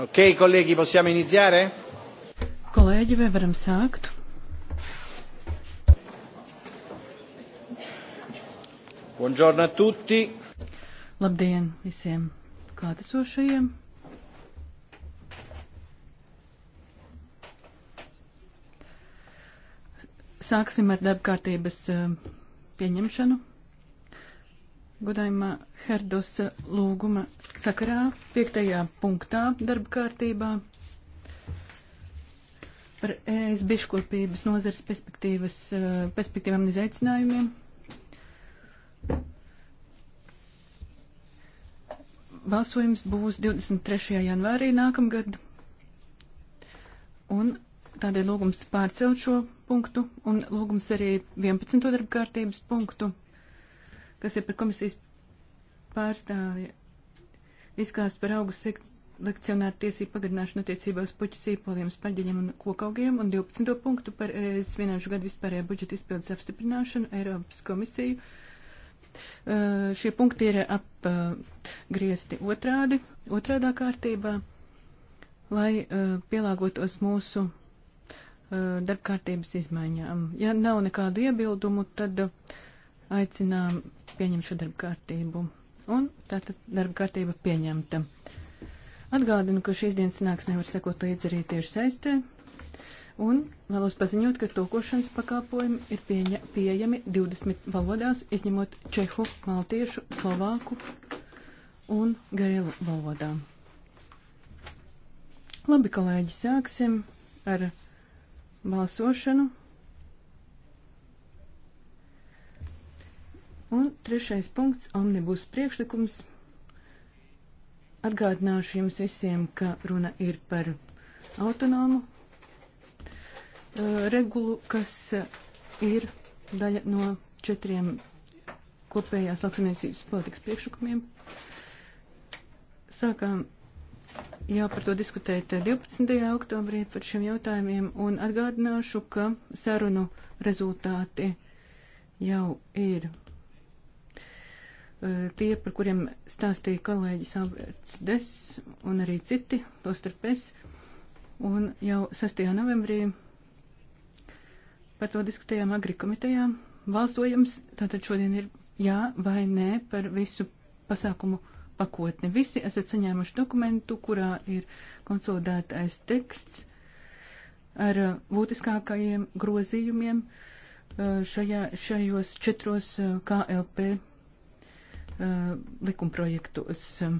Ok, kolēģi, possiamo iniziare? Kolēģi, vai varam sākt? Buongiorno a tutti. Labdien visiem klātesošajiem. Sāksim ar darbkārtības eh, pieņemšanu. Godājumā Herdos lūguma sakarā, piektajā punktā darba kārtībā par ES biškopības nozares perspektīvas, eh, perspektīvām un izaicinājumiem. Balsojums būs 23. janvārī nākamgad, un tādēļ lūgums pārcelt šo punktu, un lūgums arī 11. darba kārtības punktu kas ir par komisijas pārstāvi izklāst par augu lekcionāru tiesību pagarināšanu attiecībā uz puķu sīpoliem, spaļģeļiem un kokaugiem un 12. punktu par ES vienāšu gadu vispārējā budžeta izpildes apstiprināšanu Eiropas komisiju. Uh, šie punkti ir apgriezti uh, otrādi, otrādā kārtībā, lai uh, pielāgotos mūsu uh, darbkārtības izmaiņām. Ja nav nekādu iebildumu, tad uh, aicinām pieņemt šo darba kārtību. Un tātad darba kārtība pieņemta. Atgādinu, ka šīs dienas sanāksmē var sekot līdzi arī tieši saistē. Un vēlos paziņot, ka tulkošanas pakāpojumi ir pieņa, pieejami 20 valodās, izņemot čehu, maltiešu, slovāku un gēlu valodām. Labi, kolēģi, sāksim ar balsošanu. Un trešais punkts - omnibus priekšlikums. Atgādināšu jums visiem, ka runa ir par autonomu uh, regulu, kas ir daļa no četriem kopējās lauksaimniecības politikas priekšlikumiem. Sākām jau par to diskutēt 12. oktobrī par šiem jautājumiem un atgādināšu, ka sarunu rezultāti jau ir Eh, tie, par kuriem stāstīja kolēģis Alberts Des un arī citi, tostarp es. Un jau 6. novembrī par to diskutējām agri komitejām. Balsojums tātad šodien ir jā vai nē par visu pasākumu pakotni. Visi esat saņēmuši dokumentu, kurā ir konsolidētais teksts ar eh, būtiskākajiem grozījumiem eh, šajā, šajos četros KLP Uh, likumprojektos. Um,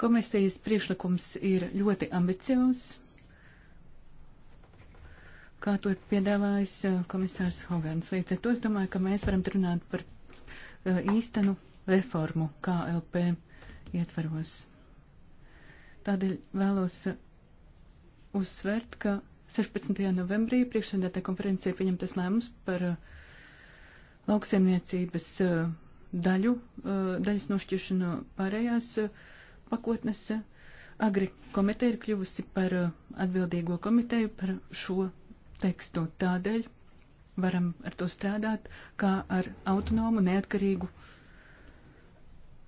komisijas priekšlikums ir ļoti ambiciozs, kā to ir piedāvājis uh, komisārs Hogans. Līdz ar to es domāju, ka mēs varam runāt par uh, īstenu reformu KLP ietvaros. Tādēļ vēlos uzsvērt, ka 16. novembrī priekšsēdētā konferencē pieņemtas lēmums par lauksaimniecības uh, daļu, eh, daļas nošķiršanu pārējās eh, pakotnes. Agri komiteja ir kļuvusi par eh, atbildīgo komiteju par šo tekstu. Tādēļ varam ar to strādāt kā ar autonomu, neatkarīgu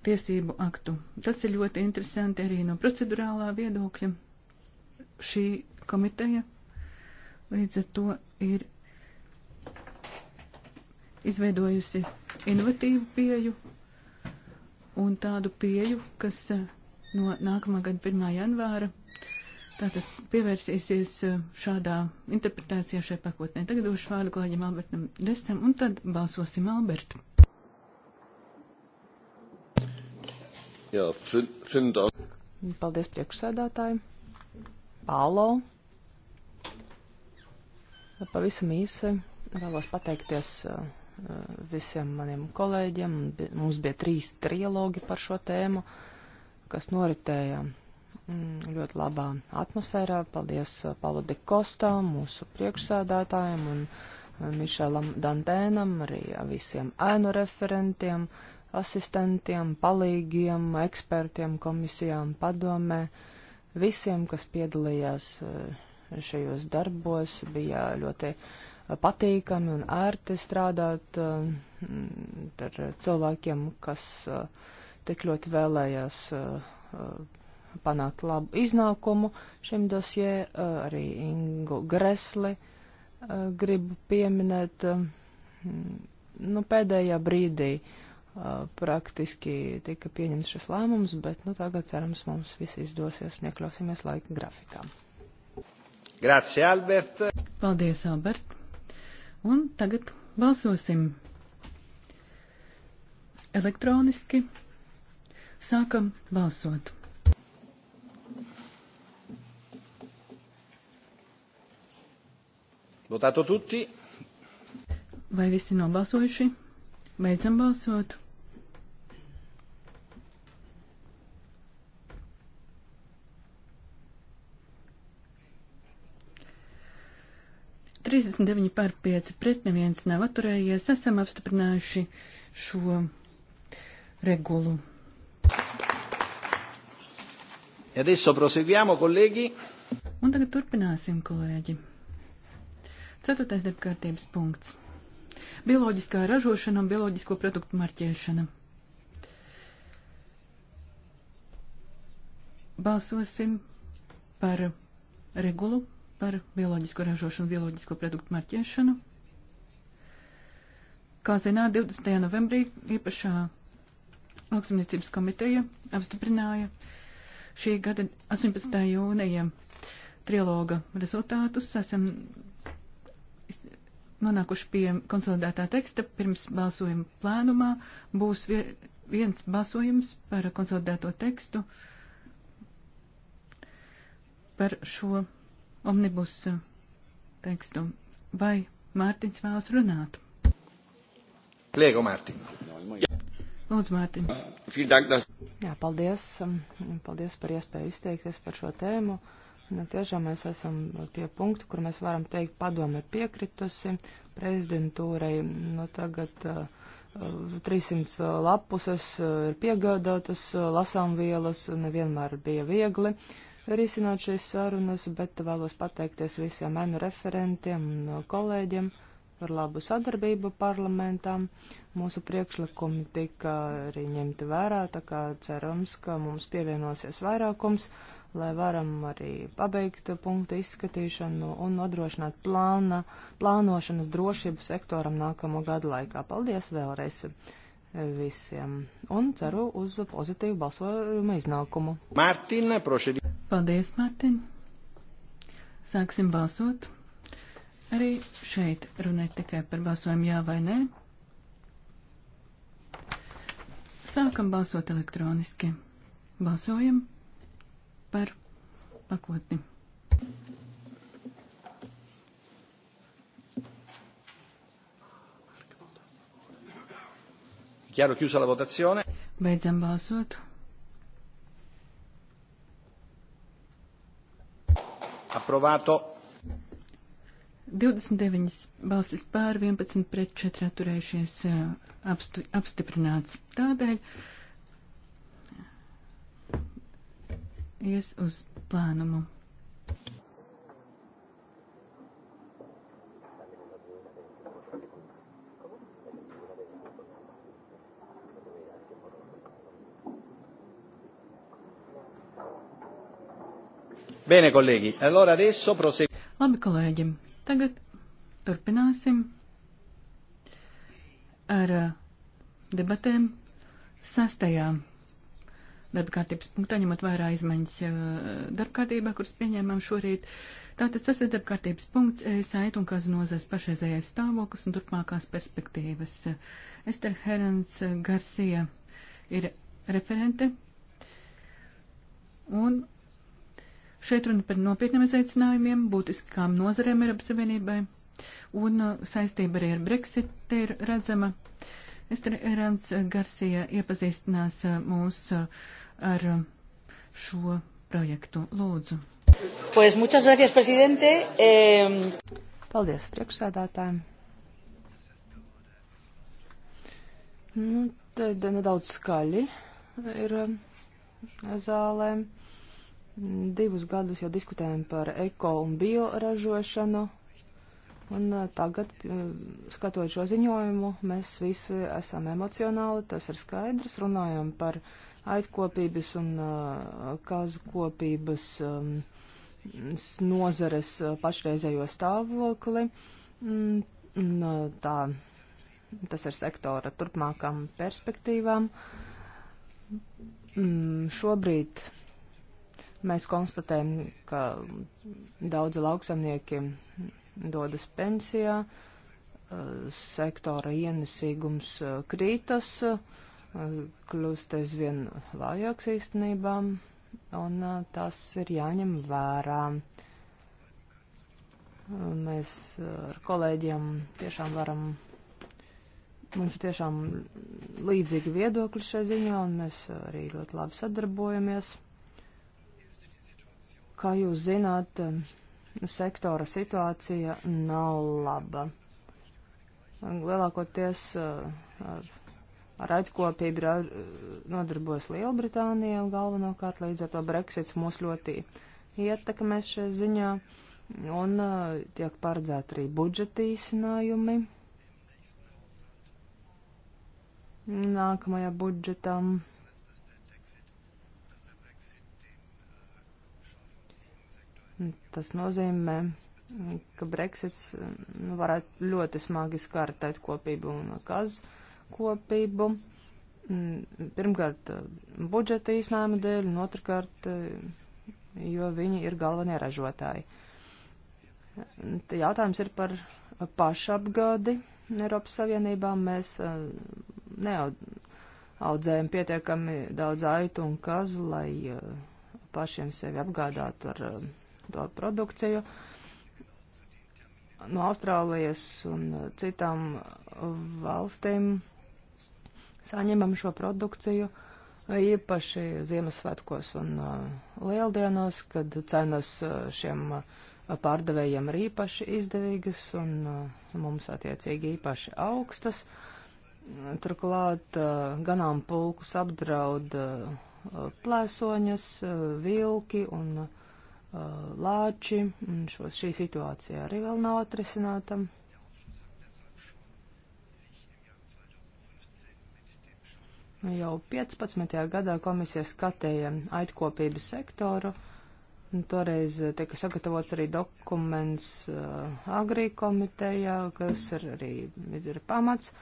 tiesību aktu. Tas ir ļoti interesanti arī no procedurālā viedokļa. Šī komiteja līdz ar to ir izveidojusi inovatīvu pieju un tādu pieju, kas eh, no nākamā gada 1. janvāra tātad pievērsīsies eh, šādā interpretācijā šai pakotnē. Tagad došu vārdu kolēģim Albertam Desam un tad balsosim Albertu. Jā, fin, fin Paldies priekšsēdātāji. Pālo. Pavisam īsi vēlos pateikties uh, Eh, visiem maniem kolēģiem. Mums bija trīs trilogi par šo tēmu, kas noritēja mm, ļoti labā atmosfērā. Paldies eh, Palu de Kostā, mūsu priekšsēdētājiem un eh, Mišelam Dantēnam, arī visiem ēnu referentiem, asistentiem, palīgiem, ekspertiem, komisijām, padomē, visiem, kas piedalījās šajos darbos, bija ļoti uh, patīkami un ērti strādāt eh, ar cilvēkiem, kas eh, tik ļoti vēlējās eh, panākt labu iznākumu šim dosjē. Arī Ingu Gresli gribu pieminēt. Nu, pēdējā brīdī praktiski tika pieņemts šis lēmums, bet nu, tagad cerams mums viss izdosies un iekļausimies laika grafikā. Grazie, Albert. Paldies, Albert. Un tagad balsosim elektroniski. Sākam balsot. Votato tutti. Vai visi nobalsojuši? Beidzam balsot. 39 pār 5 pret neviens nav atturējies. Esam apstiprinājuši šo regulu. E adesso proseguiamo, colleghi. Un tagad turpināsim, kolēģi. Ceturtais darbkārtības punkts. Bioloģiskā ražošana un bioloģisko produktu marķēšana. Balsosim par regulu par bioloģisko ražošanu, bioloģisko produktu marķēšanu. Kā zināt, 20. novembrī īpašā lauksamniecības komiteja apstiprināja šī gada 18. jūnija triloga rezultātus. Esam nonākuši pie konsolidētā teksta. Pirms balsojuma plēnumā būs viens balsojums par konsolidēto tekstu par šo omnibus uh, tekstu. Vai Mārtiņš vēlas runāt? Liego Mārtiņ. Lūdzu, Mārtiņ. Jā, paldies. Um, paldies par iespēju izteikties par šo tēmu. Nu, tiešām mēs esam pie punktu, kur mēs varam teikt, padome ir piekritusi prezidentūrai. Nu, tagad uh, 300 uh, lapuses uh, ir piegādātas lasām vielas, nevienmēr bija viegli. Uh, risināt šīs sarunas, bet vēlos pateikties visiem ēnu referentiem un uh, kolēģiem par labu sadarbību parlamentām. Mūsu priekšlikumi tika arī ņemti vērā, tā kā cerams, ka mums pievienosies vairākums, lai varam arī pabeigt punktu izskatīšanu un nodrošināt plāna, plānošanas drošību sektoram nākamo gadu laikā. Paldies vēlreiz! visiem un ceru uz pozitīvu balsojuma iznākumu. Mārtiņa, prošedi. Paldies, Mārtiņ. Sāksim balsot. Arī šeit runēt tikai par balsojumu jā vai nē. Sākam balsot elektroniski. Balsojam par pakotni. Chiaro, chiusa la votazione. Beidzam balsot. Approvato. 29 balsis pār, 11 pret, 4 atturējušies eh, apstu, apstiprināts. Tādēļ ies uz plānumu. Bene, kolēģi. Allora adesso prosegu. Labi, kolēģi. Tagad turpināsim ar uh, debatēm sastajā darba kārtības punktā, ņemot vērā izmaiņas uh, darba kārtībā, kuras pieņēmām šorīt. Tātad tas ir darba kārtības punkts ESAIT un kazinozēs pašreizējais stāvoklis un turpmākās perspektīvas. Ester Herans uh, Garcia ir referente. Un Šeit runa par nopietniem izaicinājumiem, būtiskām nozarēm Eiropas Savienībai, un uh, saistība arī ar Brexit ir redzama. Ester Erants Garcija iepazīstinās uh, mūs uh, ar šo projektu. Lūdzu. Pues muchas gracias, presidente. Eh... Paldies priekšsēdātājiem. Nu, tad nedaudz skaļi ir zālēm. Divus gadus jau diskutējam par eko un bioražošanu, un eh, tagad, eh, skatot šo ziņojumu, mēs visi esam emocionāli, tas ir skaidrs, runājam par aitkopības un eh, kazkopības ehm, nozares pašreizējo stāvokli. Mm, tā, tas ir sektora turpmākām perspektīvām. Mm, šobrīd Mēs konstatējam, ka daudzi lauksamnieki dodas pensijā, eh, sektora ienesīgums eh, krītas, eh, kļūst aizvien vājāks īstenībā, un tas ir jāņem vērā. Mēs ar kolēģiem tiešām varam mums ir tiešām līdzīgi viedokļi šai ziņā, un mēs arī ļoti labi sadarbojamies. Kā jūs zināt, sektora situācija nav laba. Lielākoties eh, ar, ar aitkopību nodarbojas Lielbritānija galvenokārt, līdz ar to Brexits mūs ļoti ietekmēs šajā ziņā, un eh, tiek paredzēti arī budžeta īsinājumi nākamajā budžetam. Tas nozīmē, ka Brexits nu, varētu ļoti smagi skartēt kopību un kaz kopību. Mm, pirmkārt, budžeta īsnājuma dēļ, un otrkārt, jo viņi ir galvenie ražotāji. Te jautājums ir par pašapgādi Eiropas Savienībā. Mēs eh, neaudzējam pietiekami daudz aitu un kazu, lai eh, pašiem sevi apgādātu ar eh, to produkciju no Austrālijas un citām valstīm. Saņemam šo produkciju īpaši Ziemassvētkos un uh, Lieldienos, kad cenas uh, šiem uh, pārdevējiem ir īpaši izdevīgas un mums attiecīgi īpaši augstas. Turklāt ganāmpulkus apdraud plēsoņas, vilki un uh, lāči, un šo, šī situācija arī vēl nav atrisināta. Jau 15. gadā komisija skatīja aitkopības sektoru, un toreiz tika sagatavots arī dokuments uh, agrī komitejā, kas ir arī ir pamats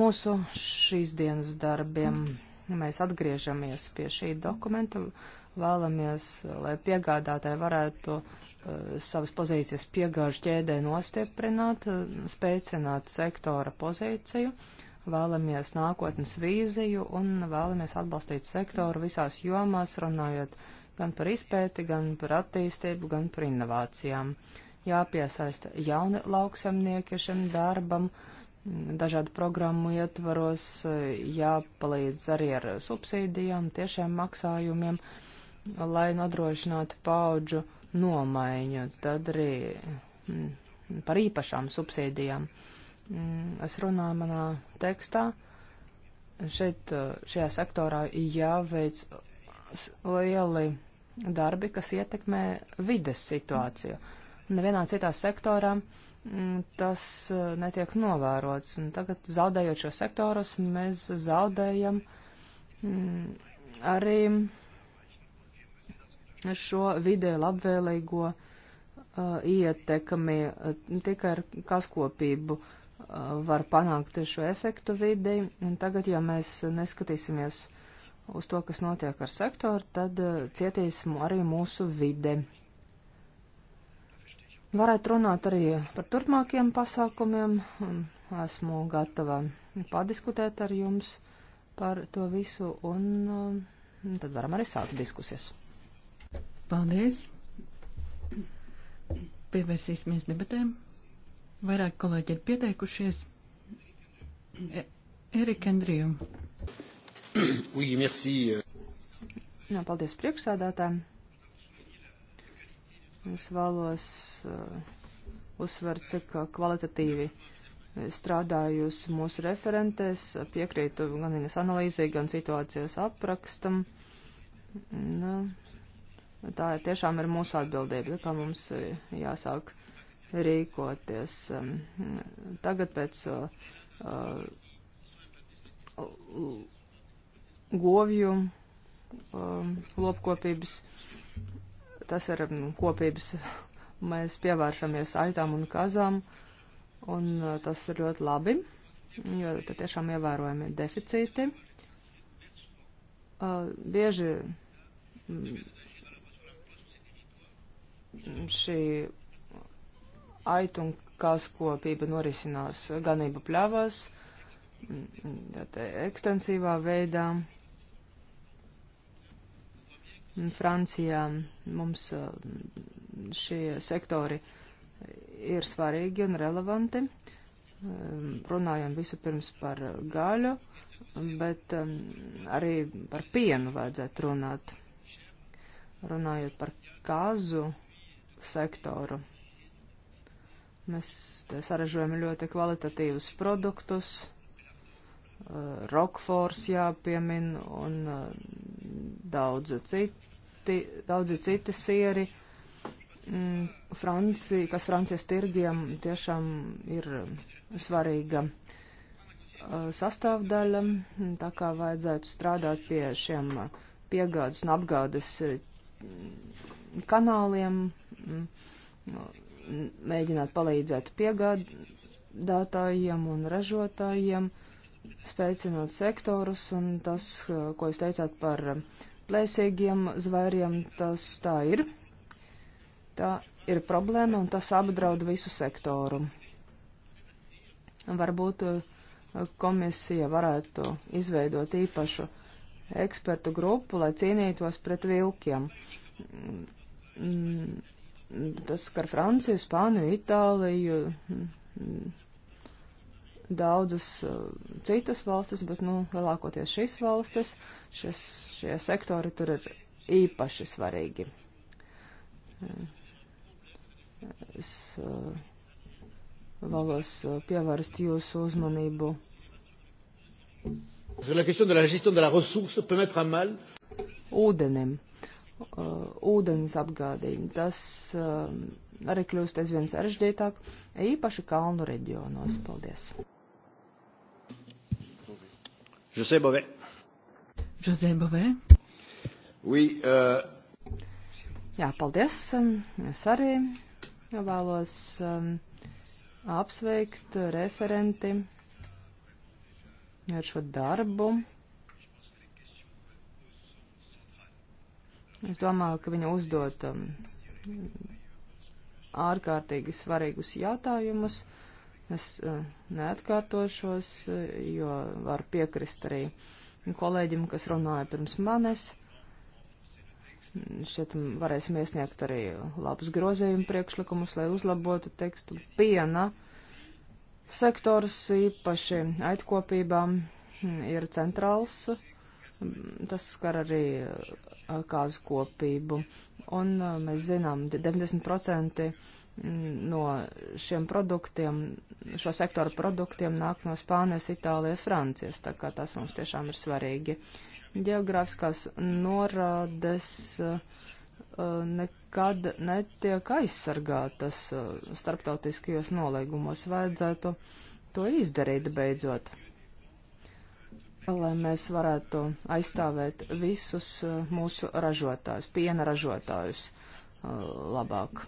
mūsu šīs dienas darbiem. Mm. Nu, mēs atgriežamies pie šī dokumenta, vēlamies, lai piegādātāji varētu eh, savas pozīcijas piegāžu ķēdē nostieprināt, eh, spēcināt sektora pozīciju, vēlamies nākotnes vīziju un vēlamies atbalstīt sektoru visās jomās, runājot gan par izpēti, gan par attīstību, gan par inovācijām. Jāpiesaista jauni lauksemnieki šim darbam, uh, dažādu programmu ietvaros, jāpalīdz arī ar subsīdijām, tiešiem maksājumiem, lai nodrošinātu paudžu nomaiņu, tad arī mm, par īpašām subsīdijām. Mm, es runāju manā tekstā, šeit eh, šajā sektorā jāveic lieli darbi, kas ietekmē vides situāciju. Nevienā citā sektorā uh, Mm, tas eh, netiek novērots. Un tagad, zaudējot šo sektorus, mēs zaudējam mm, arī šo vidē labvēlīgo uh, ietekmi. Eh, tikai ar kaskopību uh, var panākt šo efektu vidē. Un tagad, ja mēs neskatīsimies uz to, kas notiek ar sektoru, tad uh, cietīs arī mūsu vide. Varētu runāt arī par turpmākiem pasākumiem, un esmu gatava padiskutēt ar jums par to visu, un, un um, tad varam arī sākt diskusijas. Paldies! Pievērsīsimies debatēm. Vairāk kolēģi ir pieteikušies. E Erika Andriju. Oui, merci. Jā, paldies priekšsādātājiem. Es vēlos uh, uzsvert, cik uh, kvalitatīvi strādājusi mūsu referentes, piekrītu gan viņas analīzē, gan situācijas aprakstam. Nu, tā tiešām ir mūsu atbildība, kā mums jāsāk rīkoties. Um, tagad pēc uh, uh govju uh, lopkopības uh, tas ir mm, kopības. Mēs pievēršamies aitām un kazām, un tas ir ļoti labi, jo tad tiešām ievērojami deficīti. Bieži mm, šī aitu un kaskopība norisinās ganību pļavās, mm, ekstensīvā veidā. Francijā mums eh, šie sektori ir svarīgi un relevanti. Ehm, runājam visu pirms par gaļu, bet ehm, arī par pienu vajadzētu runāt. Runājot par kāzu sektoru, mēs saražojam ļoti kvalitatīvus produktus, eh, Rokfors jāpiemin un eh, daudz citu citi, daudzi citi sieri, mm, Francija, kas Francijas tirgiem tiešām ir svarīga uh, sastāvdaļa, tā kā vajadzētu strādāt pie šiem uh, piegādes un apgādes mm, kanāliem, mm, mēģināt palīdzēt piegādātājiem un ražotājiem, spēcinot sektorus, un tas, uh, ko jūs teicāt par Plēsīgiem zvēriem tas tā ir. Tā ir problēma un tas apdraud visu sektoru. Varbūt eh, komisija varētu izveidot īpašu ekspertu grupu, lai cīnītos pret vilkiem. Tas skar Franciju, Spāniju, Itāliju, daudzas eh, citas valstis, bet, nu, lielākoties šīs valstis. Uh, Šis, šie sektori tur ir īpaši svarīgi. Es eh, vēlos eh, pievērst jūsu uzmanību. Ūdenim, eh, ūdens apgādījumi, tas arī kļūst aizvien sarežģītāk, īpaši kalnu reģionos. Paldies! Je sais, Bovē. Jose Bovē. Oui, uh... Jā, paldies. Um, es arī vēlos um, apsveikt referenti ar šo darbu. Es domāju, ka viņa uzdot um, ārkārtīgi svarīgus jautājumus. Es uh, neatkārtošos, uh, jo varu piekrist arī uh, kolēģim, kas runāja pirms manis. Šeit varēsim iesniegt arī labus grozījumu priekšlikumus, lai uzlabotu tekstu piena. Sektors īpaši aitkopībām ir centrāls. Tas skar arī uh, kāzu kopību. Un uh, mēs zinām, 90% no šiem produktiem, šo sektoru produktiem nāk no Spānijas, Itālijas, Francijas, tā kā tas mums tiešām ir svarīgi. Geogrāfiskās norādes uh, nekad netiek aizsargātas uh, starptautiskajos nolīgumos. Vajadzētu to izdarīt beidzot, lai mēs varētu aizstāvēt visus uh, mūsu ražotājus, piena ražotājus labāk.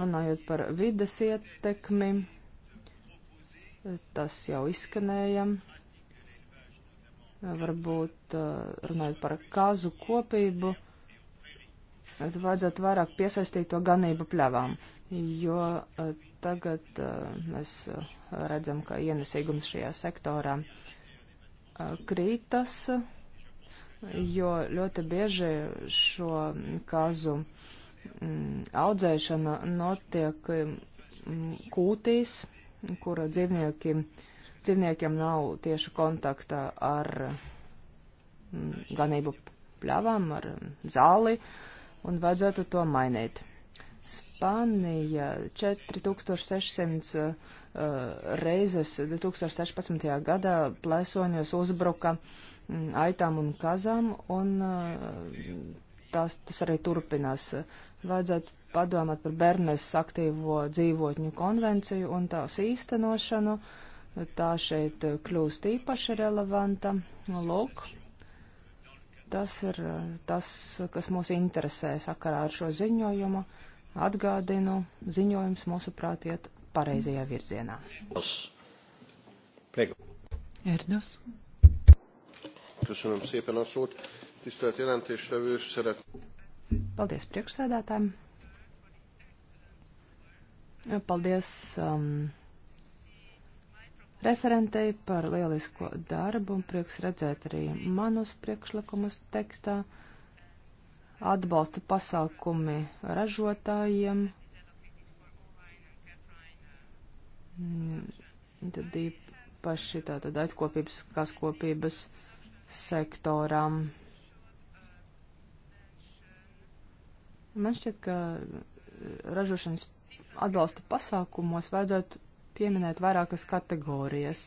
Runājot par vides ietekmi, tas jau izskanēja. Varbūt eh, runājot par kazu kopību, vajadzētu vairāk piesaistīt to ganību pļavām, jo eh, tagad eh, mēs redzam, ka ienesīgums šajā sektorā krītas, jo ļoti bieži šo kazu uh, Mm, audzēšana notiek mm, kūtīs, kura dzīvnieki, dzīvniekiem nav tieši kontakta ar mm, ganību pļavām, ar zāli, un vajadzētu to mainīt. Spānija 4600 uh, reizes 2016. gadā plēsoņos uzbruka aitām un kazām, un uh, tas, tas arī turpinās. Uh, vajadzētu padomāt par Bernes aktīvo dzīvotņu konvenciju un tās īstenošanu. Tā šeit kļūst īpaši relevanta. Lūk, tas ir eh, tas, kas mūs interesē sakarā ar šo ziņojumu. Atgādinu, ziņojums mūsuprāt iet pareizajā virzienā. Ernus. Köszönöm szépen a szót. Tisztelt jelentéstevő, szeretném. Paldies priekšsēdētājiem. Paldies um, referentei par lielisko darbu un prieks redzēt arī manus priekšlikumus tekstā. Atbalsta pasākumi ražotājiem. Mm, tad īpaši tātad aitkopības, kaskopības sektoram. Man šķiet, ka eh, ražošanas atbalsta pasākumos vajadzētu pieminēt vairākas kategorijas.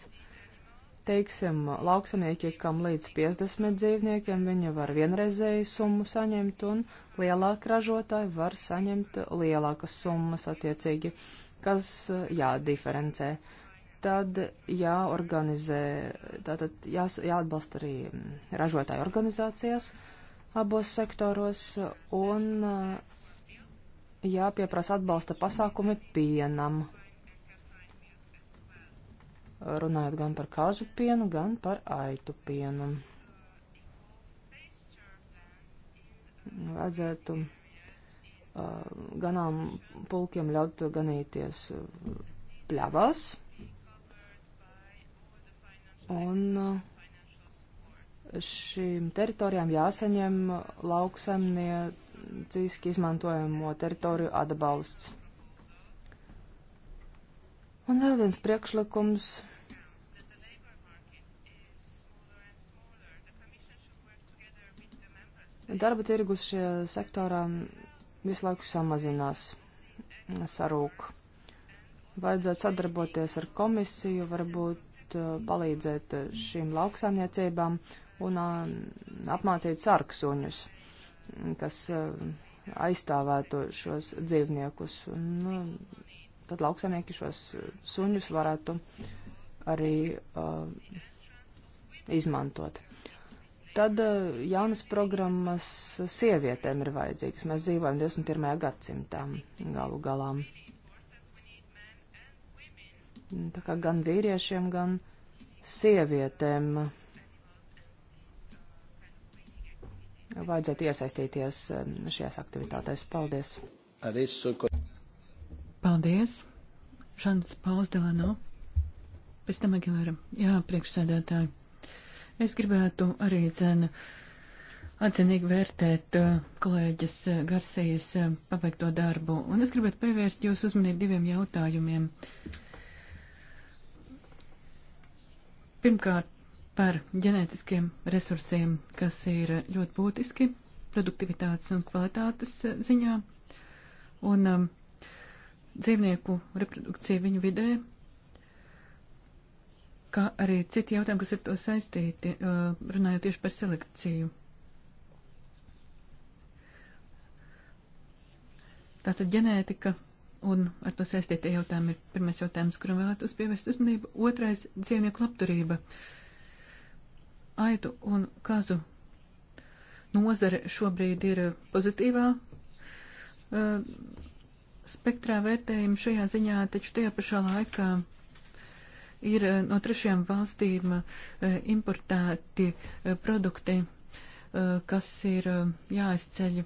Teiksim, lauksanieki, kam līdz 50 dzīvniekiem, viņi var vienreizēju summu saņemt, un lielāki ražotāji var saņemt lielākas summas attiecīgi, kas eh, jādiferencē. Tad jāorganizē, tātad jās, jāatbalsta arī mm, ražotāju organizācijas. Uh, abos sektoros un eh, jāpieprasa atbalsta pasākumi pienam. Runājot gan par kāzu pienu, gan par aitu pienu. Vajadzētu eh, ganām pulkiem ļaut ganīties eh, pļavās. Un uh, šīm teritorijām jāsaņem lauksaimnieciski izmantojamo teritoriju atbalsts. Un vēl viens priekšlikums. Darba tirgus šajā sektorā visu laiku samazinās, sarūk. Vajadzētu sadarboties ar komisiju, varbūt uh, palīdzēt uh, šīm lauksāmniecībām. Uh, un um, apmācīt sarksuņus, kas uh, aizstāvētu šos dzīvniekus. Un, uh, tad lauksanieki šos uh, suņus varētu arī uh, izmantot. Tad uh, jaunas programmas sievietēm ir vajadzīgas. Mēs dzīvojam 21. gadsimtā galu galām. Tā kā gan vīriešiem, gan sievietēm. Uh, vajadzētu iesaistīties um, šajās aktivitātēs. Paldies! Paldies! Šāds pauzdelēno. Pēc tam Agilera. Jā, priekšsēdētāji. Es gribētu arī dzēnu atzinīgi vērtēt uh, kolēģis uh, Garcijas uh, paveikto darbu, un es gribētu pievērst jūsu uzmanību diviem jautājumiem. Pirmkārt, par ģenētiskiem resursiem, kas ir ļoti būtiski produktivitātes un kvalitātes e, ziņā. Un um, dzīvnieku reprodukcija viņu vidē, kā arī citi jautājumi, kas ar to saistīti, uh, runājot tieši par selekciju. Tātad ģenētika un ar to saistītie jautājumi ir pirmais jautājums, kuram vēlētos pievērst uzmanību. Otrais - dzīvnieku labturība. Uh, aitu un kazu nozare šobrīd ir pozitīvā uh, spektrā vērtējuma šajā ziņā, taču tajā pašā laikā ir uh, no trešajām valstīm uh, importēti produkti, kas ir jāizceļ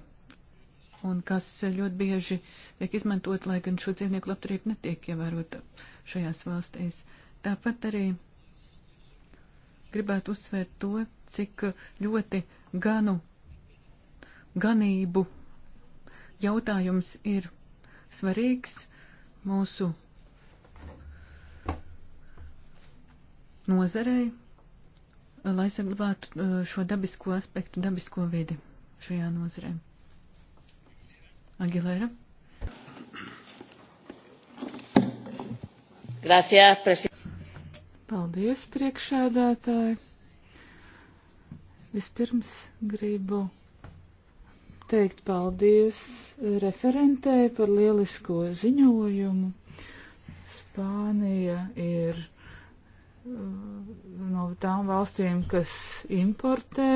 un kas ļoti bieži tiek izmantot, lai gan šo dzīvnieku labturība netiek ievērota šajās valstīs. Tāpat arī uh, gribētu uzsvērt to, cik ļoti ganu, ganību jautājums ir svarīgs mūsu nozarei, lai saglabātu uh, šo dabisko aspektu, dabisko vidi šajā nozarē. Agilera. Gracias, presidente. Paldies, priekšēdētāji. Vispirms gribu teikt paldies referentē par lielisko ziņojumu. Spānija ir uh, no tām valstīm, kas importē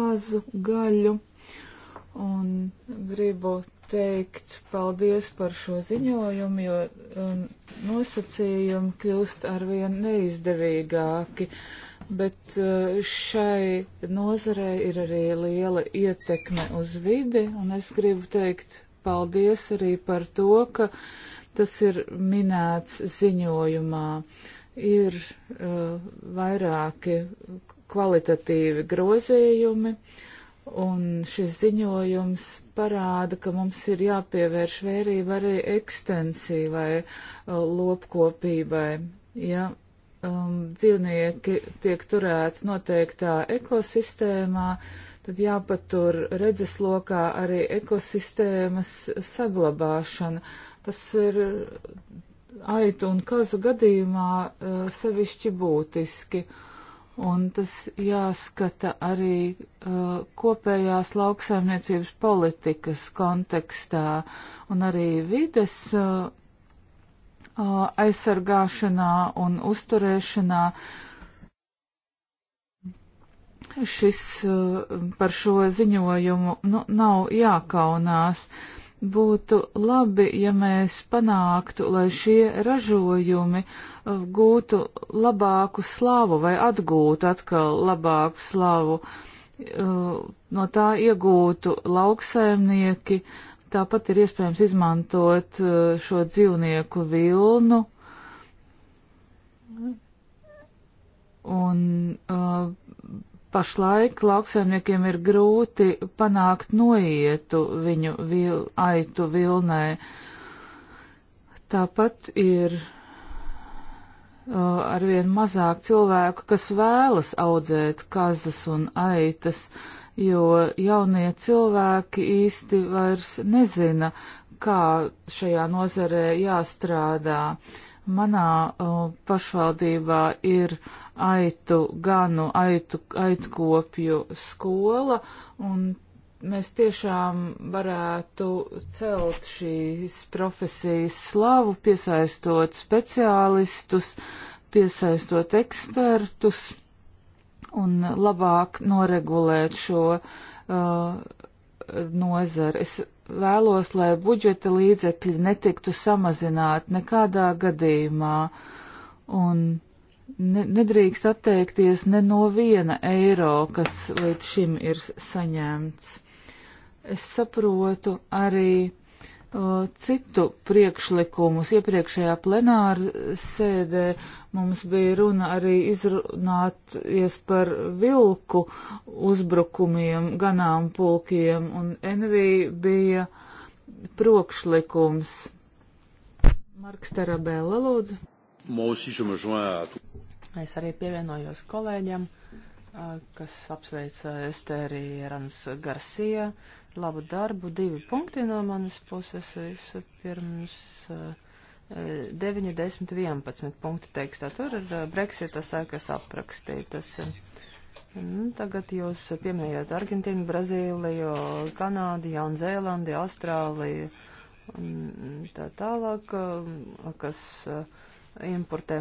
kazu gaļu un gribu teikt paldies par šo ziņojumu, jo um, nosacījumi kļūst arvien neizdevīgāki, bet uh, šai nozarei ir arī liela ietekme uz vidi, un es gribu teikt paldies arī par to, ka tas ir minēts ziņojumā. Ir uh, vairāki kvalitatīvi grozījumi. Uh, Un šis ziņojums parāda, ka mums ir jāpievērš vērība arī ekstensīvai uh, lopkopībai. Ja um, dzīvnieki tiek turēti noteiktā ekosistēmā, tad jāpatur redzeslokā arī ekosistēmas saglabāšana. Tas ir aitu un kazu gadījumā uh, sevišķi būtiski. Uh, un tas jāskata arī uh, kopējās lauksaimniecības politikas kontekstā un arī vides uh, uh aizsargāšanā un uzturēšanā. Šis uh, par šo ziņojumu nu, nav jākaunās. Uh, Būtu labi, ja mēs panāktu, lai šie ražojumi uh, gūtu labāku slavu vai atgūtu atkal labāku slavu. Uh, no tā iegūtu lauksaimnieki, tāpat ir iespējams izmantot uh, šo dzīvnieku vilnu. Un uh, Pašlaik lauksaimniekiem ir grūti panākt noietu viņu vil, aitu vilnē. Tāpat ir uh, arvien mazāk cilvēku, kas vēlas audzēt kazas un aitas, jo jaunie cilvēki īsti vairs nezina, kā šajā nozarē jāstrādā. Uh, Manā uh, pašvaldībā ir aitu ganu, aitu, aitkopju skola, un mēs tiešām varētu celt šīs profesijas slavu, piesaistot speciālistus, piesaistot ekspertus un labāk noregulēt šo uh, nozari. Es vēlos, lai budžeta līdzekļi netiktu samazināti nekādā gadījumā. Un ne, nedrīkst atteikties ne no viena eiro, kas līdz šim ir saņemts. Es saprotu arī citu priekšlikumus. Iepriekšējā plenāra sēdē mums bija runa arī izrunāties par vilku uzbrukumiem, ganāmpulkiem, un NV bija prokšlikums. Marks Tarabēla, lūdzu. Es arī pievienojos kolēģiem, kas apsveica Estēri Rans Garcia. Uh, labu darbu. Divi punkti no manas puses. Vispirms 9, 10, 11 punkti tekstā. Tur ir eh, Brexita sākas aprakstītas. Nu, mm, tagad jūs pieminējāt Argentīnu, Brazīliju, Kanādu, Jaunzēlandi, Austrāliju un tā tālāk, eh, kas eh, importē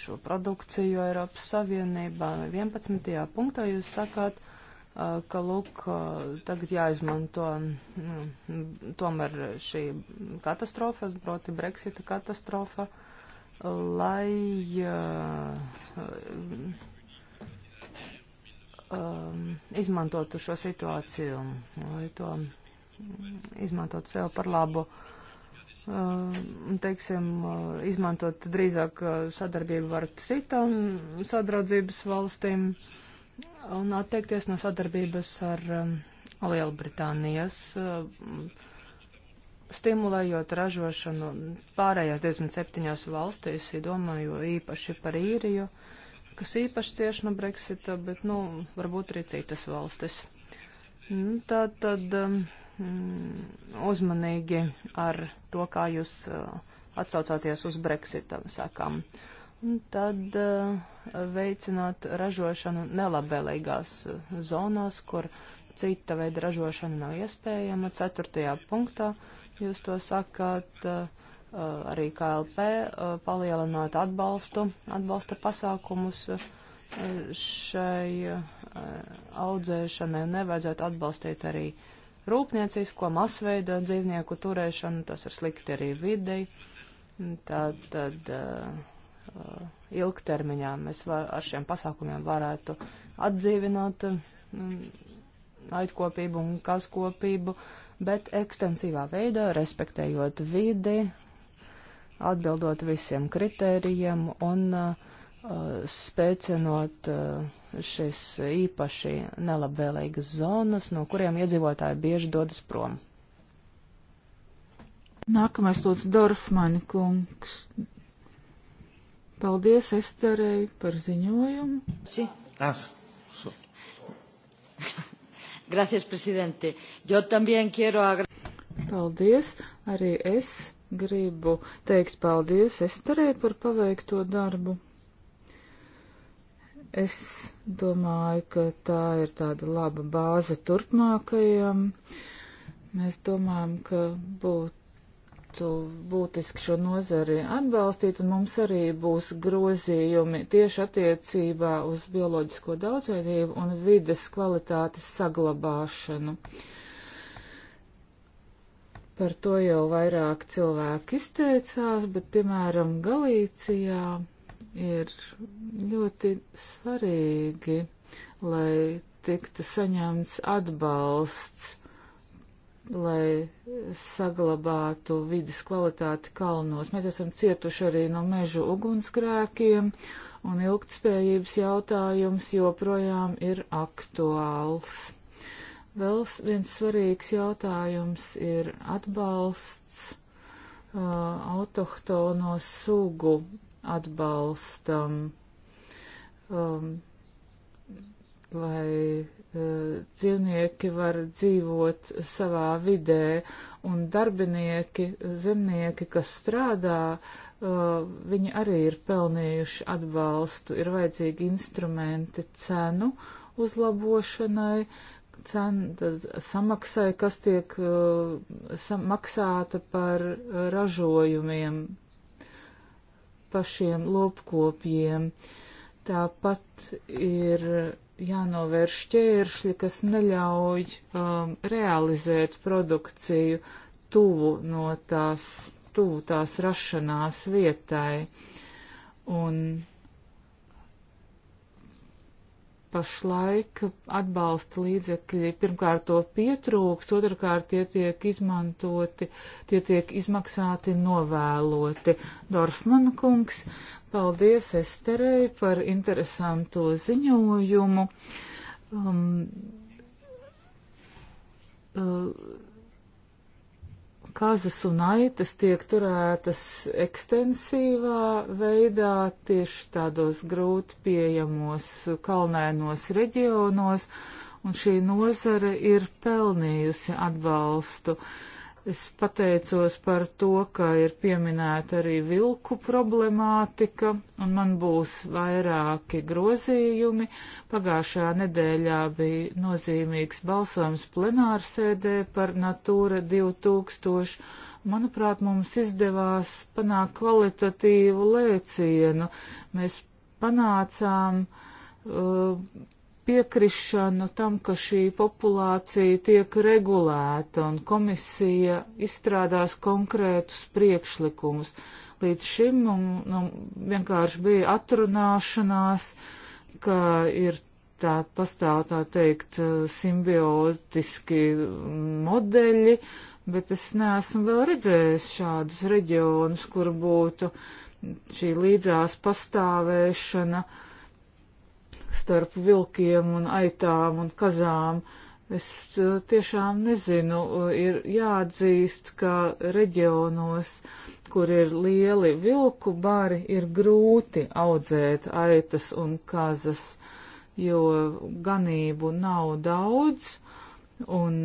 šo produkciju Eiropas Savienībā. 11. punktā jūs sakāt, uh, Uh, ka, lūk, uh, tagad jāizmanto nu, tomēr šī katastrofa, proti Brexita katastrofa, lai uh, um, izmantotu šo situāciju, lai to izmantotu sev par labu. Un, teiksim, izmantot drīzāk sadarbību ar citām sadraudzības valstīm. Uh, un atteikties no sadarbības ar um, Lielbritānijas, um, stimulējot ražošanu pārējās 27 valstīs, domāju īpaši par īriju, kas īpaši cieši no Brexita, bet, nu, varbūt arī citas valstis. Nu, tā tad um, uzmanīgi ar to, kā jūs uh, atsaucāties uz Brexita sakām. Uh, Un tad uh, veicināt ražošanu nelabvēlīgās uh, zonās, kur cita veida ražošana nav iespējama. Ceturtajā punktā jūs to sakāt uh, arī KLP palielināt atbalstu, atbalsta pasākumus šai audzēšanai. Nevajadzētu atbalstīt arī rūpniecisko masveida dzīvnieku turēšanu, tas ir slikti arī videi. Tātad. Uh, Uh, ilgtermiņā. Mēs var, ar šiem pasākumiem varētu atdzīvināt um, aitkopību un kaskopību, bet ekstensīvā veidā, respektējot vidi, atbildot visiem kritērijiem un uh, spēcinot uh, šis īpaši nelabvēlīgas zonas, no kuriem iedzīvotāji bieži dodas prom. Nākamais lūdzu Dorfmani kungs. Paldies Esterei par ziņojumu. Sí. Tas. Ah, Gracias, presidente. Yo también quiero agra... Paldies. Arī es gribu teikt paldies Esterei par paveikto darbu. Es domāju, ka tā ir tāda laba bāze turpmākajam. Mēs domājam, ka būtu varētu būtiski šo nozari atbalstīt, un mums arī būs grozījumi tieši attiecībā uz bioloģisko daudzveidību un vides kvalitātes saglabāšanu. Par to jau vairāk cilvēki izteicās, bet, piemēram, Galīcijā ir ļoti svarīgi, lai tiktu saņemts atbalsts lai saglabātu vidas kvalitāti kalnos. Mēs esam cietuši arī no mežu ugunsgrēkiem, un ilgtspējības jautājums joprojām ir aktuāls. Vēl viens svarīgs jautājums ir atbalsts, uh, autohtono sugu atbalstam, um, lai dzīvnieki var dzīvot savā vidē, un darbinieki, zemnieki, kas strādā, viņi arī ir pelnījuši atbalstu, ir vajadzīgi instrumenti cenu uzlabošanai, cena samaksai, kas tiek maksāta par ražojumiem pašiem lopkopiem. Tāpat ir jānovērš šķēršļi, kas neļauj um, realizēt produkciju tuvu no tās, tuvu tās rašanās vietai. Un pašlaik atbalsta līdzekļi pirmkārt to pietrūks, otrkārt tie tiek izmantoti, tie tiek izmaksāti novēloti. Dorfman kungs, Paldies Esterei par interesanto ziņojumu. Um, uh, kazas un aitas tiek turētas ekstensīvā veidā tieši tādos grūti pieejamos kalnēnos reģionos, un šī nozare ir pelnījusi atbalstu. Uh, Es pateicos par to, ka ir pieminēta arī vilku problemātika, un man būs vairāki grozījumi. Pagājušajā nedēļā bija nozīmīgs balsojums plenārsēdē par Natūra 2000. Manuprāt, mums izdevās panākt kvalitatīvu lēcienu. Mēs panācām. Uh, piekrišanu tam, ka šī populācija tiek regulēta un komisija izstrādās konkrētus priekšlikumus. Līdz šim mums nu, vienkārši bija atrunāšanās, ka ir tā pastāv tā teikt simbiotiski modeļi, bet es neesmu vēl redzējis šādus reģionus, kur būtu šī līdzās pastāvēšana. Uh, starp vilkiem un aitām un kazām. Es uh, tiešām nezinu, uh, ir jāatzīst, ka reģionos, kur ir lieli vilku bari, ir grūti audzēt aitas un kazas, jo ganību nav daudz un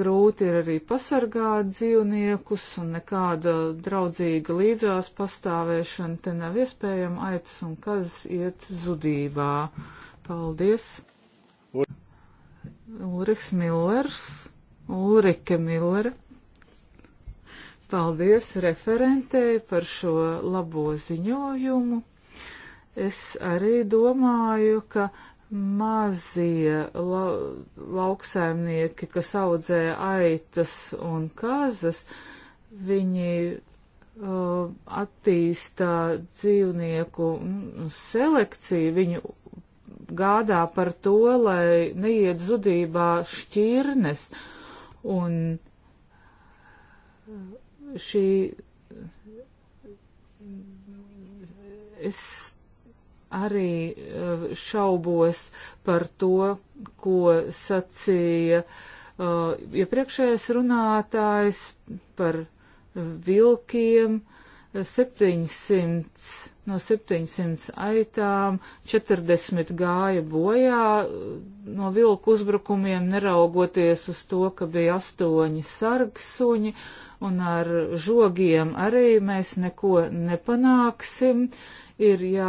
grūti ir arī pasargāt dzīvniekus, un nekāda draudzīga līdzās pastāvēšana te nav iespējama, aitas un kazas iet zudībā. Paldies. Ulriks Millers. Ulrike Millere. Paldies referentei par šo labo ziņojumu. Es arī domāju, ka mazie la lauksaimnieki, kas audzē aitas un kazas, viņi uh, attīstā dzīvnieku selekciju, viņu gādā par to, lai neiet zudībā šķirnes. Un šī. Es arī uh, šaubos par to, ko sacīja uh, iepriekšējais ja runātājs par vilkiem 700 no 700 aitām 40 gāja bojā no vilku uzbrukumiem, neraugoties uz to, ka bija astoņi sargsuņi, un ar žogiem arī mēs neko nepanāksim. Ir jā,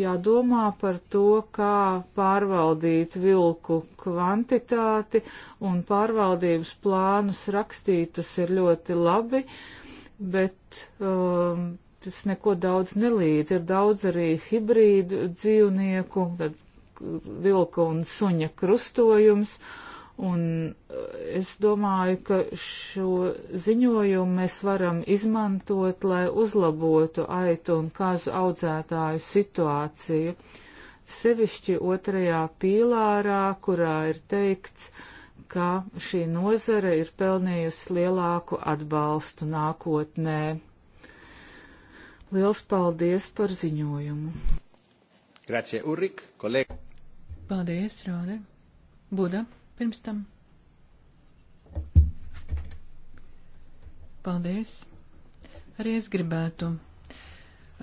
jādomā par to, kā pārvaldīt vilku kvantitāti, un pārvaldības plānus rakstīt tas ir ļoti labi, bet um, tas neko daudz nelīdz. Ir daudz arī hibrīdu dzīvnieku, tad vilka un suņa krustojums. Un eh, es domāju, ka šo ziņojumu mēs varam izmantot, lai uzlabotu aitu un kazu audzētāju situāciju. Sevišķi otrajā pīlārā, kurā ir teikts, ka šī nozara ir pelnījusi lielāku atbalstu nākotnē. Liels paldies par ziņojumu. Grazie, Ulrik, kolēģi. Paldies, Rāde. Buda, pirms tam. Paldies. Arī es gribētu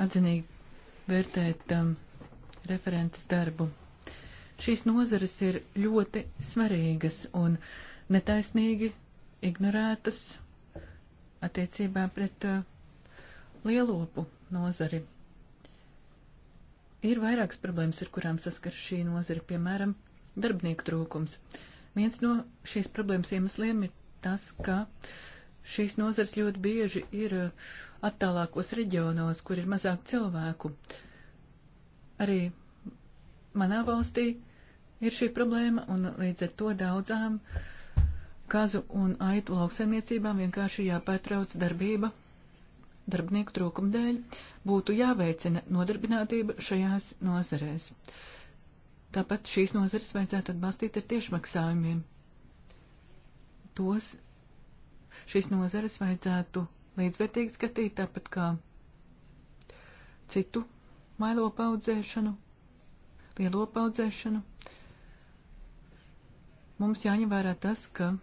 atzinīgi vērtēt um, referentes darbu. Šīs nozares ir ļoti svarīgas un netaisnīgi ignorētas attiecībā pret uh, lielopu nozari. Ir vairākas problēmas, ar kurām saskar šī nozara, piemēram, darbinieku trūkums. Viens no šīs problēmas iemesliem ir tas, ka šīs nozars ļoti bieži ir uh, attālākos reģionos, kur ir mazāk cilvēku. Arī manā valstī ir šī problēma, un līdz ar to daudzām kazu un aitu lauksaimniecībām vienkārši jāpārtrauc darbība darbinieku trūkuma dēļ, būtu jāveicina nodarbinātība šajās nozarēs. Tāpat šīs nozares vajadzētu atbalstīt ar tiešmaksājumiem. Tos šīs nozares vajadzētu līdzvērtīgi skatīt, tāpat kā citu mailo paudzēšanu, lielo paudzēšanu. Mums jāņem vērā tas, ka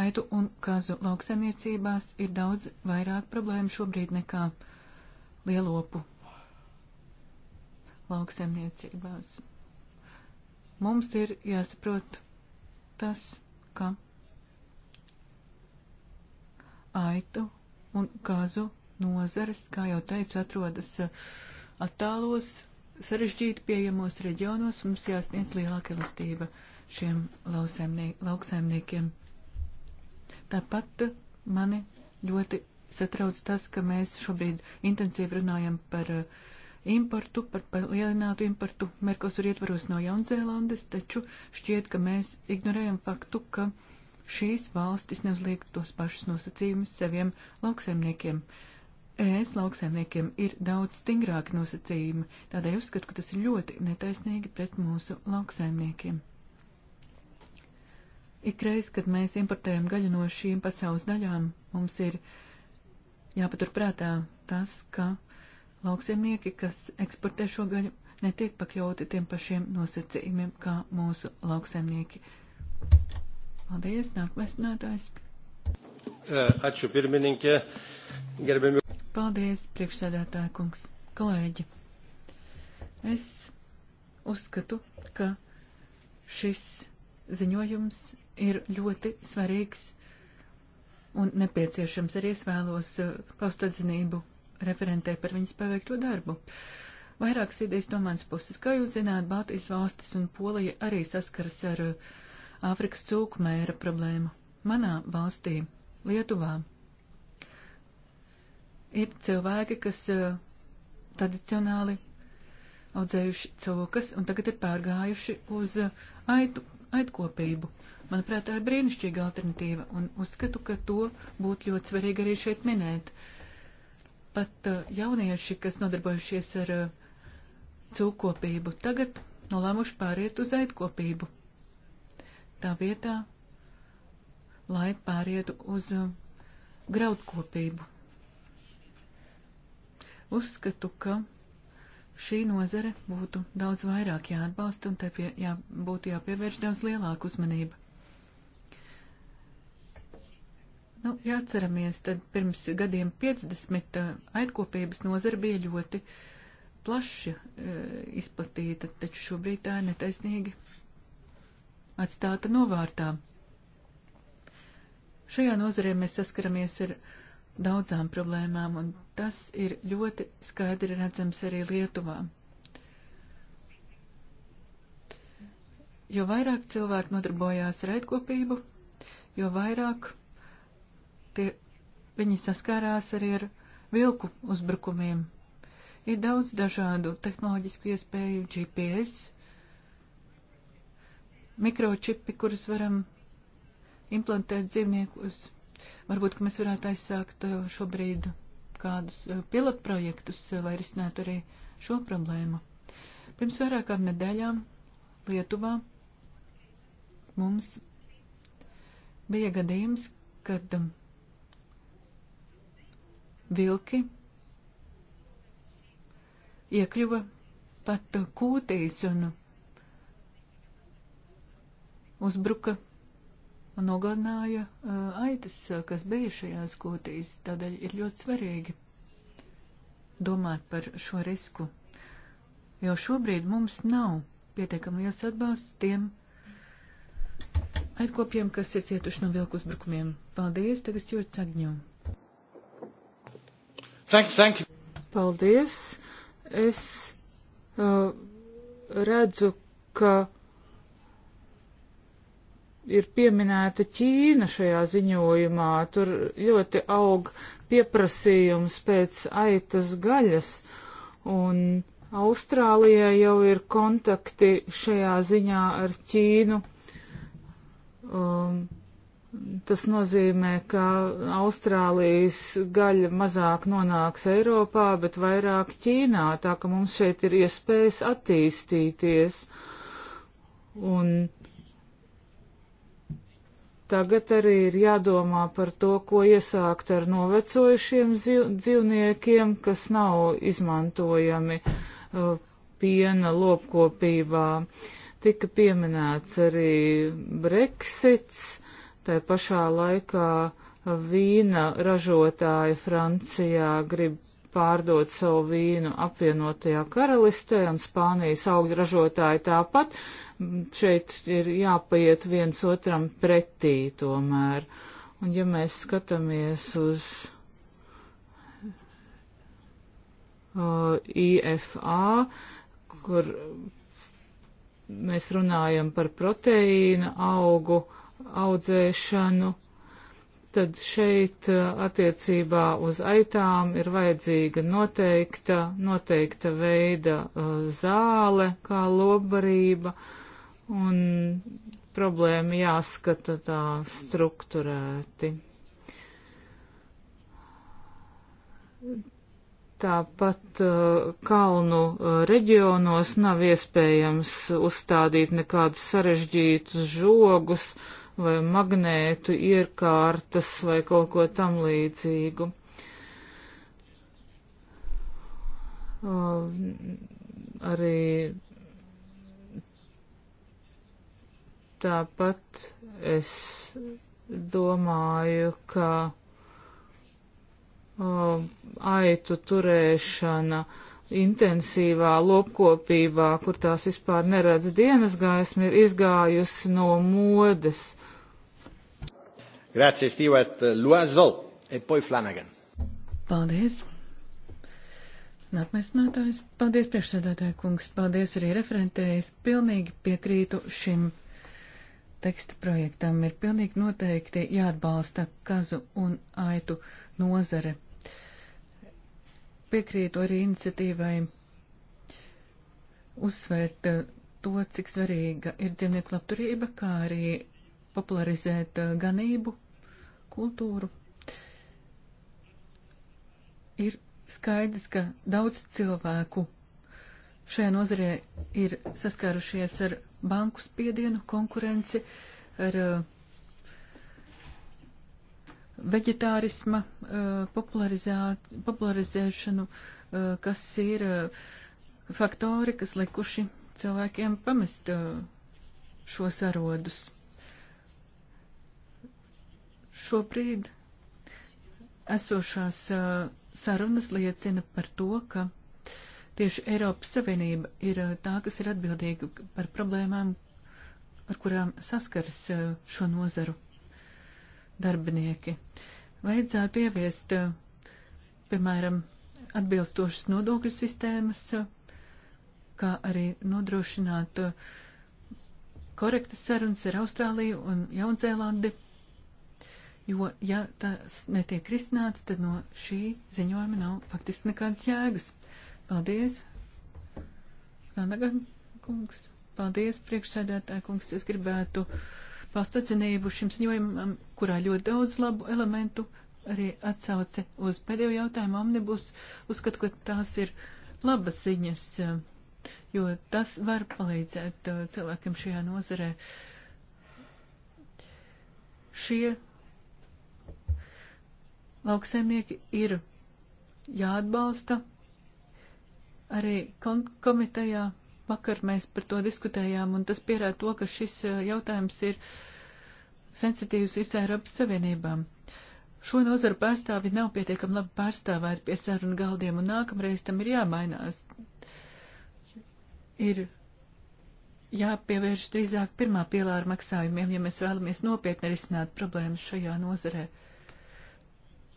aitu un kazu lauksaimniecībās ir daudz vairāk problēmu šobrīd nekā lielopu lauksaimniecībās. Mums ir jāsaprot tas, ka aitu un kazu nozares, kā jau teicu, atrodas uh, attālos, sarežģīti pieejamos reģionos, mums jāsniedz lielāka elastība šiem lauksaimniekiem. Tāpat mani ļoti satrauc tas, ka mēs šobrīd intensīvi runājam par uh, importu, par palielinātu importu Merkosur ietvaros no Jaunzēlandes, taču šķiet, ka mēs ignorējam faktu, ka šīs valstis neuzliek tos pašus nosacījumus saviem lauksaimniekiem. ES lauksaimniekiem ir daudz stingrāki nosacījumi, tādēļ uzskatu, ka tas ir ļoti netaisnīgi pret mūsu lauksaimniekiem. Ikreiz, kad mēs importējam gaļu no šīm pasaules daļām, mums ir jāpaturprātā tas, ka lauksiemnieki, kas eksportē šo gaļu, netiek pakļauti tiem pašiem nosacījumiem kā mūsu lauksiemnieki. Paldies, nākamais runātājs. Eh, Aču pirmininkē, gerbēmi. Paldies, priekšsēdētāja kungs, kolēģi. Es uzskatu, ka šis ziņojums ir ļoti svarīgs un nepieciešams. Arī es vēlos eh, paust atzinību referentē par viņas paveikto darbu. Vairākas idejas no manas puses. Kā jūs zināt, Baltijas valstis un Polija arī saskaras ar eh, Āfrikas cūkmēra problēmu. Manā valstī, Lietuvā, ir cilvēki, kas eh, tradicionāli audzējuši cūkas un tagad ir pārgājuši uz aitu, aitkopību. Uh, Manuprāt, tā ir brīnišķīga alternatīva, un uzskatu, ka to būtu ļoti svarīgi arī šeit minēt. Pat uh, jaunieši, kas nodarbojušies ar uh, cūkopību, tagad nolēmuši pāriet uz aidkopību. Tā vietā, lai pārietu uz uh, graudkopību. Uzskatu, ka šī nozare būtu daudz vairāk jāatbalsta un tai pie, jā, būtu jāpievērš daudz lielāka uzmanība. Nu, ja atceramies, tad pirms gadiem 50 eh, aitkopības nozara bija ļoti plaši e, izplatīta, taču šobrīd tā ir netaisnīgi atstāta novārtā. Šajā nozarē mēs saskaramies ar daudzām problēmām, un tas ir ļoti skaidri redzams arī Lietuvā. Jo vairāk cilvēku nodarbojās ar aitkopību, jo vairāk tie, viņi saskārās arī ar vilku uzbrukumiem. Ir daudz dažādu tehnoloģisku iespēju, GPS, mikročipi, kurus varam implantēt dzīvniekus. Varbūt, ka mēs varētu aizsākt uh, šobrīd kādus uh, pilotprojektus, uh, lai risinātu arī šo problēmu. Pirms vairākām nedēļām Lietuvā mums bija gadījums, kad um, vilki iekļuva pat kūtīs un uzbruka un nogalināja aitas, kas bija šajās kūtīs. Tādēļ ir ļoti svarīgi domāt par šo risku, jo šobrīd mums nav pietiekami liels atbalsts tiem aitkopiem, kas ir cietuši no vilku uzbrukumiem. Paldies, tagad jūras agņumu. Thank, thank you. Paldies. Es uh, redzu, ka ir pieminēta Ķīna šajā ziņojumā. Tur ļoti aug pieprasījums pēc aitas gaļas, un Austrālijai jau ir kontakti šajā ziņā ar Ķīnu. Um, Tas nozīmē, ka Austrālijas gaļa mazāk nonāks Eiropā, bet vairāk Ķīnā, tā ka mums šeit ir iespējas attīstīties. Un tagad arī ir jādomā par to, ko iesākt ar novecojušiem dzīvniekiem, kas nav izmantojami uh, piena lopkopībā. Tika pieminēts arī Brexits Tā pašā laikā vīna ražotāji Francijā grib pārdot savu vīnu apvienotajā karalistē un Spānijas augļu ražotāji tāpat. Šeit ir jāpaiet viens otram pretī tomēr. Un ja mēs skatāmies uz uh, IFA, kur mēs runājam par proteīna augu audzēšanu, tad šeit uh, attiecībā uz aitām ir vajadzīga noteikta, noteikta veida uh, zāle, kā lobarība, un problēma jāskata tā strukturēti. Tāpat uh, kalnu reģionos nav iespējams uzstādīt nekādus sarežģītus žogus, uh, vai magnētu ierkārtas vai kaut ko tam līdzīgu. Uh, arī tāpat es domāju, ka uh, aitu turēšana intensīvā lopkopībā, kur tās vispār neredz dienas gaismu, ir izgājusi no modes. Grazie, Stewart. Loiseau e poi Flanagan. Paldies. Nākamais runātājs. Paldies, priekšsēdētāja kungs. Paldies arī referentējas. Pilnīgi piekrītu šim teksta projektam. Ir pilnīgi noteikti jāatbalsta kazu un aitu nozare. Piekrītu arī iniciatīvai uzsvērt eh, to, cik svarīga ir dzīvnieku labturība, kā arī popularizēt eh, ganību kultūru, ir skaidrs, ka daudz cilvēku šajā nozarē ir saskārušies ar banku spiedienu, konkurenci, ar uh, veģetārisma uh, popularizēšanu, uh, kas ir faktori, kas likuši cilvēkiem pamest šos arodus. Šobrīd esošās uh, sarunas liecina par to, ka tieši Eiropas Savienība ir uh, tā, kas ir atbildīga par problēmām, ar kurām saskaras uh, šo nozaru darbinieki. Vajadzētu ieviest, piemēram, atbilstošas nodokļu sistēmas, kā arī nodrošināt korektas sarunas ar Austrāliju un Jaunzēlandi jo, ja tas netiek risināts, tad no šī ziņojuma nav faktiski nekādas jēgas. Paldies, Lanagan kungs. Paldies, priekšsēdētāji kungs. Es gribētu paust atzinību šim ziņojumam, kurā ļoti daudz labu elementu arī atsauce uz pēdējo jautājumu omnibus. Uzskatu, ka tās ir labas ziņas, jo tas var palīdzēt uh, cilvēkiem šajā nozarē. Šie lauksaimnieki ir jāatbalsta. Arī komitejā vakar mēs par to diskutējām, un tas pierāda to, ka šis eh, jautājums ir sensitīvs visā Eiropas Savienībām. Šo nozaru pārstāvi nav pietiekami labi pārstāvēti pie sarunu galdiem, un nākamreiz tam ir jāmainās. Ir jāpievērš drīzāk pirmā pielāra maksājumiem, ja mēs vēlamies nopietni risināt problēmas šajā nozarē.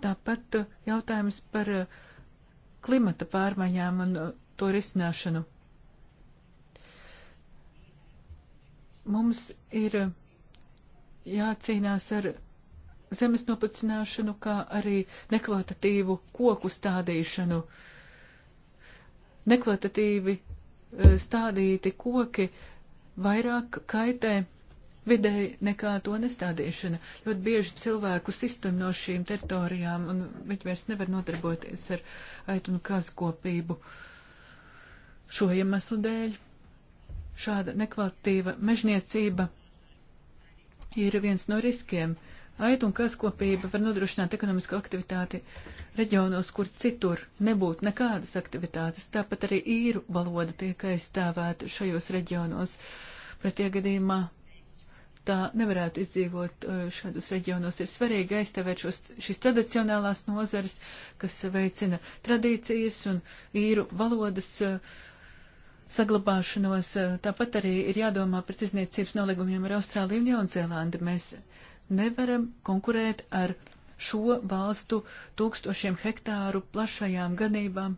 Tāpat uh, jautājums par uh, klimata pārmaiņām un uh, to risināšanu. Mums ir jācīnās ar zemes nopacināšanu, kā arī nekvalitatīvu koku stādīšanu. Nekvalitatīvi stādīti koki vairāk kaitē videi nekā to nestādīšana. Ļoti bieži cilvēku sistēma no šīm teritorijām, un viņi vairs nevar nodarboties ar aitu un kazkopību šo iemeslu dēļ. Šāda nekvalitīva mežniecība ir viens no riskiem. Aitu un kaskopība var nodrošināt ekonomisku aktivitāti reģionos, kur citur nebūtu nekādas aktivitātes. Tāpat arī īru valoda tiek aizstāvēta šajos reģionos. Pretie gadījumā tā nevarētu izdzīvot uh, šādos reģionos. Ir svarīgi aizstāvēt šos, šīs tradicionālās nozares, kas veicina tradīcijas un īru valodas uh, saglabāšanos. Uh, tāpat arī ir jādomā par izniecības nolīgumiem ar Austrāliju un Jaunzēlandi. Mēs nevaram konkurēt ar šo valstu tūkstošiem hektāru plašajām ganībām.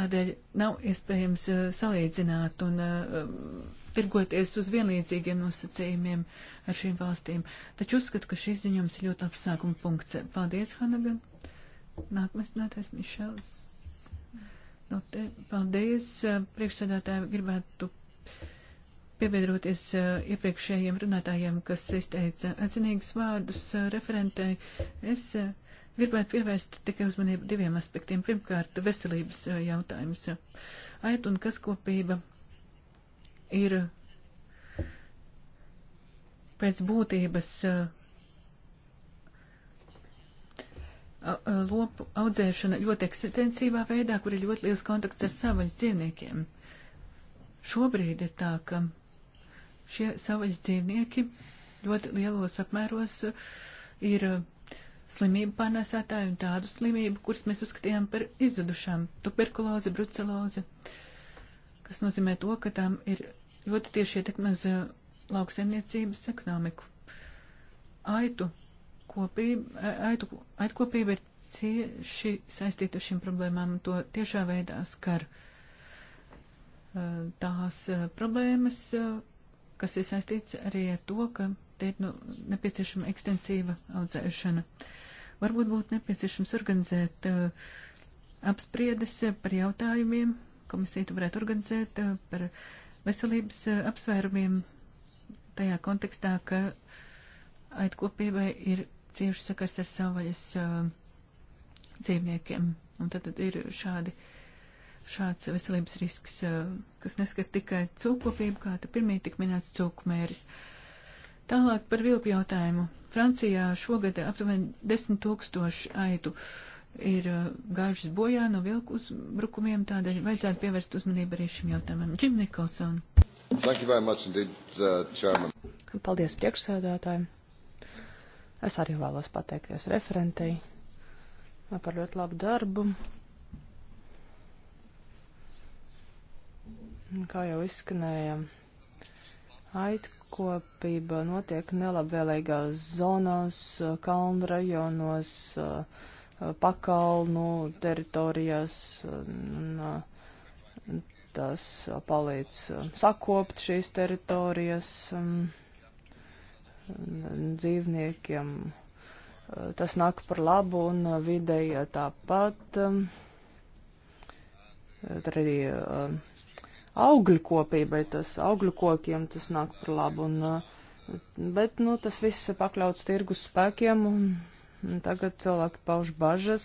Tādēļ nav iespējams uh, salīdzināt un uh, tirgoties uz vienlīdzīgiem nosacījumiem ar šīm valstīm. Taču uzskatu, ka šis ziņojums ir ļoti apsākuma punkts. Paldies, Hanagan. Nākamais nātais Mišels. No nu, te, paldies. Eh, priekšsēdētāji gribētu piebiedroties eh, iepriekšējiem runātājiem, kas izteica atzinīgus vārdus eh, referentei. Es gribētu pievērst tikai uzmanību diviem aspektiem. Pirmkārt, veselības jautājums. Aitun, kas kopība ir pēc būtības uh, uh, lopu audzēšana ļoti ekstensīvā veidā, kur ir ļoti liels kontakts ar savaļas dzīvniekiem. Šobrīd ir tā, ka šie savaļas dzīvnieki ļoti lielos apmēros uh, ir slimību pārnēsētāji un tādu slimību, kuras mēs uzskatījām par izzudušām - tuberkuloze, bruceloze, kas nozīmē to, ka tām ir ļoti tieši ietekmē uz eh, lauksaimniecības ekonomiku. Aitu kopība, aitu, aitu kopība ir cieši saistīta ar šīm problēmām un to tiešā veidā skar eh, tās eh, problēmas, kas ir saistīts arī ar to, ka te ir nu, nepieciešama ekstensīva audzēšana. Varbūt būtu nepieciešams organizēt uh, apspriedes par jautājumiem, komisija to varētu organizēt uh, par uh, veselības eh, apsvērumiem tajā kontekstā, ka aitkopībai ir cieši sakas ar savvaļas eh, dzīvniekiem. Un tad, tad ir šādi, šāds veselības risks, eh, kas neskat tikai cūkopību, kā te pirmī tik minēts cūkmēris. Tālāk par vilku jautājumu. Francijā šogad aptuveni 10 tūkstoši aitu uh, ir uh, gājušas bojā no vilku uzbrukumiem, tādēļ vajadzētu pievērst uzmanību arī šim jautājumam. Džim Nikolson. Uh, Paldies priekšsēdētājiem. Es arī vēlos pateikties referentei uh, par ļoti labu darbu. Kā jau izskanēja, aitkopība notiek nelabvēlīgās zonās, kalnu rajonos, uh, pakalnu teritorijas. Un, un, tas palīdz um, sakopt šīs teritorijas um, dzīvniekiem. Uh, tas nāk par labu un uh, videi tāpat. Um, tad arī augļu kopībai, tas augļu kokiem tas nāk par labu. Un, uh, bet, nu, tas viss pakļauts tirgus spēkiem un Tagad cilvēki pauž bažas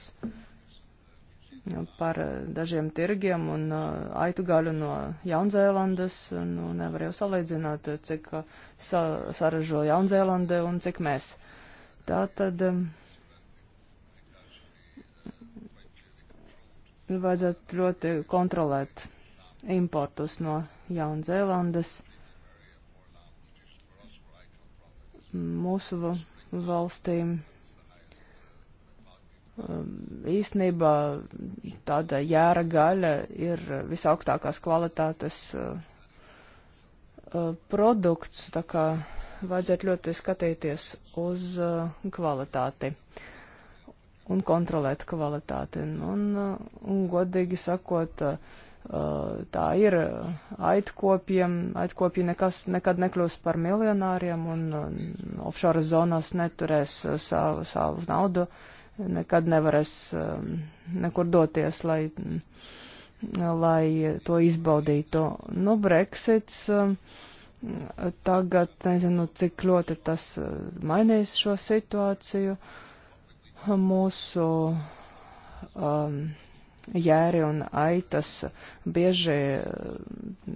nu, par eh, dažiem tirgiem un eh, aitu gaļu no Jaunzēlandes. Nu, nevar jau salīdzināt, eh, cik sa saražo Jaunzēlande un cik mēs. Tā tad vajadzētu ļoti kontrolēt importus no Jaunzēlandes. Mūsu valstīm Um, īstenībā tāda jēra gaļa ir visaugstākās kvalitātes uh, uh, produkts, tā kā vajadzētu ļoti skatīties uz uh, kvalitāti un kontrolēt kvalitāti. Un, un godīgi sakot, tā ir aitkopiem. Aitkopji nekas, nekad nekļūs par miljonāriem un offshore zonās neturēs savu, savu naudu. Uh, nekad nevarēs um, nekur doties, lai, lai to izbaudītu. Nu, Brexits um, tagad, nezinu, cik ļoti tas uh, mainīs šo situāciju. Mūsu um, jēri un aitas bieži uh,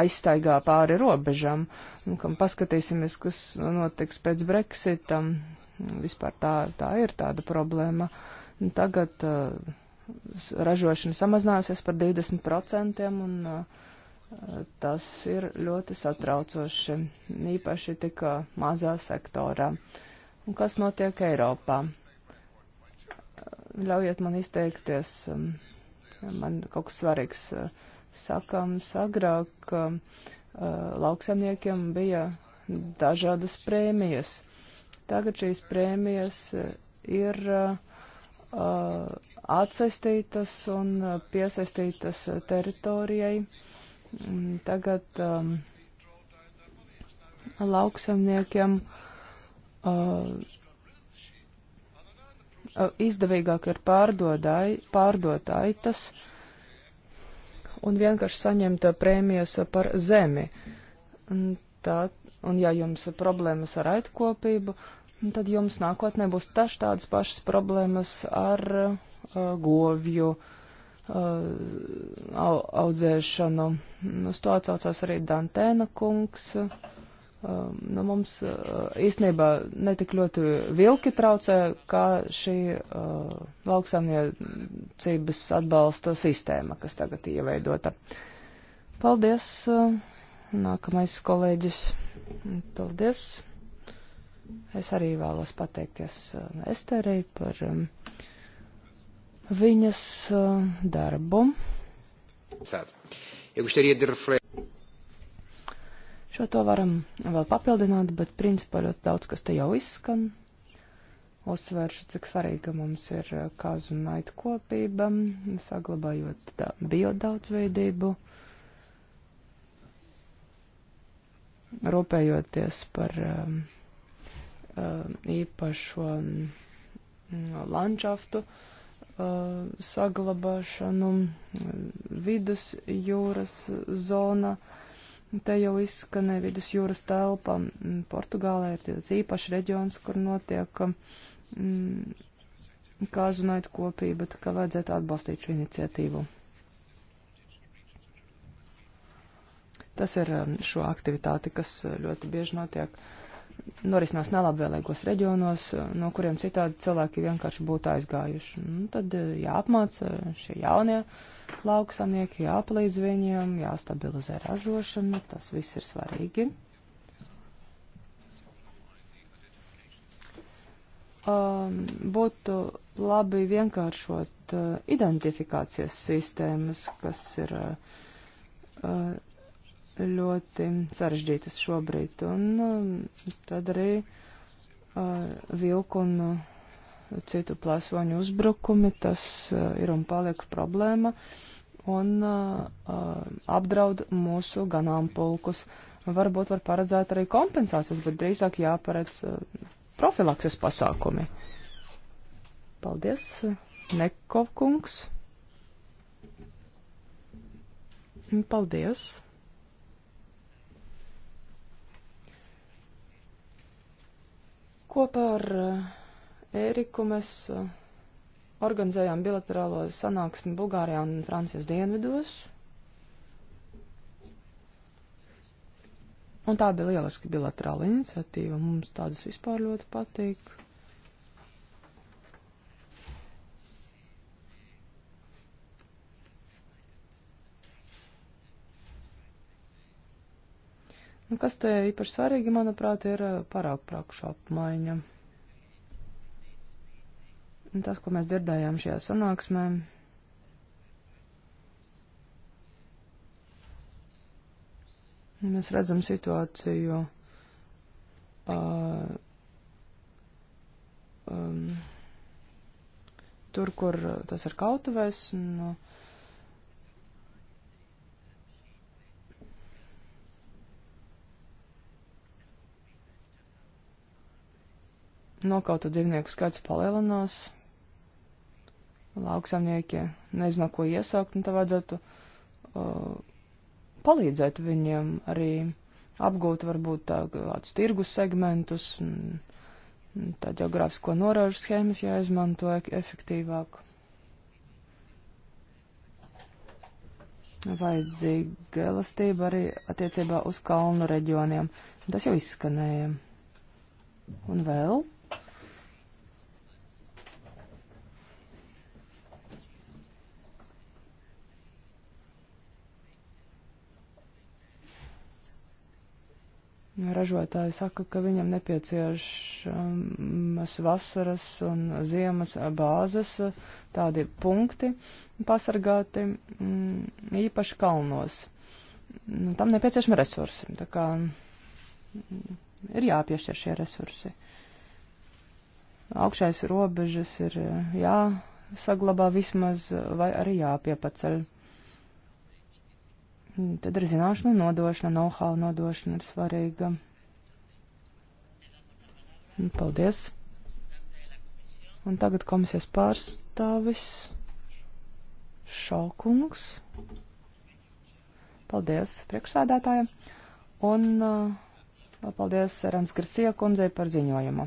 aizstaigā pāri robežam. Un, kam paskatīsimies, kas notiks pēc Brexitam. Um, Vispār tā, tā ir tāda problēma. Tagad uh, ražošana samazinājusies par 20% un uh, tas ir ļoti satraucoši, īpaši tik mazā sektorā. Un kas notiek Eiropā? Ļaujiet man izteikties, um, man kaut kas svarīgs uh, sakams agrāk uh, uh, lauksamniekiem bija dažādas prēmijas. Tagad šīs prēmijas eh, ir uh, atsaistītas un piesaistītas teritorijai. Mm, tagad um, lauksamniekiem uh, izdevīgāk ir pārdotāji tas un vienkārši saņemt prēmijas par zemi. Mm, tā Un ja jums ir problēmas ar aitkopību, tad jums nākotnē būs taš tādas pašas problēmas ar uh, govju uh, au, audzēšanu. Nu, uz to atsaucās arī Dantēna kungs. Uh, nu, mums uh, īstenībā netik ļoti vilki traucē, kā šī uh, lauksaimniecības atbalsta sistēma, kas tagad ieveidota. Paldies! Uh, Nākamais kolēģis. Paldies. Es arī vēlos pateikties uh, Esterei par um, viņas uh, darbu. Šo to varam vēl papildināt, bet principā ļoti daudz, kas te jau izskan uzsvēršu, cik svarīga mums ir uh, kazu un aitu kopība, saglabājot da biodaudzveidību, rūpējoties par um, um īpašo um, landšaftu um, saglabāšanu mm, vidus jūras zona. Te jau izskanē vidus jūras telpa. Mm, Portugālē ir tāds īpašs reģions, kur notiek kāzu naitu kopība, tā kā vajadzētu atbalstīt šo iniciatīvu. Tas ir um, šo aktivitāti, kas uh, ļoti bieži notiek, norisinās nelabvēlīgos reģionos, uh, no kuriem citādi cilvēki vienkārši būtu aizgājuši. Un nu, tad uh, jāapmāca šie jaunie lauksanieki, jāpalīdz viņiem, jāstabilizē ražošana, tas viss ir svarīgi. Um, būtu labi vienkāršot uh, identifikācijas sistēmas, kas ir uh, ļoti sarežģītas šobrīd, un um, tad arī uh, vilku un uh, citu plēsoņu uzbrukumi, tas uh, ir un paliek problēma, un uh, uh apdraud mūsu ganāmpulkus. Varbūt var paredzēt arī kompensācijas, bet drīzāk jāparedz uh, profilakses pasākumi. Paldies, Nekovkungs. Paldies. Kopā ar Ēriku eh, mēs eh, organizējām bilaterālo sanāksmi Bulgārijā un Francijas dienvidos. Un tā bija lieliski bilaterāla iniciatīva. Mums tādas vispār ļoti patīk. Un nu, kas te īpaši svarīgi, manuprāt, ir eh, parāku prakšu apmaiņa. Un tas, ko mēs dzirdējām šajā sanāksmē, mēs redzam situāciju. Uh, um, tur, kur tas ir kautuvēs, un uh, Nokautu dzīvnieku skaits palielinās. Lauksamnieki nezina, ko iesākt, un tā vajadzētu uh, palīdzēt viņiem arī apgūt varbūt tādus tirgus segmentus, un, un tā geogrāfisko norāžu schēmas jāizmanto efektīvāk. Vajadzīga elastība arī attiecībā uz kalnu reģioniem. Tas jau izskanēja. Un vēl Ražotāji saka, ka viņam nepieciešamas vasaras un ziemas bāzes, tādi punkti pasargāti mm, īpaši kalnos. Nu, tam nepieciešami resursi, tā kā mm, ir jāpiešķir šie resursi. Augšais robežas ir jāsaglabā vismaz vai arī jāpiepaceļ. Mm, tad ir zināšanu nodošana, know-how nodošana ir svarīga. Mm, paldies. Un tagad komisijas pārstāvis Šaukungs. Paldies priekšsādātājiem. Un uh, paldies Rans Garsija kundzei par ziņojumu.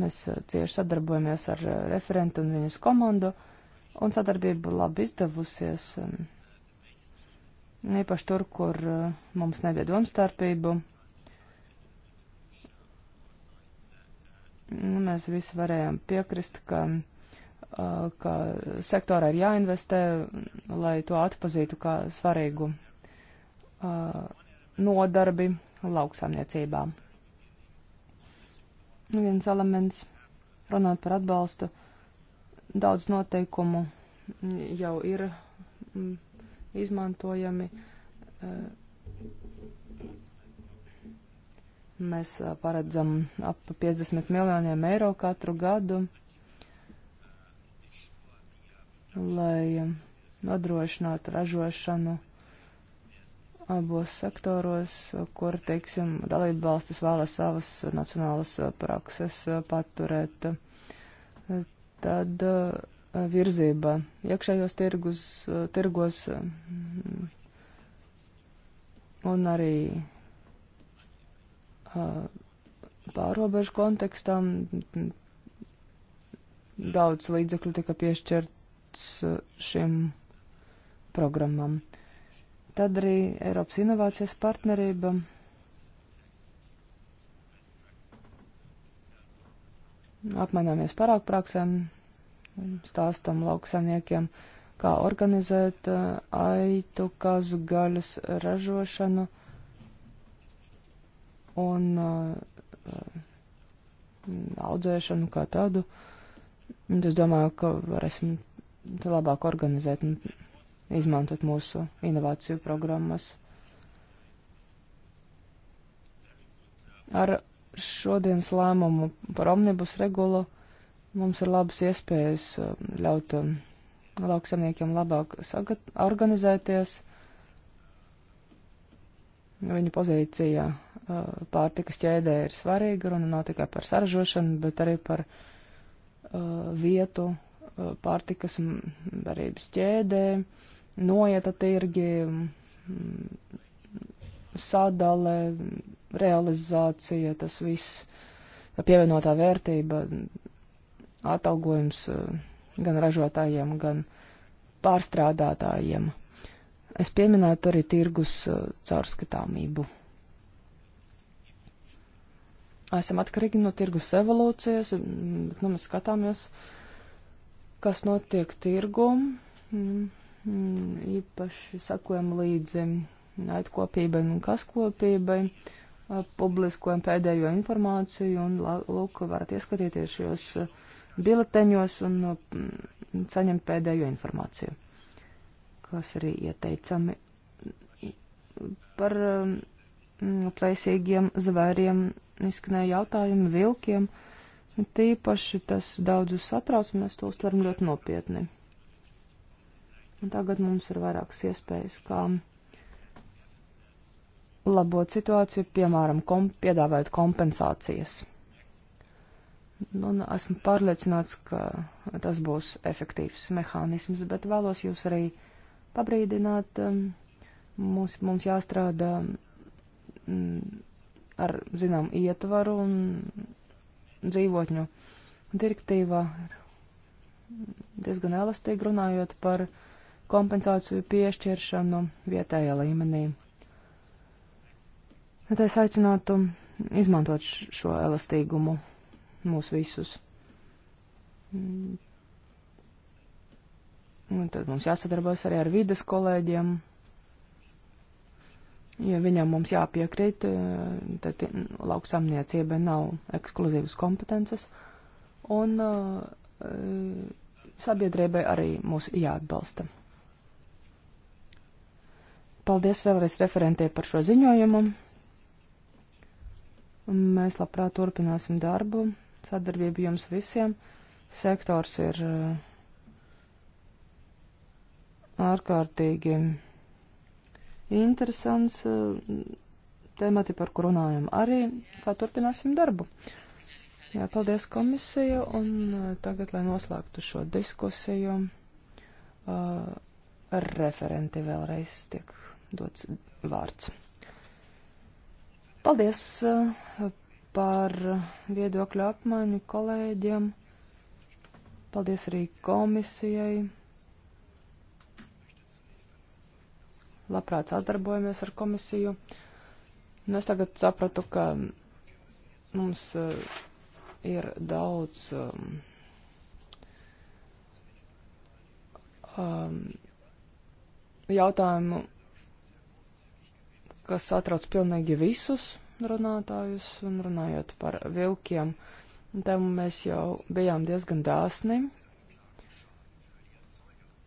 Mēs uh, cieši sadarbojamies ar uh, referentu un viņas komandu, un sadarbība labi izdevusies. Um, īpaši tur, kur uh, mums nebija domstarpību. Nu, mēs visi varējām piekrist, ka, uh, ka sektorā ir jāinvestē, lai to atpazītu kā svarīgu uh, nodarbi lauksaimniecībā. Nu, viens elements, runāt par atbalstu, daudz noteikumu jau ir mm, izmantojami. Eh, mēs eh, paredzam ap 50 miljoniem eiro katru gadu, lai nodrošinātu ražošanu abos sektoros, kur, teiksim, dalība valstis vēlas savas nacionālas eh, prakses paturēt. Tad virzība iekšējos tirgus, eh, tirgos mm, un arī eh, pārobežu kontekstam. Daudz līdzekļu tika piešķirts eh, šim programmam. Tad arī Eiropas inovācijas partnerība. Apmaināmies parākpraksēm, stāstam lauksaimniekiem, kā organizēt aitu, kazu gaļas ražošanu un audzēšanu kā tādu. Un es domāju, ka varēsim te labāk organizēt un izmantot mūsu inovāciju programmas. Ar šodienas lēmumu par omnibus regulu Mums ir labas iespējas um, ļaut um, lauksamniekiem labāk sagat organizēties viņa pozīcija uh, pārtikas ķēdē ir svarīga. Runa nav tikai par saražošanu, bet arī par uh, vietu uh, pārtikas varības ķēdē, noieta tirgi, mm, sadale, realizācija, tas viss, pievienotā vērtība, atalgojums eh, gan ražotājiem, gan pārstrādātājiem. Es pieminētu arī tirgus eh, caurskatāmību. Esam atkarīgi no tirgus evolūcijas, mm, bet nu, mēs skatāmies, kas notiek tirgum. Mm, mm, īpaši sakojam līdzi aitkopībai un kaskopībai eh, publiskojam pēdējo informāciju, un, lūk, varat ieskatīties šajos bileteņos un mm, saņemt pēdējo informāciju, kas arī ieteicami par mm, plēsīgiem zvēriem izskanēja jautājumi vilkiem. Tīpaši tas daudzus satrauc, un mēs to uztveram ļoti nopietni. Un tagad mums ir vairākas iespējas, kā labot situāciju, piemēram, kom piedāvājot kompensācijas Nu, nu, esmu pārliecināts, ka tas būs efektīvs mehānisms, bet vēlos jūs arī pabrīdināt. Um, mums, mums jāstrādā mm, ar zinām ietvaru un dzīvotņu direktīvā diezgan elastīgi runājot par kompensāciju piešķiršanu vietējā līmenī. Bet es aicinātu izmantot šo elastīgumu mūs visus. Mm. Un tad mums jāsadarbojas arī ar vides kolēģiem. Ja viņam mums jāpiekrīt, eh, tad lauksamniecība nav ekskluzīvas kompetences. Un uh, sabiedrībai arī mūs jāatbalsta. Paldies vēlreiz referentē par šo ziņojumu. Mēs labprāt turpināsim darbu sadarbību jums visiem. Sektors ir eh, ārkārtīgi interesants eh, temati, par kur runājam arī, kā turpināsim darbu. Jā, paldies komisiju, un eh, tagad, lai noslēgtu šo diskusiju, uh, referenti vēlreiz tiek dots vārds. Paldies! Uh, par viedokļu apmaiņu kolēģiem. Paldies arī komisijai. Labprāt sadarbojamies ar komisiju. Un nu, es tagad sapratu, ka mums uh, ir daudz um, um, jautājumu, kas atrauc pilnīgi visus runātājus un runājot par vilkiem. Tēmu mēs jau bijām diezgan dāsni.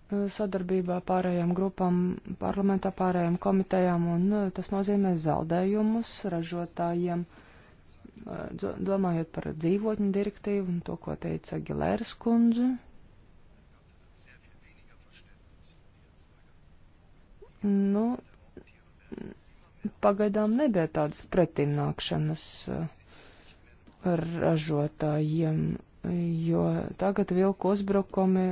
Sadarbībā pārējām grupām, parlamentā pārējām komitejām, un nu, tas nozīmē zaudējumus ražotājiem, domājot par dzīvotņu direktīvu un to, ko teica Gilēras kundze. Nu, pagaidām nebija tādas pretimnākšanas eh, ražotājiem, jo tagad vilku uzbrukumi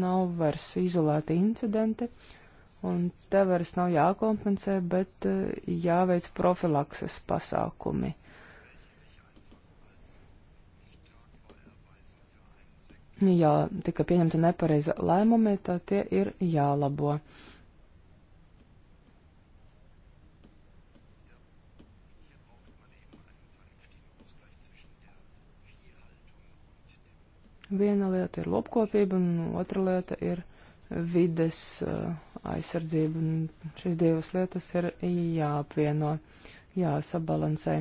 nav vairs izolēti incidenti, un te vairs nav jākompensē, bet eh, jāveic profilakses pasākumi. Jā, tika pieņemta nepareiza lēmumi, tad tie ir jālabo. Uh, Viena lieta ir lopkopība, un otra lieta ir vides uh, aizsardzība. Un šīs divas lietas ir jāapvieno, jāsabalansē.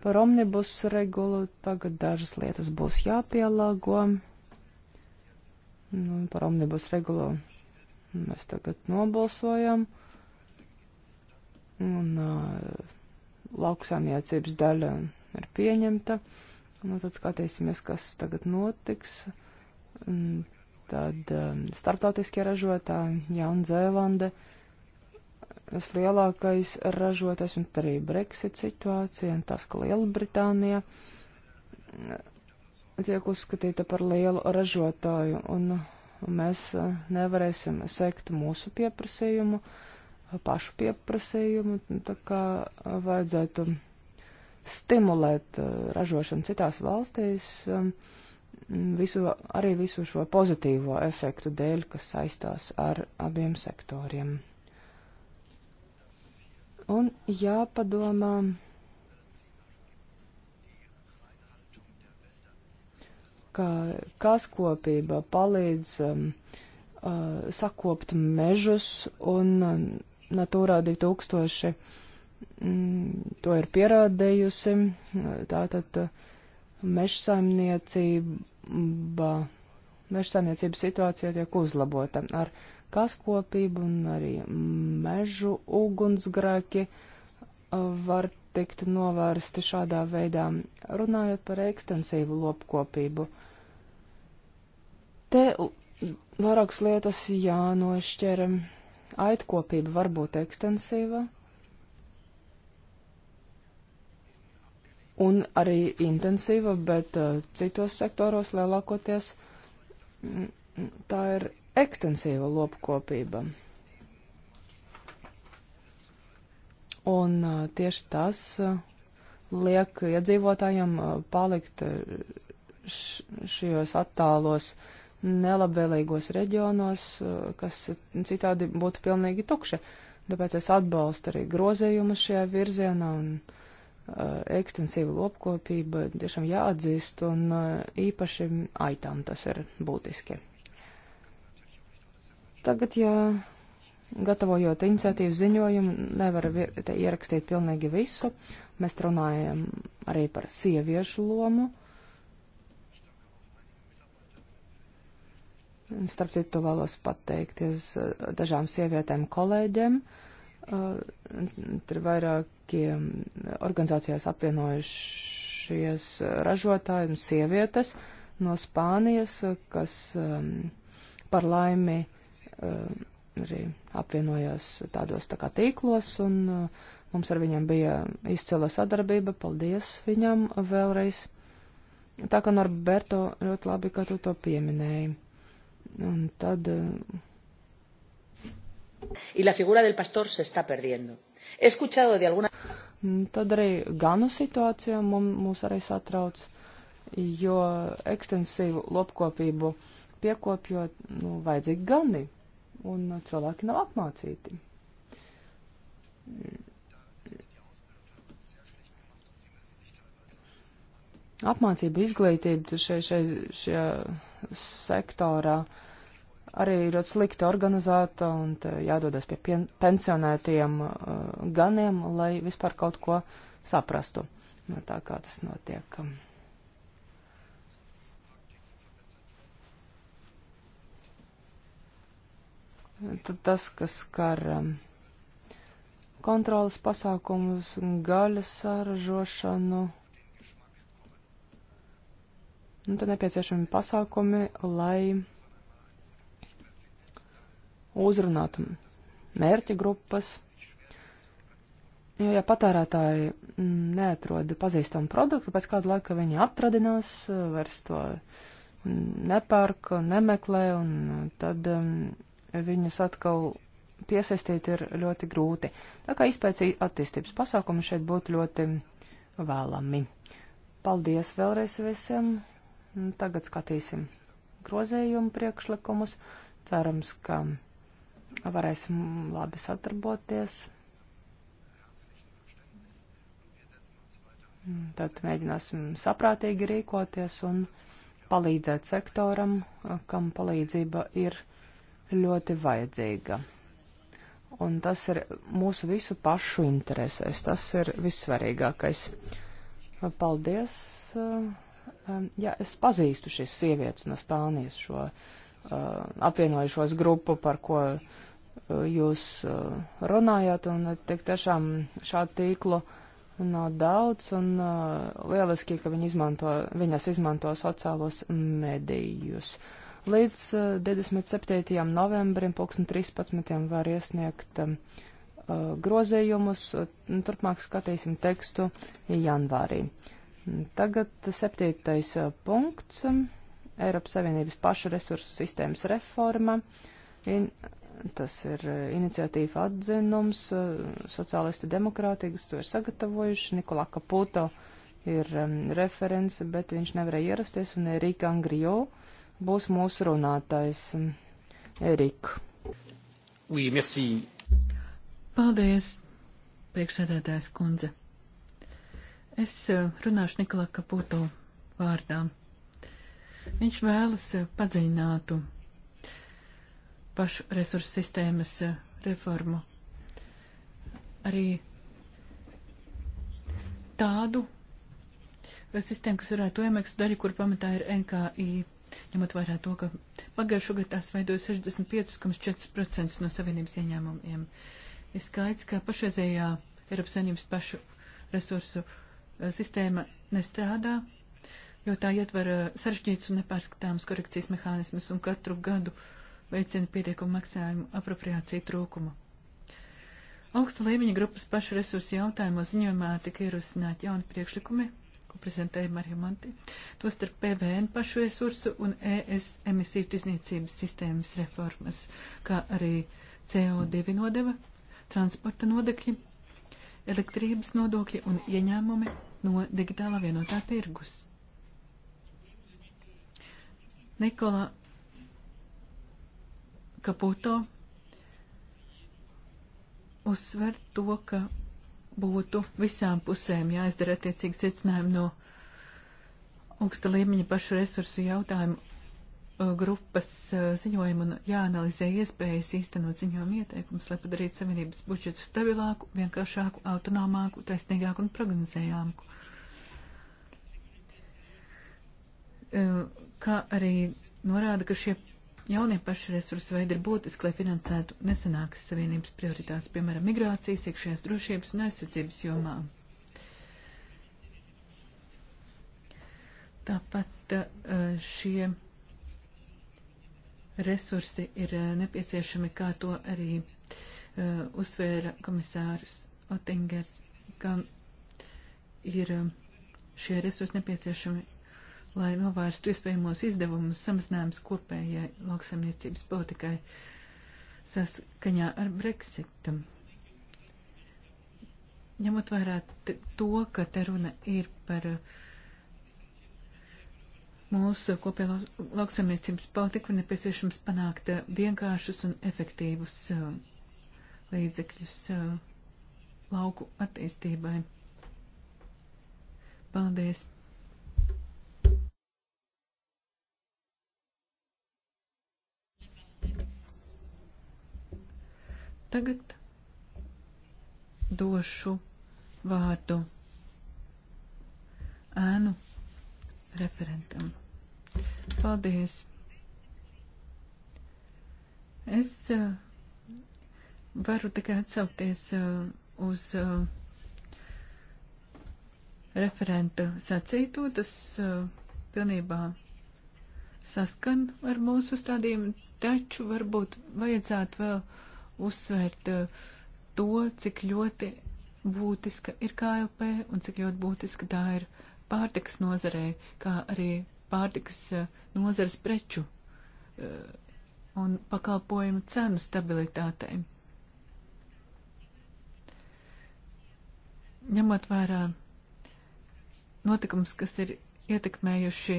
Par omnibus regulu tagad dažas lietas būs jāpielāgo. Nu, par omnibus regulu mēs tagad nobalsojam. Un uh, lauksāniecības daļa ir pieņemta. Uh, Nu, tad skatīsimies, kas tagad notiks. Tad um, starptautiskie ražotāji, Jaunzēlande, vislielākais ražotājs un arī Brexit situācija un tas, ka Lielbritānija tiek uzskatīta par lielu ražotāju un mēs uh, nevarēsim sekt mūsu pieprasījumu, pašu pieprasījumu, tā kā vajadzētu stimulēt eh, ražošanu citās valstīs um, visu, arī visu šo pozitīvo efektu dēļ, kas saistās ar abiem sektoriem. Un jāpadomā. ka kaskopība palīdz um, uh, sakopt mežus un uh, Natūrā 2000 Mm, to ir pierādējusi. Tātad uh, mežsaimniecība, mežsaimniecības situācija tiek uzlabota ar kaskopību un arī mežu ugunsgrēki uh, var tikt novērsti šādā veidā, runājot par ekstensīvu lopkopību. Te vairākas lietas jānošķer. Aitkopība var būt ekstensīva un arī intensīva, bet uh, citos sektoros lielākoties mm, mm, tā ir ekstensīva lopkopība. Un uh, tieši tas uh, liek iedzīvotājiem uh, palikt uh, šajos attālos nelabvēlīgos reģionos, uh, kas citādi būtu pilnīgi tukši. Tāpēc es atbalstu arī grozījumus šajā virzienā un uh, Eh, ekstensīva lopkopība tiešām jāatzīst, un eh, īpaši aitām tas ir būtiski. Tagad, ja gatavojot iniciatīvu ziņojumu, nevar ierakstīt pilnīgi visu. Mēs runājam arī par sieviešu lomu. Starp citu, vēlos pateikties eh, dažām sievietēm kolēģiem. Uh, tur vairāk cilvēkiem organizācijās apvienojušies eh, ražotāji un sievietes no Spānijas, eh, kas um, par laimi um, arī apvienojās tādos tā kā tīklos, un uh, mums ar viņam bija izcila sadarbība. Paldies viņam vēlreiz. Tā kā Norberto ļoti labi, ka tu to pieminēji. Un tad. Uh, Y la figura del pastor se está perdiendo. He escuchado de alguna. Mm, tad arī ganu situācija mūs arī satrauc, jo ekstensīvu lopkopību piekopjot, nu, vajadzīgi gani, un cilvēki nav apmācīti. Apmācība, izglītība šie, šie, šie sektorā uh, arī ļoti slikti organizēta un jādodas pie pensionētiem uh, ganiem, lai vispār kaut ko saprastu no nu, tā, kā tas notiek. Tad tas, kas skar um, kontrolas pasākumus, gaļas saražošanu. Nu, tad nepieciešami pasākumi, lai uzrunāt mērķa grupas. Jo, ja patērētāji mm, neatrod pazīstamu produktu, pēc kāda laika viņi atradinās, vairs to mm, nepērk, nemeklē, un tad um, viņus atkal piesaistīt ir ļoti grūti. Tā kā izpēci attīstības pasākumi šeit būtu ļoti vēlami. Paldies vēlreiz visiem. Tagad skatīsim grozējumu priekšlikumus. Cerams, ka varēsim labi sadarboties. Tad mēģināsim saprātīgi rīkoties un palīdzēt sektoram, kam palīdzība ir ļoti vajadzīga. Un tas ir mūsu visu pašu interesēs. Tas ir vissvarīgākais. Paldies! Um, Jā, es pazīstu šīs sievietes no Spānijas šo Uh, apvienojušos grupu, par ko uh, jūs uh, runājāt, un tik tiešām šādu tīklu nav daudz, un lieliski, ka viņi izmanto, viņas izmanto sociālos medijus. Līdz 27. novembrim 2013. var iesniegt um, grozējumus, turpmāk skatīsim tekstu janvārī. Tagad septītais punkts Eiropas Savienības pašu resursu sistēmas reforma. In, tas ir eh, iniciatīva atzinums, eh, sociālisti demokrātīgas to ir sagatavojuši. Nikola Kaputo ir um, referents, bet viņš nevarēja ierasties, un Erika Angrijo būs mūsu runātājs. Erika. Oui, merci. Paldies, priekšsēdētājs kundze. Es eh, runāšu Nikola Kaputo vārdām. Viņš vēlas eh, padziļinātu pašu resursu sistēmas eh, reformu. Arī tādu eh, sistēmu, kas varētu iemaksu daļu, kur pamatā ir NKI, ņemot vērā to, ka pagājušajā gadā tās veidoja 65,4% no savienības ieņēmumiem. Ir skaidrs, ka pašreizējā Eiropas saimnības pašu resursu sistēma nestrādā, jo tā ietver eh, sarežģītus un nepārskatāmus korekcijas mehānismus un katru gadu veicina pietiekumu maksājumu apropriāciju trūkumu. Augsta līmeņa grupas pašu resursu jautājumos ziņojumā tika ierosināti jauni priekšlikumi, ko prezentēja Marija Monti, tostarp PVN pašu resursu un ES emisiju tirzniecības sistēmas reformas, kā arī CO2 nodeva, transporta nodekļi, elektrības nodokļi un ieņēmumi no digitālā vienotā tirgus. Nikola Kaputo uzsver to, ka būtu visām pusēm jāizdara attiecīgi secinājumi no augsta līmeņa pašu resursu jautājumu e, grupas e, ziņojumu un jāanalizē iespējas īstenot ziņojumu ieteikumus, lai padarītu savienības budžetu stabilāku, vienkāršāku, autonomāku, taisnīgāku un prognozējāmāku. E, kā arī norāda, ka šie jaunie pašresursu veidi ir būtiski, lai finansētu nesenākas savienības prioritātes, piemēram, migrācijas, iekšējās drošības un aizsardzības jomā. Tāpat eh, šie resursi ir eh, nepieciešami, kā to arī eh, uzsvēra komisārs Otingers, ka ir šie resursi nepieciešami lai novērstu iespējamos izdevumus samazinājums kopējai lauksaimniecības politikai saskaņā ar Brexitu. Ņemot vērā to, ka te runa ir par mūsu kopējo lauksaimniecības politiku, nepieciešams panākt vienkāršus un efektīvus um, līdzekļus um, lauku attīstībai. Paldies! Tagad došu vārdu ēnu referentam. Paldies! Es uh, varu tikai atsaukties uh, uz uh, referenta sacīto. Tas uh, pilnībā saskan ar mūsu stādījumu, taču varbūt vajadzētu vēl uh, uzsvērt eh, to, cik ļoti būtiska ir KLP un cik ļoti būtiska tā ir pārtikas nozarē, kā arī pārtikas eh, nozares preču eh, un pakalpojumu cenu stabilitātei. Ņemot vērā notikums, kas ir ietekmējuši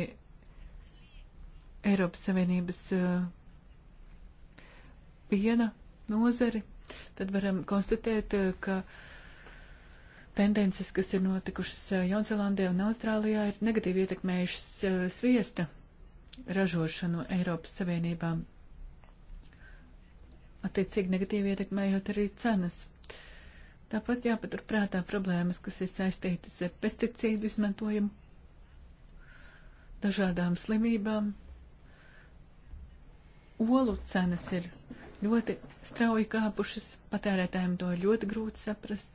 Eiropas Savienības piena nozari, tad varam konstatēt, eh, ka tendences, kas ir notikušas eh, Jaunzēlandē un Austrālijā, ir negatīvi ietekmējušas eh, sviesta ražošanu Eiropas Savienībā, attiecīgi negatīvi ietekmējot arī cenas. Tāpat jāpaturprātā problēmas, kas ir saistītas ar pesticīdu izmantojumu, dažādām slimībām. Olu cenas ir ļoti strauji kāpušas, patērētājiem to ir ļoti grūti saprast.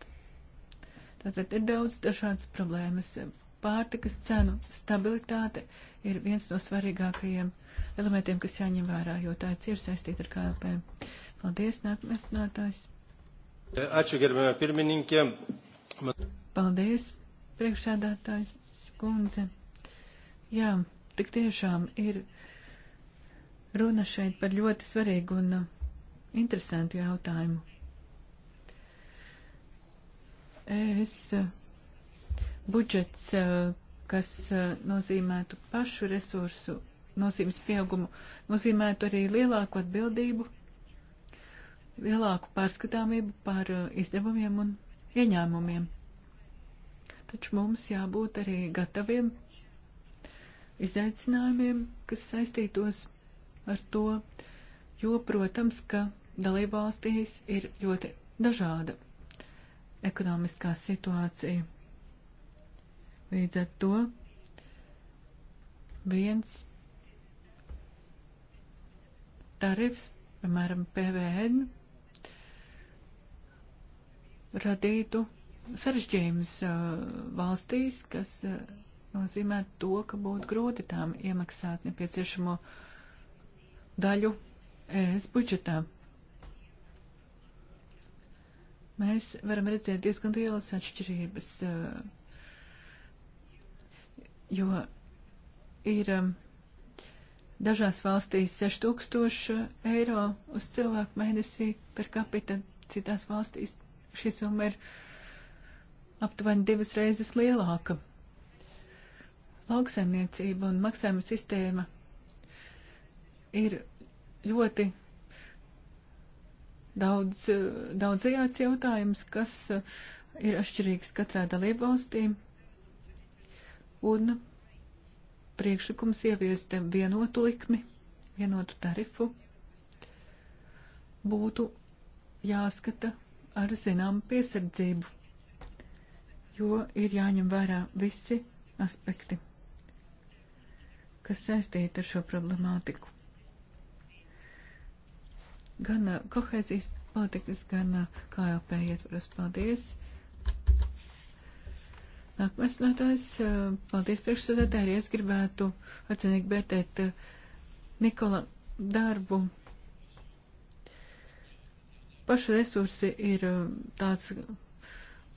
Tātad ir daudz dažādas problēmas. Pārtikas cenu stabilitāte ir viens no svarīgākajiem elementiem, kas jāņem vērā, jo tā ir cieši saistīta ar KLP. Paldies, nākamais runātājs. Ačiū, gerbējā pirmininkė. Paldies, priekšsēdātājs kundze. Jā, tik tiešām ir runa šeit par ļoti svarīgu un interesantu jautājumu. Es eh, budžets, eh, kas eh, nozīmētu pašu resursu nozīmes pieaugumu, nozīmētu arī lielāku atbildību, lielāku pārskatāmību par izdevumiem un ieņēmumiem. Taču mums jābūt arī gataviem izaicinājumiem, kas saistītos ar to, jo, protams, ka dalībvalstīs ir ļoti dažāda ekonomiskā situācija. Līdz ar to viens tarifs, piemēram, PVN, radītu sarežģījums uh, valstīs, kas uh, nozīmē to, ka būtu grūti tām iemaksāt nepieciešamo daļu ES budžetā mēs varam redzēt diezgan lielas atšķirības, eh, jo ir eh, dažās valstīs 6000 eiro uz cilvēku mēnesī per capita, citās valstīs šī summa ir aptuveni divas reizes lielāka. Lauksaimniecība un maksājuma sistēma ir ļoti daudz, daudzajāds jautājums, kas uh, ir atšķirīgs katrā dalībvalstī. Un priekšlikums ieviest vienotu likmi, vienotu tarifu būtu jāskata ar zinām piesardzību, jo ir jāņem vērā visi aspekti, kas saistīti ar šo problemātiku gan uh, kohēzijas politikas, gan uh, KLP ietvaros. Paldies! Nākamais runātājs, uh, paldies priekšsēdētāji, arī es gribētu atzinīgi vērtēt Nikola darbu. Paši resursi ir tāds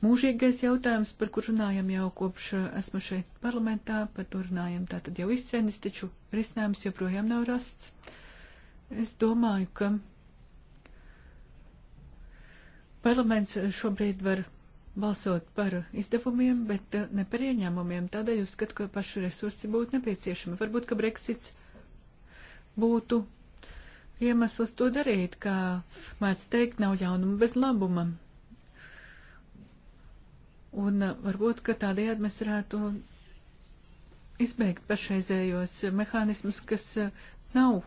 mūžīgais jautājums, par kur runājam jau kopš esmu šeit parlamentā, par to runājam tātad jau izcēnis, taču risinājums joprojām nav rasts. Es domāju, ka Parlaments šobrīd var balsot par izdevumiem, bet eh, ne par ieņēmumiem. Tādēļ uzskatu, ka paši resursi būtu nepieciešami. Varbūt, ka Brexits būtu iemesls to darīt, kā mēdz teikt, nav jaunuma bez labuma. Un eh, varbūt, ka tādējādi mēs varētu izbeigt pašreizējos mehānismus, kas eh, nav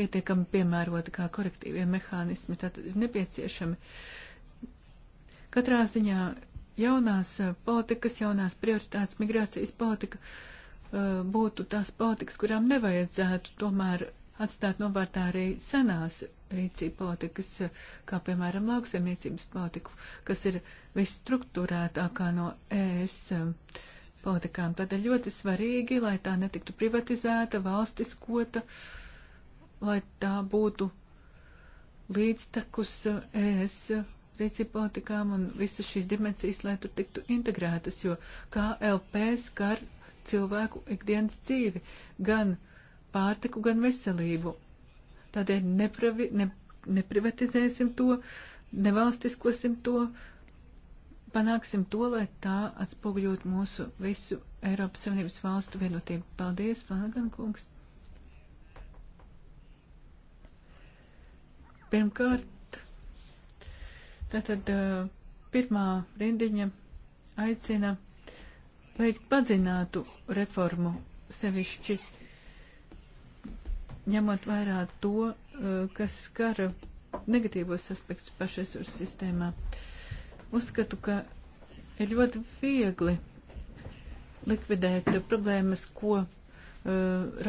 pietiekami piemēroti kā korektīvie mehānismi, tātad ir nepieciešami Katrā ziņā jaunās eh, politikas, jaunās prioritātes, migrācijas politika eh, būtu tās politikas, kurām nevajadzētu tomēr atstāt novārtā arī senās rīcība politikas, eh, kā piemēram lauksaimniecības politiku, kas ir visstruktūrētākā no ES politikām. Tādēļ ļoti svarīgi, lai tā netiktu privatizēta, valstiskota, lai tā būtu līdztekus ES e rīcībpolitikām un visas šīs dimensijas, lai tur tiktu integrētas, jo KLP skar cilvēku ikdienas dzīvi, gan pārtiku, gan veselību. Tādēļ nepravi, ne, neprivatizēsim to, nevalstiskosim to, panāksim to, lai tā atspoguļot mūsu visu Eiropas Savienības valstu vienotību. Paldies, Flanagan kungs! Pirmkārt, Tātad pirmā rindiņa aicina veikt padzinātu reformu sevišķi, ņemot vairāk to, kas skara negatīvos aspektus pašresursu sistēmā. Uzskatu, ka ir ļoti viegli likvidēt problēmas, ko uh,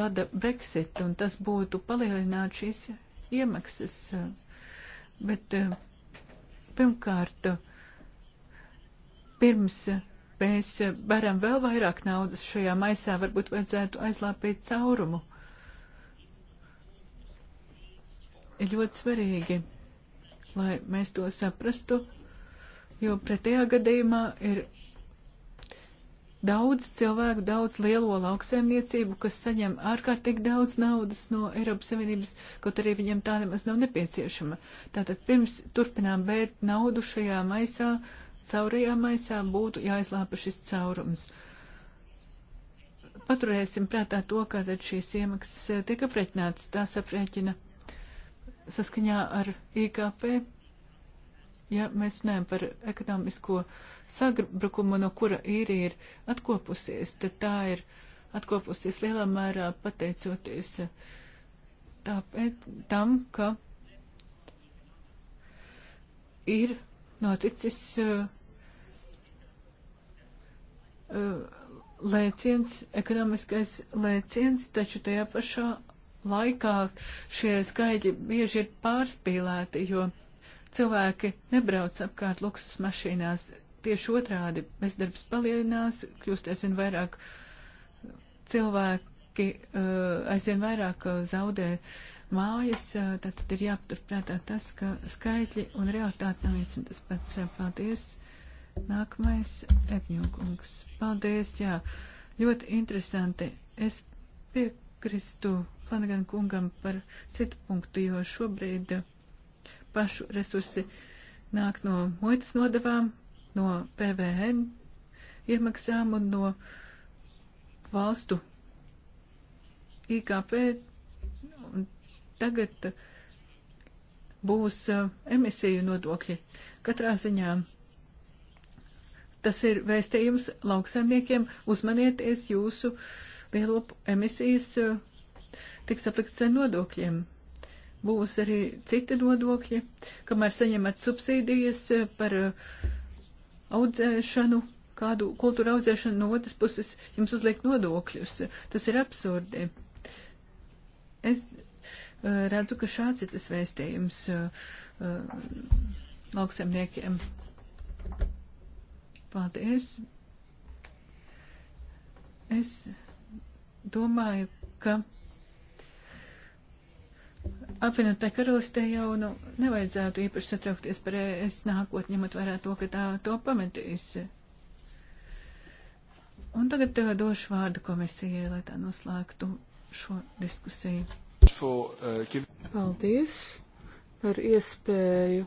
rada Brexit, un tas būtu palielināt šīs iemaksas. Uh, bet uh, Pirmkārt, pirms mēs varam vēl vairāk naudas šajā maisā, varbūt vajadzētu aizlāpīt caurumu. Ir ļoti svarīgi, lai mēs to saprastu, jo pretējā gadījumā ir daudz cilvēku, daudz lielo lauksaimniecību, kas saņem ārkārtīgi daudz naudas no Eiropas Savienības, kaut arī viņiem tā nemaz nav nepieciešama. Tātad pirms turpinām bērt naudu šajā maisā, caurajā maisā būtu jāizlāpa šis caurums. Paturēsim prātā to, kā tad šīs iemaksas eh, tiek aprēķināts. Tās aprēķina saskaņā ar IKP ja mēs runājam par ekonomisko sagbrukumu, no kura īrija ir atkopusies, tad tā ir atkopusies lielā mērā pateicoties eh, tāpēc, tam, ka ir noticis uh, uh, lēciens, ekonomiskais lēciens, taču tajā pašā laikā šie skaidri bieži ir pārspīlēti, jo uh, cilvēki nebrauc apkārt luksus mašīnās. Tieši otrādi bezdarbs palielinās, kļūst aizvien vairāk uh, cilvēki, uh, aizvien vairāk uh, zaudē mājas. Tātad ir jāpaturprātā tas, ka skaitļi un realitāte nav viens un tas pats. Paldies! Nākamais Edņokungs. Paldies, jā. Ļoti interesanti. Es piekristu Flanagan kungam par citu punktu, jo šobrīd uh, pašu resursi nāk no muitas nodavām, no PVN iemaksām un no valstu IKP. Un tagad būs uh, emisiju nodokļi. Katrā ziņā tas ir vēstījums lauksaimniekiem uzmanieties jūsu lielopu emisijas uh, tiks aplikts ar nodokļiem būs arī citi nodokļi, kamēr saņemat subsīdijas eh, par eh, audzēšanu, kādu kultūra audzēšanu no otras puses jums uzliek nodokļus. Tas ir absurdi. Es eh, redzu, ka šāds ir tas vēstījums lauksemniekiem. Paldies. Es domāju, ka apvienotai karalistē jau nu, nevajadzētu īpaši satraukties par es nākotni, ņemot vērā to, ka tā to pametīs. Un tagad tev došu vārdu komisijai, lai tā noslēgtu šo diskusiju. For, uh, give... Paldies par iespēju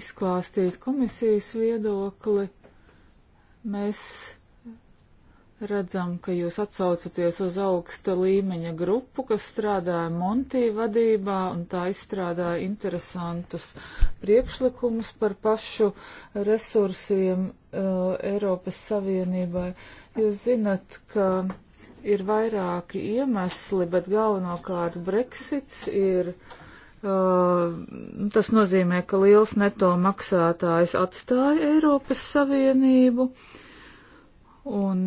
izklāstīt komisijas viedokli. Mēs Redzam, ka jūs atsaucaties uz augsta līmeņa grupu, kas strādāja Montī vadībā un tā izstrādāja interesantus priekšlikumus par pašu resursiem uh, Eiropas Savienībai. Jūs zinat, ka ir vairāki iemesli, bet galvenokārt Brexits ir. Uh, tas nozīmē, ka liels neto maksātājs atstāja Eiropas Savienību. Un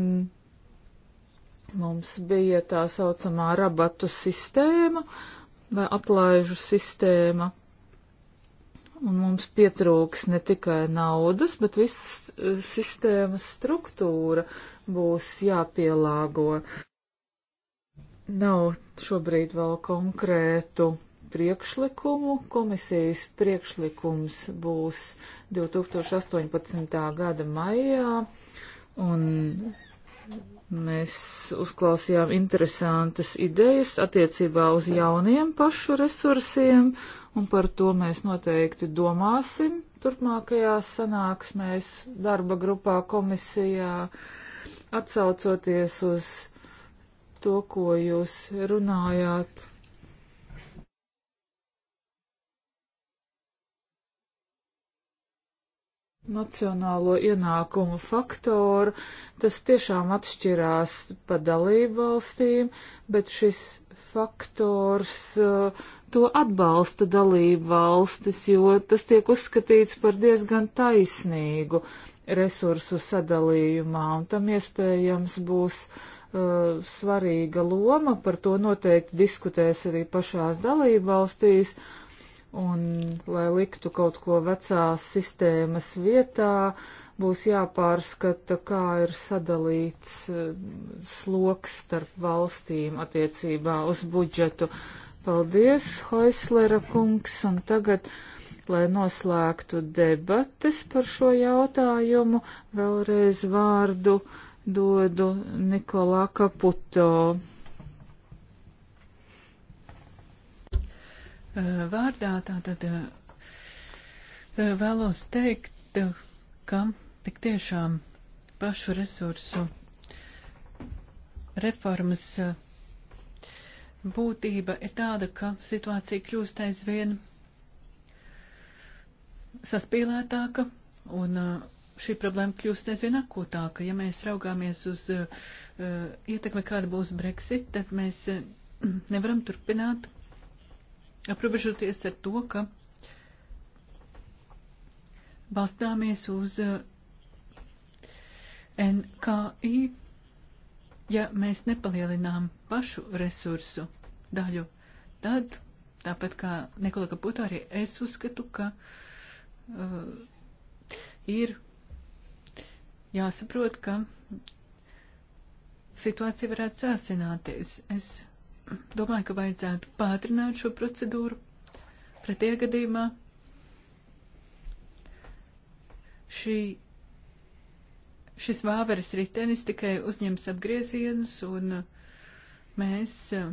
Mums bija tā saucamā rabatu sistēma vai atlaižu sistēma. Un mums pietrūks ne tikai naudas, bet viss e, sistēmas struktūra būs jāpielāgo. Nav šobrīd vēl konkrētu priekšlikumu. Komisijas priekšlikums būs 2018. gada maijā, un Mēs uzklausījām interesantas idejas attiecībā uz jauniem pašu resursiem, un par to mēs noteikti domāsim turpmākajās sanāksmēs darba grupā komisijā, atsaucoties uz to, ko jūs runājāt nacionālo ienākumu faktoru. Tas tiešām atšķirās pa dalību valstīm, bet šis faktors uh, to atbalsta dalību valstis, jo tas tiek uzskatīts par diezgan taisnīgu resursu sadalījumā, un tam iespējams būs uh, svarīga loma, par to noteikti diskutēs arī pašās dalību valstīs. Uh, Un, lai liktu kaut ko vecās sistēmas vietā, būs jāpārskata, kā ir sadalīts eh, sloks starp valstīm attiecībā uz budžetu. Paldies, Hoislera kungs, un tagad, lai noslēgtu debates par šo jautājumu, vēlreiz vārdu dodu Nikolā Kaputo. Eh, vārdā. Tātad eh, eh, vēlos teikt, ka tik tiešām pašu resursu reformas būtība ir tāda, ka situācija kļūst aizvien saspīlētāka un šī problēma kļūst aizvien akūtāka. Ja mēs raugāmies uz uh, ietekmi, kāda būs Brexit, tad mēs uh, nevaram turpināt aprobežoties ar to, ka balstāmies uz eh, NKI, ja mēs nepalielinām pašu resursu daļu, tad, tāpat kā Nikola Kaputa, arī es uzskatu, ka uh, ir jāsaprot, ka situācija varētu sāsināties. Es domāju, ka vajadzētu pātrināt šo procedūru. Pretējā gadījumā šī, šis vāveres ritenis tikai uzņems apgriezienus un mēs eh,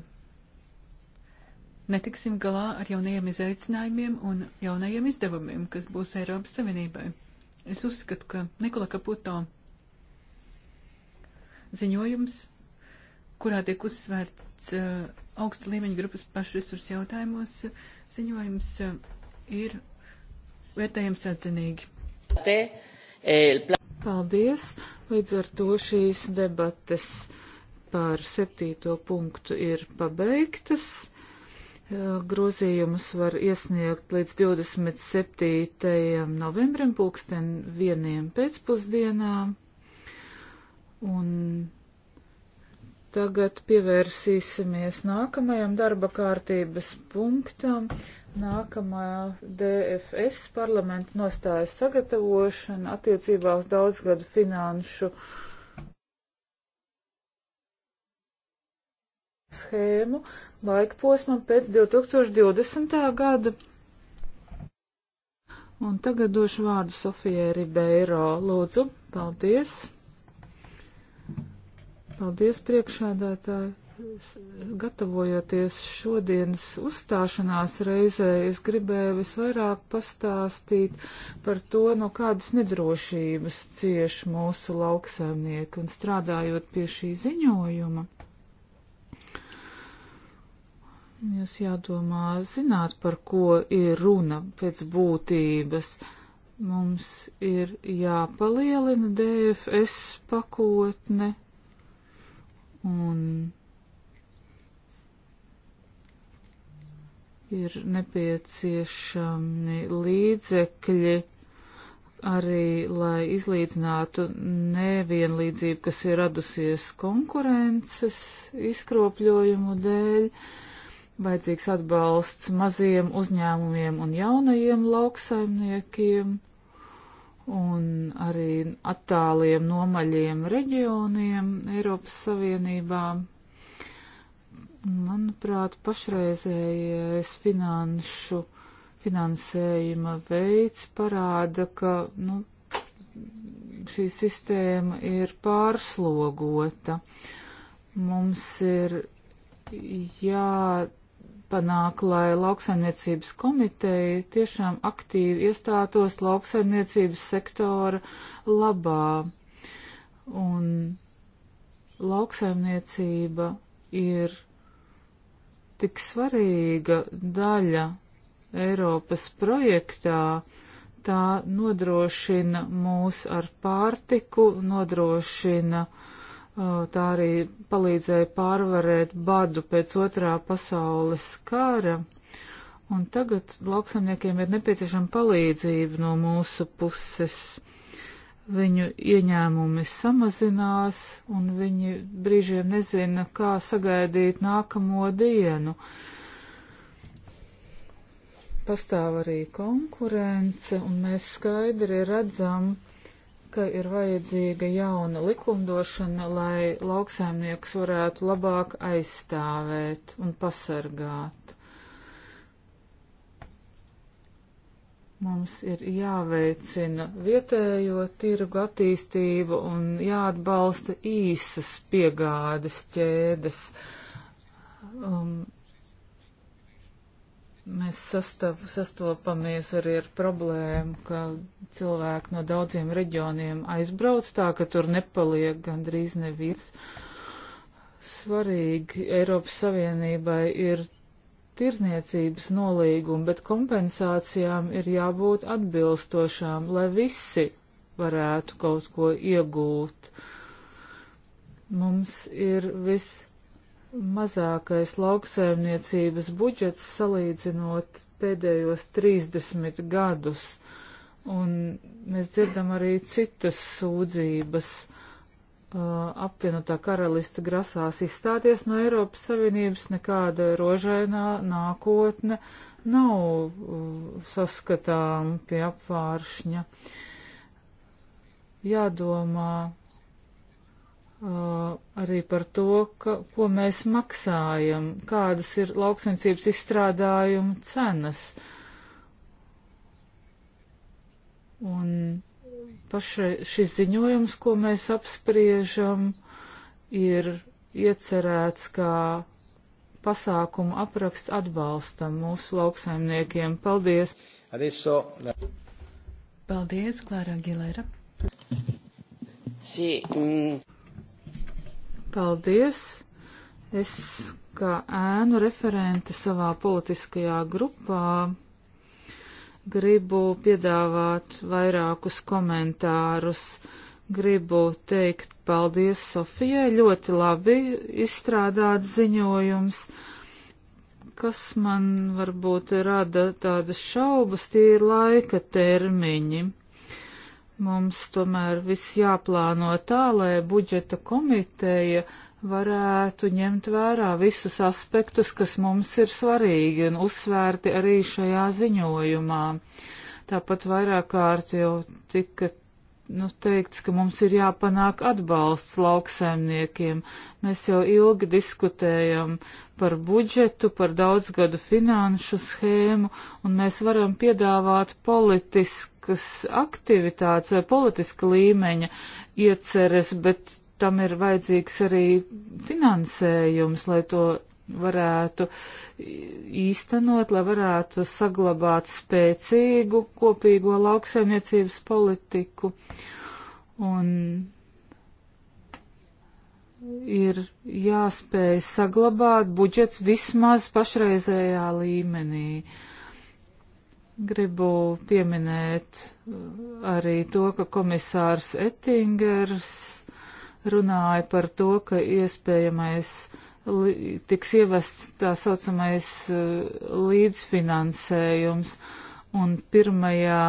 netiksim galā ar jaunajiem izaicinājumiem un jaunajiem izdevumiem, kas būs Eiropas Savienībai. Es uzskatu, ka Nikola Kaputo ziņojums kurā tiek uzsvērts uh, augsta līmeņa grupas pašresursu jautājumos, uh, ziņojums uh, ir vērtējams atzinīgi. Eh, Paldies! Līdz ar to šīs debates par septīto punktu ir pabeigtas. Eh, grozījumus var iesniegt līdz 27. novembrim pulksten vieniem pēcpusdienā. Un Tagad pievērsīsimies nākamajam darba kārtības punktam. Nākamā DFS parlamenta nostājas sagatavošana attiecībā uz daudzgadu finanšu schēmu laika posmam pēc 2020. gada. Un tagad došu vārdu Sofijai Ribeiro. Lūdzu, paldies! Paldies, priekšādātāji. Gatavojoties šodienas uzstāšanās reizē, es gribēju visvairāk pastāstīt par to, no kādas nedrošības cieš mūsu lauksaimnieki un strādājot pie šī ziņojuma. Jūs jādomā zināt, par ko ir runa pēc būtības mums ir jāpalielina DFS pakotne, Un ir nepieciešami līdzekļi arī, lai izlīdzinātu nevienlīdzību, kas ir radusies konkurences izkropļojumu dēļ. Vajadzīgs atbalsts maziem uzņēmumiem un jaunajiem lauksaimniekiem un arī attāliem nomaļiem reģioniem Eiropas Savienībā. Manuprāt, pašreizējais finanšu finansējuma veids parāda, ka nu, šī sistēma ir pārslogota. Mums ir jā jāpanāk, lai lauksaimniecības komiteja tiešām aktīvi iestātos lauksaimniecības sektora labā. Un lauksaimniecība ir tik svarīga daļa Eiropas projektā, tā nodrošina mūs ar pārtiku, nodrošina uh, Tā arī palīdzēja pārvarēt badu pēc otrā pasaules kara. Un tagad lauksamniekiem ir nepieciešama palīdzība no mūsu puses. Viņu ieņēmumi samazinās, un viņi brīžiem nezina, kā sagaidīt nākamo dienu. Pastāv arī konkurence, un mēs skaidri redzam, ka ir vajadzīga jauna likumdošana, lai lauksaimnieks varētu labāk aizstāvēt un pasargāt. Mums ir jāveicina vietējo tirgu attīstību un jāatbalsta īsas piegādes ķēdes. Um, mēs sastav, sastopamies arī ar problēmu, ka cilvēki no daudziem reģioniem aizbrauc tā, ka tur nepaliek gandrīz neviens. Svarīgi Eiropas Savienībai ir tirzniecības nolīgumi, bet kompensācijām ir jābūt atbilstošām, lai visi varētu kaut ko iegūt. Mums ir viss mazākais lauksaimniecības budžets salīdzinot pēdējos 30 gadus. Un mēs dzirdam arī citas sūdzības. Uh, apvienotā karalista grasās izstāties no Eiropas Savienības, nekāda rožainā nākotne nav uh, saskatām pie apvāršņa. Jādomā Uh, arī par to, ka, ko mēs maksājam, kādas ir lauksvencības izstrādājuma cenas. Un pašai šis ziņojums, ko mēs apspriežam, ir iecerēts kā pasākumu apraksts atbalstam mūsu lauksaimniekiem. Paldies! Adesso... Eh, Paldies, Klārā Gilera! Sī, sí, mm. Paldies! Es kā ēnu referente savā politiskajā grupā gribu piedāvāt vairākus komentārus. Gribu teikt paldies Sofijai, ļoti labi izstrādāts ziņojums kas man varbūt rada tādas šaubas, tie ir laika termiņi. Mums tomēr viss jāplāno tā, lai budžeta komiteja varētu ņemt vērā visus aspektus, kas mums ir svarīgi un uzsvērti arī šajā ziņojumā. Tāpat vairāk kārt jau tika nu, teikts, ka mums ir jāpanāk atbalsts lauksaimniekiem. Mēs jau ilgi diskutējam par budžetu, par daudzgadu finanšu schēmu, un mēs varam piedāvāt politisku politiskas aktivitātes vai politiska līmeņa ieceres, bet tam ir vajadzīgs arī finansējums, lai to varētu īstenot, lai varētu saglabāt spēcīgu kopīgo lauksaimniecības politiku. Un ir jāspēj saglabāt budžets vismaz pašreizējā līmenī. Uh, Gribu pieminēt uh, arī to, ka komisārs Ettingers runāja par to, ka iespējamais tiks ievests tā saucamais uh, līdzfinansējums un pirmajā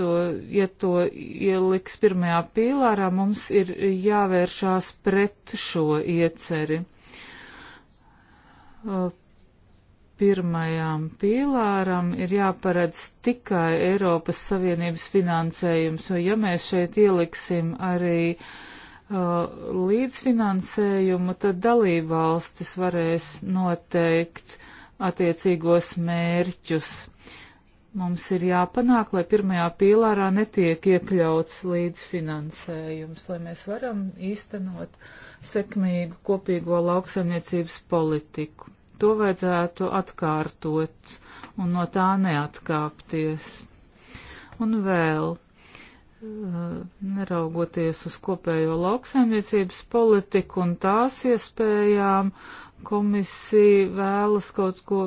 to, ja to ieliks pirmajā pīlārā, mums ir jāvēršās pret šo ieceri uh, pirmajām pīlāram ir jāparedz tikai Eiropas Savienības finansējums, jo ja mēs šeit ieliksim arī uh, līdzfinansējumu, tad dalībvalstis varēs noteikt attiecīgos mērķus. Mums ir jāpanāk, lai pirmajā pīlārā netiek iekļauts līdzfinansējums, lai mēs varam īstenot sekmīgu kopīgo lauksaimniecības politiku. To vajadzētu atkārtot un no tā neatkāpties. Un vēl, eh, neraugoties uz kopējo lauksaimniecības politiku un tās iespējām, komisija vēlas kaut ko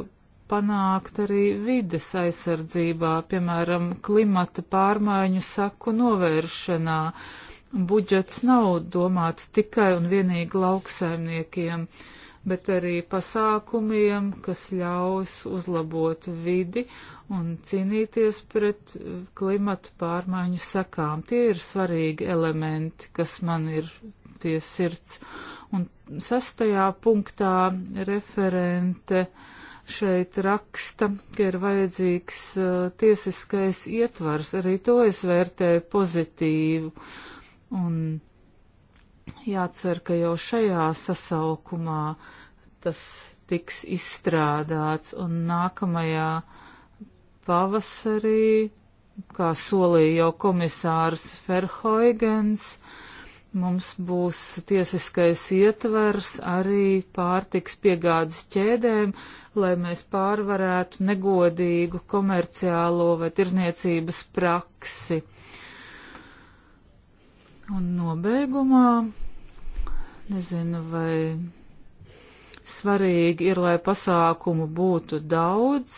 panākt arī vides aizsardzībā, piemēram, klimata pārmaiņu saku novēršanā. Budžets nav domāts tikai un vienīgi lauksaimniekiem. Uh, bet arī pasākumiem, kas ļaus uzlabot vidi un cīnīties pret eh, klimatu pārmaiņu sekām. Tie ir svarīgi elementi, kas man ir pie sirds. Un sastajā punktā referente šeit raksta, ka ir vajadzīgs uh, tiesiskais ietvars. Arī to es vērtēju pozitīvu. Un Jācer, ka jau šajā sasaukumā tas tiks izstrādāts un nākamajā pavasarī, kā solīja jau komisārs Ferhoigens, Mums būs tiesiskais ietvers arī pārtiks piegādes ķēdēm, lai mēs pārvarētu negodīgu komerciālo vai tirzniecības praksi. Un nobeigumā, nezinu, vai svarīgi ir, lai pasākumu būtu daudz,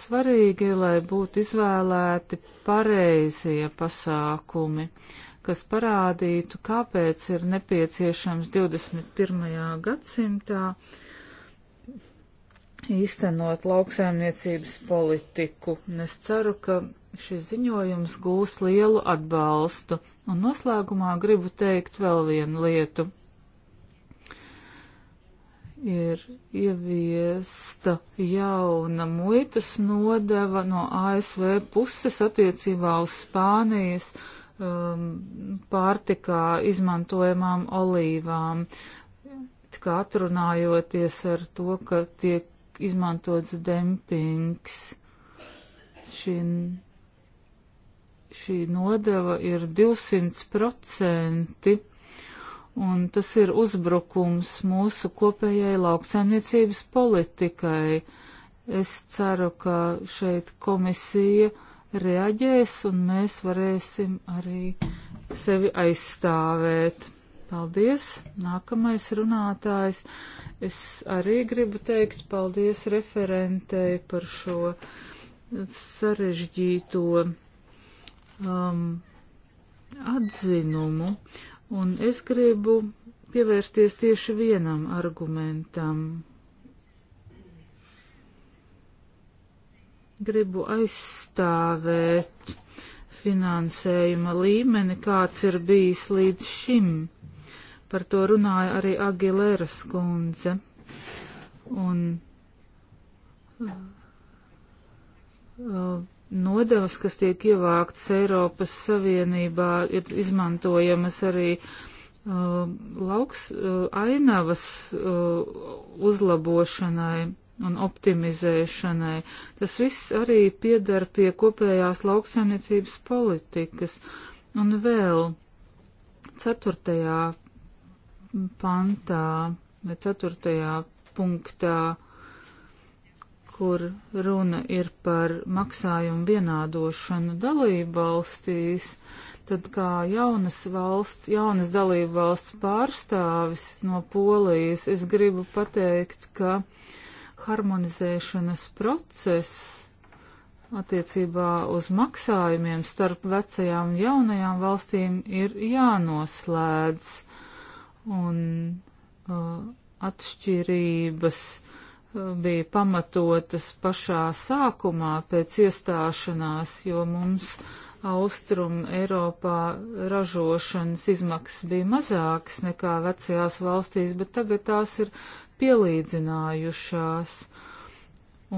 svarīgi ir, lai būtu izvēlēti pareizie pasākumi, kas parādītu, kāpēc ir nepieciešams 21. gadsimtā īstenot lauksaimniecības politiku. Un es ceru, ka šis ziņojums gūs lielu atbalstu. Un noslēgumā gribu teikt vēl vienu lietu. Ir ieviesta jauna muitas nodeva no ASV puses attiecībā uz Spānijas um, pārtikā izmantojamām olīvām, kā atrunājoties ar to, ka tiek izmantots dempings. Šī šī nodeva ir 200%, un tas ir uzbrukums mūsu kopējai lauksaimniecības politikai. Es ceru, ka šeit komisija reaģēs, un mēs varēsim arī sevi aizstāvēt. Paldies! Nākamais runātājs. Es arī gribu teikt paldies referentei par šo sarežģīto um, atzinumu, un es gribu pievērsties tieši vienam argumentam. Gribu aizstāvēt finansējuma līmeni, kāds ir bijis līdz šim. Par to runāja arī Agilēras kundze. Un, uh, uh, Nodevas, kas tiek ievāktas Eiropas Savienībā, ir izmantojamas arī uh, lauks uh, ainavas uh, uzlabošanai un optimizēšanai. Tas viss arī piedara pie kopējās lauksaimniecības politikas. Un vēl ceturtajā pantā vai ceturtajā punktā kur runa ir par maksājumu vienādošanu dalību valstīs, tad kā jaunas valsts, jaunas dalību valsts pārstāvis no Polijas, es gribu pateikt, ka harmonizēšanas process attiecībā uz maksājumiem starp vecajām un jaunajām valstīm ir jānoslēdz un uh, atšķirības uh, bija pamatotas pašā sākumā pēc iestāšanās, jo mums Austrum Eiropā ražošanas izmaksas bija mazākas nekā vecajās valstīs, bet tagad tās ir pielīdzinājušās.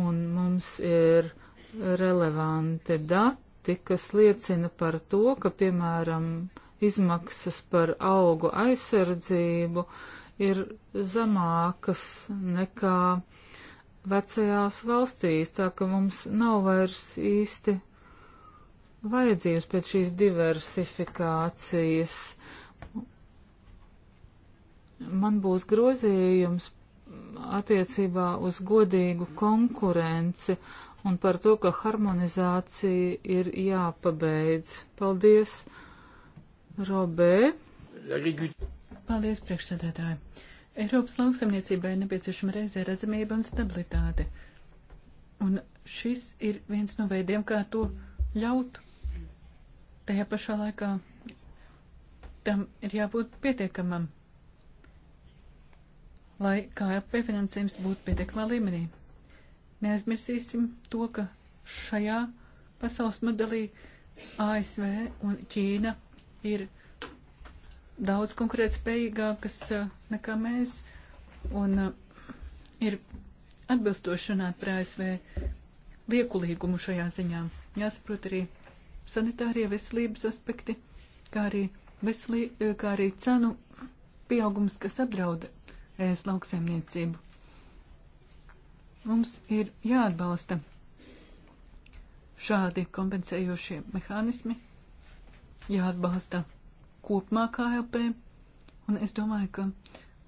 Un mums ir relevanti dati, kas liecina par to, ka, piemēram, izmaksas par augu aizsardzību ir zamākas nekā uh, vecajās valstīs, tā ka mums nav vairs īsti vajadzības pēc šīs diversifikācijas. Man būs grozījums attiecībā uz godīgu konkurenci un par to, ka harmonizācija ir jāpabeidz. Paldies, Robē! Paldies, priekšsēdētāji! Eiropas lauksamniecībai ir nepieciešama reizē redzamība un stabilitāte. Un šis ir viens no veidiem, kā to ļaut. Tajā pašā laikā tam ir jābūt pietiekamam, lai KLP finansējums būtu pietiekamā līmenī. Neaizmirsīsim to, ka šajā pasaules modelī ASV un Ķīna ir daudz konkurētspējīgākas nekā mēs un ir atbilstoši runāt par ASV lieku līgumu šajā ziņā. Jāsaprot arī sanitārie veselības aspekti, kā arī, veselī, kā arī cenu pieaugums, kas apdrauda ēst lauksaimniecību. Mums ir jāatbalsta šādi kompensējošie mehānismi, jāatbalsta kopumā KLP, un es domāju, ka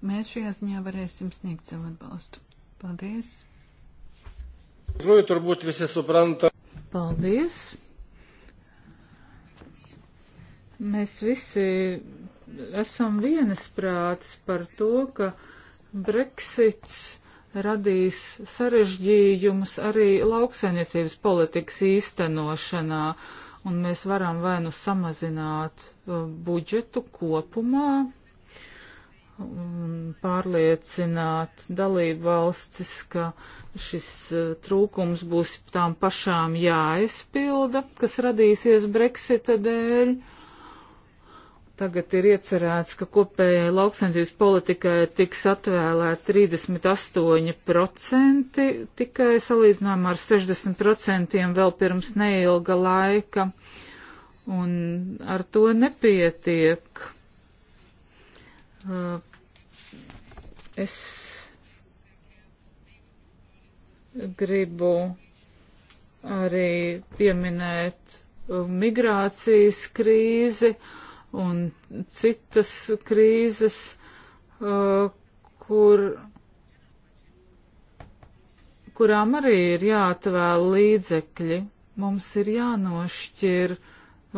mēs šajā ziņā varēsim sniegt savu atbalstu. Paldies! Paldies! Mēs visi esam vienasprāts par to, ka Brexits radīs sarežģījumus arī lauksainiecības politikas īstenošanā. Uh, un mēs varam vai nu samazināt uh, budžetu kopumā, pārliecināt dalību valstis, ka šis uh, trūkums būs tām pašām jāizpilda, kas radīsies Brexita dēļ. Tagad ir iecerēts, ka kopējai lauksaimniecības politikai tiks atvēlēt 38% tikai salīdzinājumā ar 60% vēl pirms neilga laika. Un ar to nepietiek. Uh, es gribu arī pieminēt migrācijas krīzi. Uh, un citas krīzes, uh, kur, kurām arī ir jāatvēl līdzekļi. Mums ir jānošķir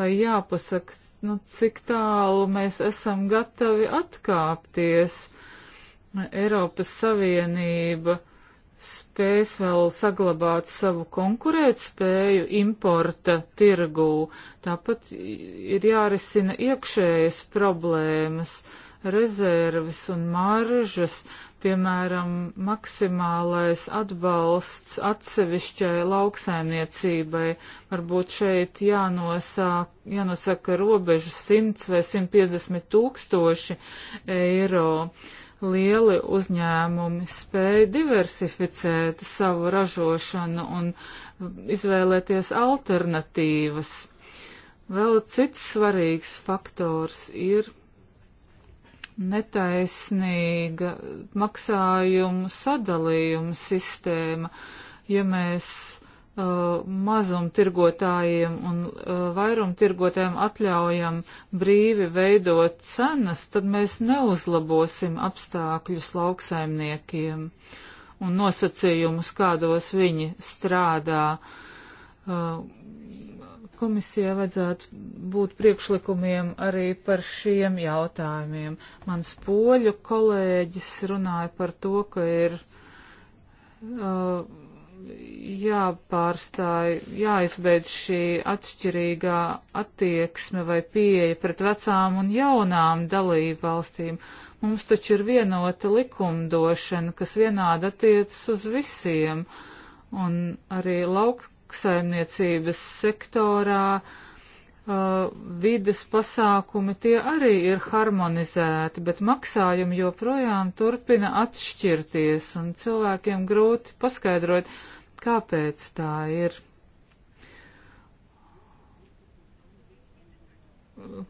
vai jāpasaka, nu, cik tālu mēs esam gatavi atkāpties. Eiropas Savienība uh, spēs vēl saglabāt savu konkurētspēju importa tirgū. Tāpat ir jārisina iekšējas problēmas, rezerves un maržas, piemēram, maksimālais atbalsts atsevišķai lauksaimniecībai. Varbūt šeit jānosāk, jānosaka robežu 100 vai 150 tūkstoši eiro. Uh, lieli uzņēmumi spēja diversificēt savu ražošanu un izvēlēties alternatīvas. Vēl cits svarīgs faktors ir netaisnīga maksājumu sadalījuma sistēma. Ja mēs Uh, mazumtirgotājiem un uh, vairumtirgotājiem atļaujam brīvi veidot cenas, tad mēs neuzlabosim apstākļus lauksaimniekiem un nosacījumus, kādos viņi strādā. Uh, Komisijai vajadzētu būt priekšlikumiem arī par šiem jautājumiem. Mans poļu kolēģis runāja par to, ka ir uh, jāpārstāj, jāizbeidz šī atšķirīgā attieksme vai pieeja pret vecām un jaunām dalību valstīm. Mums taču ir vienota likumdošana, kas vienāda attiecas uz visiem, un arī lauksaimniecības sektorā uh, uh, vides pasākumi, tie arī ir harmonizēti, bet maksājumi joprojām turpina atšķirties un cilvēkiem grūti paskaidrot, kāpēc tā ir.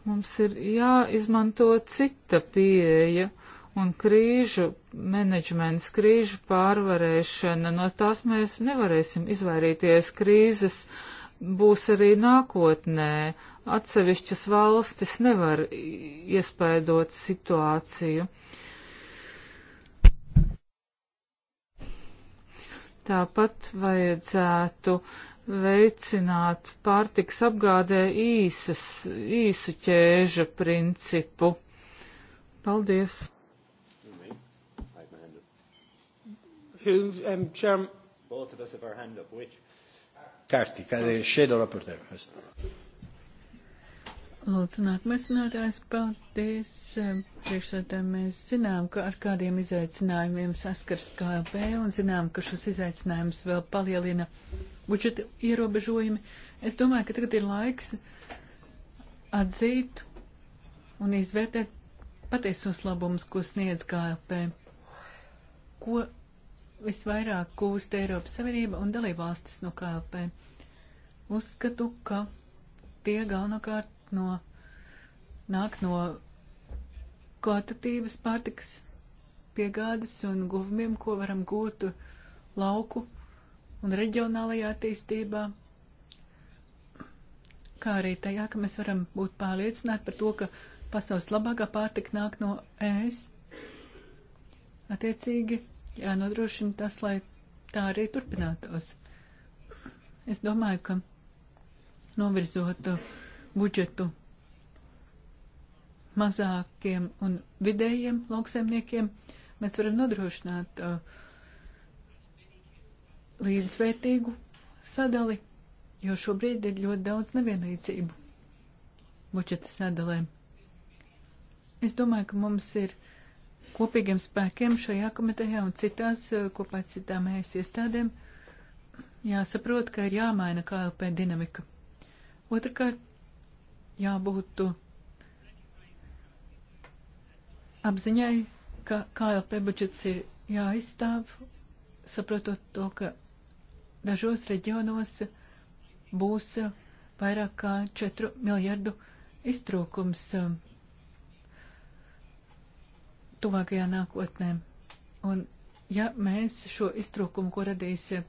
Mums ir jāizmanto cita pieeja un krīžu menedžments, krīžu pārvarēšana, no tās mēs nevarēsim izvairīties krīzes būs arī nākotnē. Atsevišķas valstis nevar iespēdot situāciju. Tāpat vajadzētu veicināt pārtiks apgādē īsas, īsu ķēža principu. Paldies! Who, um, Chairman, both of us have our hand up. Which? Kārtika, arī šeit raportējums. Lūdzu, nākamais runātājs, paldies. Eh, Priekšsēdētāji, mēs zinām, ka ar kādiem izaicinājumiem saskars KLP un zinām, ka šos izaicinājumus vēl palielina budžeta ierobežojumi. Es domāju, ka tagad ir laiks atzīt un izvērtēt patiesos labumus, ko sniedz KLP. Ko visvairāk kūst Eiropas Savienība un dalībvalstis no KLP. Uzskatu, ka tie galvenokārt no, nāk no kvalitatīvas pārtikas piegādes un guvumiem, ko varam gūt lauku un reģionālajā attīstībā, kā arī tajā, ka mēs varam būt pārliecināti par to, ka pasaules labākā pārtika nāk no ēst. Attiecīgi, jānodrošina tas, lai tā arī turpinātos. Es domāju, ka novirzot budžetu mazākiem un vidējiem lauksaimniekiem, mēs varam nodrošināt uh, līdzvērtīgu sadali, jo šobrīd ir ļoti daudz nevienlīdzību budžeta sadalēm. Es domāju, ka mums ir kopīgiem spēkiem šajā komitejā un citās eh, kopā ar citām ēs iestādēm jāsaprot, ka ir jāmaina KLP dinamika. Otrakārt, jābūt apziņai, ka KLP budžets ir jāizstāv, saprotot to, ka dažos reģionos būs vairāk kā 4 miljardu iztrūkums eh, tuvākajā nākotnē. Un ja mēs šo iztrūkumu, ko radīs eh,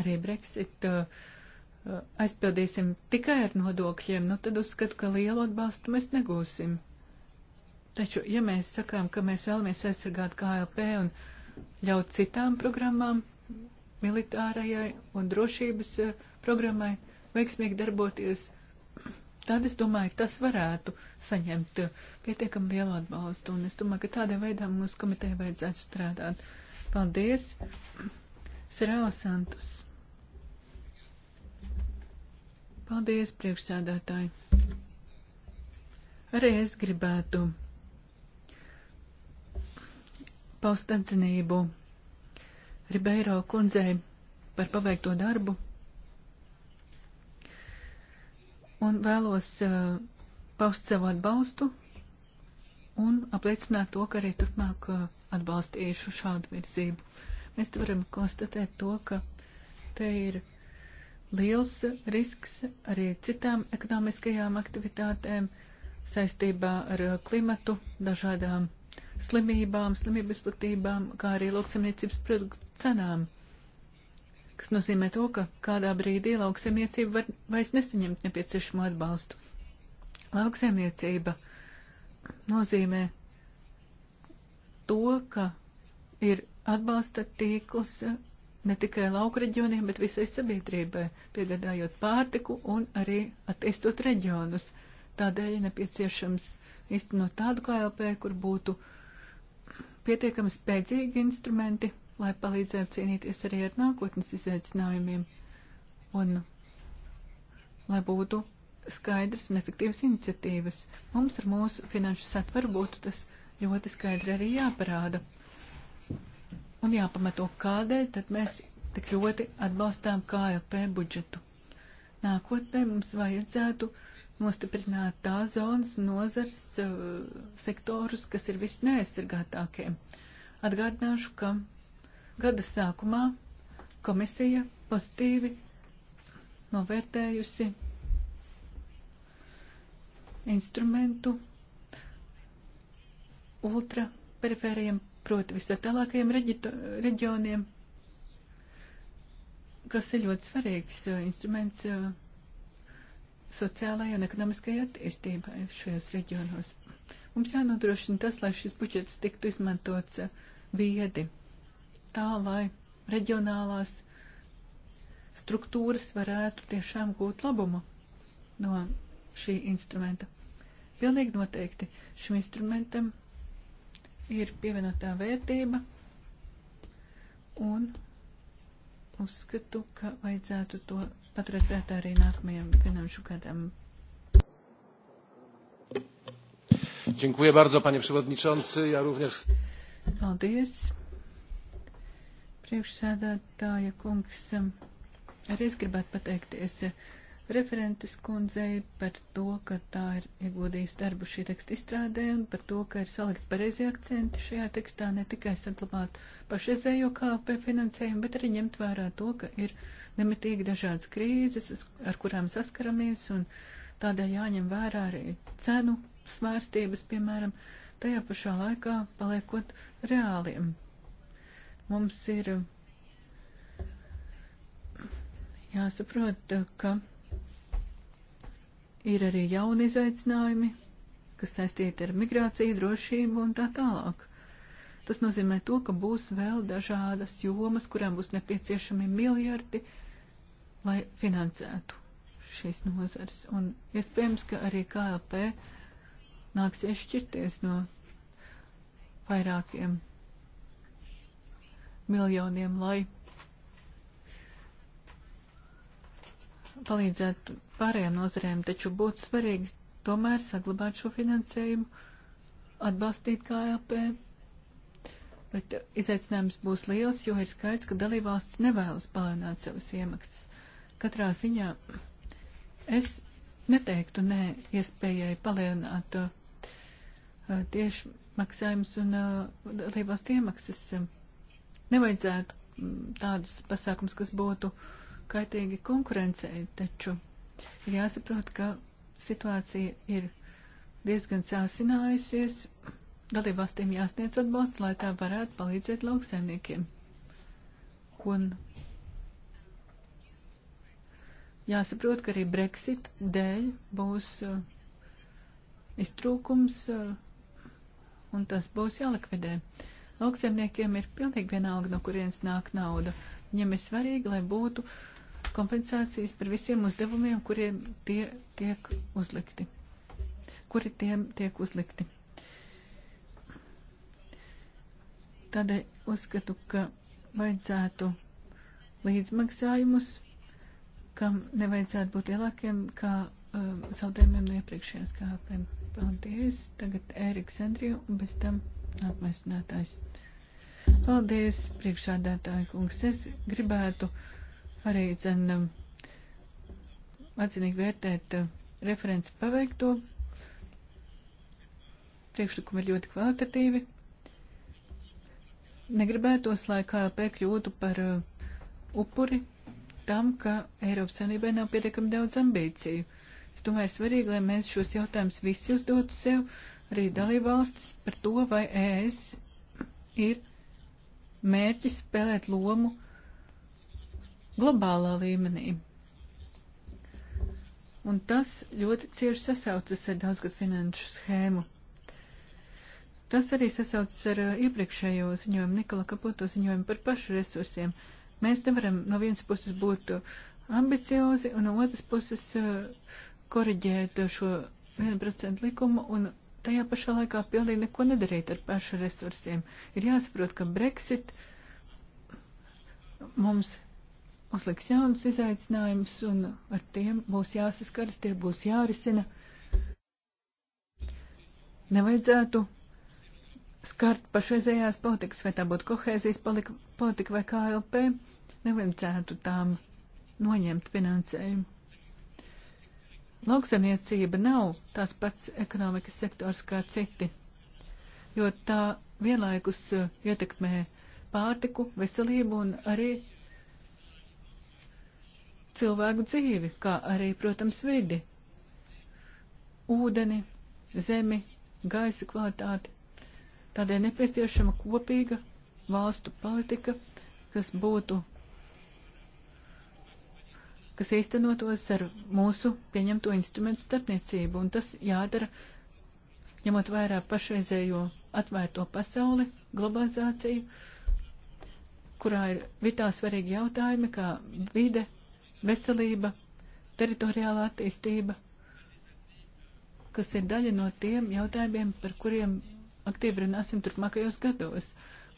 arī Brexit, eh, eh, aizpildīsim tikai ar nodokļiem, nu tad uzskatu, ka lielu atbalstu mēs negūsim. Taču, ja mēs sakām, ka mēs vēlamies aizsargāt KLP un ļaut citām programmām, militārajai un drošības programmai veiksmīgi darboties, tad es domāju, tas varētu saņemt pietiekami lielu atbalstu. Un es domāju, ka tādā veidā mūsu komiteja vajadzētu strādāt. Paldies! Srao Santus! Paldies, priekšsēdētāji! Arī es gribētu paust atzinību Ribeiro kundzei par paveikto darbu un vēlos uh, paust savu atbalstu un apliecināt to, ka arī turpmāk uh, atbalstīšu šādu virzību. Mēs varam konstatēt to, ka te ir liels risks arī citām ekonomiskajām aktivitātēm saistībā ar uh, klimatu, dažādām slimībām, slimības platībām, kā arī lauksamniecības produktu cenām kas nozīmē to, ka kādā brīdī lauksaimniecība var vairs nesaņemt nepieciešamo atbalstu. Lauksaimniecība nozīmē to, ka ir atbalsta tīkls eh, ne tikai lauka reģioniem, bet visai sabiedrībai, piegādājot pārtiku un arī attīstot reģionus. Tādēļ ir nepieciešams īstenot tādu KLP, kur būtu pietiekami spēcīgi instrumenti, lai palīdzētu cīnīties arī ar nākotnes izaicinājumiem un lai būtu skaidrs un efektīvas iniciatīvas. Mums ar mūsu finanšu satvaru būtu tas ļoti skaidri arī jāparāda un jāpamato, kādēļ tad mēs tik ļoti atbalstām KLP budžetu. Nākotnē mums vajadzētu nostiprināt tās zonas, nozars, uh, sektorus, kas ir visneaizsargātākie. Atgādināšu, ka Gada sākumā komisija pozitīvi novērtējusi instrumentu ultraperifēriem, proti visatālākajiem reģioniem, kas ir ļoti svarīgs uh, instruments uh, sociālajai un ekonomiskajai attīstībai šajos reģionos. Mums jānodrošina tas, lai šis budžets tiktu izmantots uh, viedi tā, lai reģionālās struktūras varētu tiešām gūt labumu no šī instrumenta. Pilnīgi noteikti šim instrumentam ir pievienotā vērtība un uzskatu, ka vajadzētu to paturēt prātā arī nākamajam finanšu gadam. Dziękuję bardzo, panie przewodniczący. Ja również. Paldies priekšsēdētāja kungs. Um, arī es gribētu pateikties uh, referentes kundzei par to, ka tā ir ieguldījusi darbu šī teksta izstrādē un par to, ka ir salikt pareizi akcenti šajā tekstā, ne tikai saglabāt pašreizējo KP finansējumu, bet arī ņemt vērā to, ka ir nemitīgi dažādas krīzes, ar kurām saskaramies, un tādēļ jāņem vērā arī cenu svārstības, piemēram, tajā pašā laikā paliekot reāliem Mums ir jāsaprot, ka ir arī jauni izaicinājumi, kas saistīti ar migrāciju, drošību un tā tālāk. Tas nozīmē to, ka būs vēl dažādas jomas, kurām būs nepieciešami miljardi, lai finansētu šīs nozars. Un iespējams, ka arī KLP nāksies šķirties no vairākiem miljoniem, lai palīdzētu pārējām nozarēm, taču būtu svarīgi tomēr saglabāt šo finansējumu, atbalstīt KLP. Bet izaicinājums būs liels, jo ir skaidrs, ka dalībvalsts nevēlas palēnāt savas iemaksas. Katrā ziņā es neteiktu nē iespējai palēnāt uh, tieši maksājums un uh, dalībvalsts iemaksas. Uh, nevajadzētu mm, tādus pasākums, kas būtu kaitīgi konkurencei, taču ir jāsaprot, ka situācija ir diezgan sāsinājusies. Dalībvalstīm jāsniedz atbalsts, lai tā varētu palīdzēt lauksaimniekiem. Un jāsaprot, ka arī Brexit dēļ būs uh, iztrūkums, uh, un tas būs jālikvidē. Uh, Lauksaimniekiem ir pilnīgi vienalga, no kurienes nāk nauda. Viņiem ir svarīgi, lai būtu kompensācijas par visiem uzdevumiem, kuriem tie tiek uzlikti. Kuri tiem tiek uzlikti. Tādēļ uzskatu, ka vajadzētu līdzmaksājumus, kam nevajadzētu būt lielākiem kā um, zaudējumiem no iepriekšējās kāpēm. Paldies. Tagad Ēriks Andriju un bez tam Nākamais runātājs. Paldies, priekšādātāji kungs. Es gribētu arī dzen um, atzinīgi vērtēt uh, referents paveikto. Priekšlikumi ir ļoti kvalitatīvi. Negribētos, lai KLP kļūtu par uh, upuri tam, ka Eiropas Savienībai nav pietiekami daudz ambīciju. Es domāju, svarīgi, lai mēs šos jautājumus visi uzdotu sev, arī dalībvalstis par to, vai ES ir mērķis spēlēt lomu globālā līmenī. Un tas ļoti cieši sasaucas ar daudzgad finanšu schēmu. Tas arī sasaucas ar uh, iepriekšējo ziņojumu, Nikola Kaputo ziņojumu par pašu resursiem. Mēs nevaram no vienas puses būt ambiciozi un no otras puses uh, koriģēt šo 1% likumu un tajā pašā laikā pilnīgi neko nedarīt ar pašu resursiem. Ir jāsaprot, ka Brexit mums uzliks jaunus izaicinājumus un ar tiem būs jāsaskars, tie būs jārisina. Nevajadzētu skart pašreizējās politikas, vai tā būtu kohēzijas politika vai KLP, nevajadzētu tām noņemt finansējumu lauksaimniecība nav tāds pats ekonomikas sektors kā citi, jo tā vienlaikus uh, ietekmē pārtiku, veselību un arī cilvēku dzīvi, kā arī, protams, vidi, ūdeni, zemi, gaisa kvalitāti. Tādēļ nepieciešama kopīga valstu politika, kas būtu kas īstenotos ar mūsu pieņemto instrumentu starpniecību, un tas jādara, ņemot vairāk pašreizējo atvērto pasauli, globalizāciju, kurā ir vitāli svarīgi jautājumi kā vide, veselība, teritoriāla attīstība, kas ir daļa no tiem jautājumiem, par kuriem aktīvi runāsim turpmākajos gados.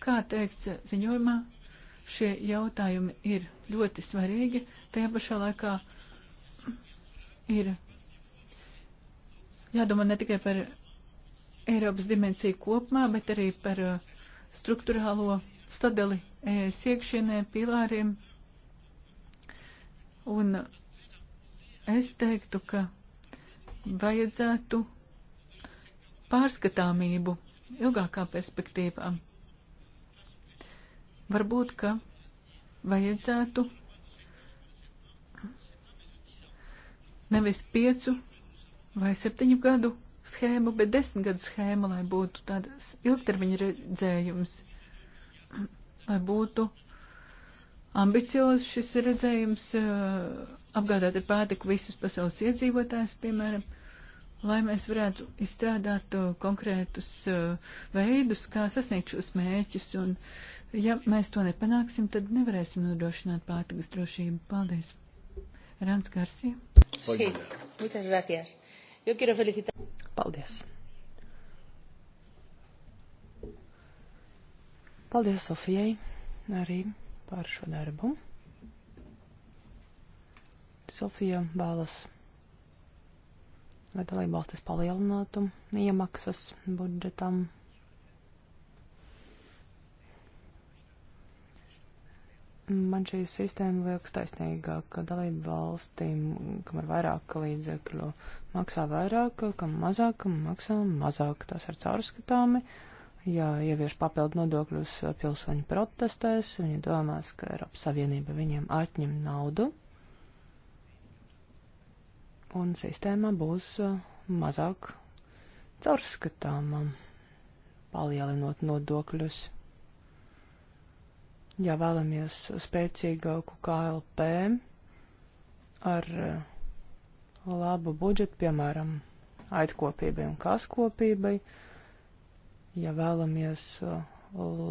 Kā teikts ziņojumā, šie jautājumi ir ļoti svarīgi. Tajā pašā laikā ir jādomā ne tikai par Eiropas dimensiju kopumā, bet arī par uh, struktūrālo stadeli ES iekšienē, pilāriem. Un es teiktu, ka vajadzētu pārskatāmību ilgākā perspektīvā. Varbūt, ka vajadzētu nevis piecu vai septiņu gadu schēmu, bet desmit gadu schēmu, lai būtu tāds ilgtermiņa redzējums, lai būtu ambiciozs šis redzējums, eh, apgādāt ar pārtiku visus pasaules iedzīvotājus, piemēram, lai mēs varētu izstrādāt uh, konkrētus uh, veidus, kā sasniegt šos mērķus. Un, ja mēs to nepanāksim, tad nevarēsim nodrošināt pārtikas drošību. Paldies! Rāns Garsija. Sí, muchas gracias. Yo quiero felicitar. Paldies. Paldies Sofijai arī par šo darbu. Sofija Balas lai dalībvalstis palielinātu iemaksas budžetam. Man šī sistēma liekas taisnīgāka dalībvalstīm, kam ir vairāk līdzekļu, maksā vairāk, kam mazāk, kam maksā mazāk. Tas ir caurskatāmi. Ja ievieš papildu nodokļus pilsoņu protestēs, viņi domās, ka Eiropas Savienība viņiem atņem naudu un sistēma būs uh, mazāk caurskatāma, palielinot nodokļus. Ja vēlamies spēcīgāku KLP ar uh, labu budžetu, piemēram, aitkopībai un kaskopībai, ja vēlamies uh,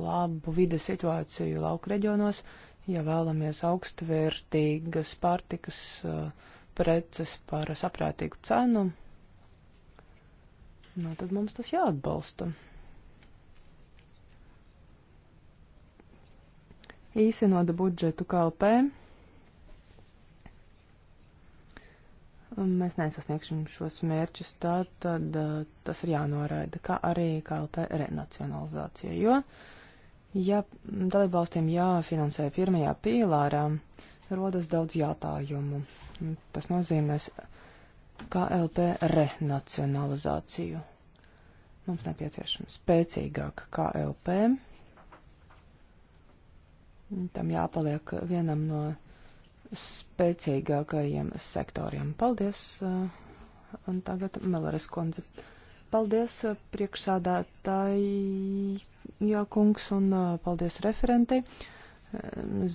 labu vides situāciju lauku reģionos, ja vēlamies augstvērtīgas pārtikas uh, preces par saprātīgu cenu, nu, tad mums tas jāatbalsta. Īsinot budžetu KLP, mēs nesasniegsim šos mērķus, tā tad eh, tas ir jānoraida, kā arī KLP renacionalizācija, jo, ja dalībvalstīm jāfinansē pirmajā pīlārā, rodas daudz jātājumu. Mm, tas nozīmēs KLP renacionalizāciju. Mums nepieciešama spēcīgāka KLP. Mm, tam jāpaliek vienam no spēcīgākajiem sektoriem. Paldies! Uh, un tagad Melaras kundze. Paldies uh, priekšsādātāji, jā, kungs, un uh, paldies referentei.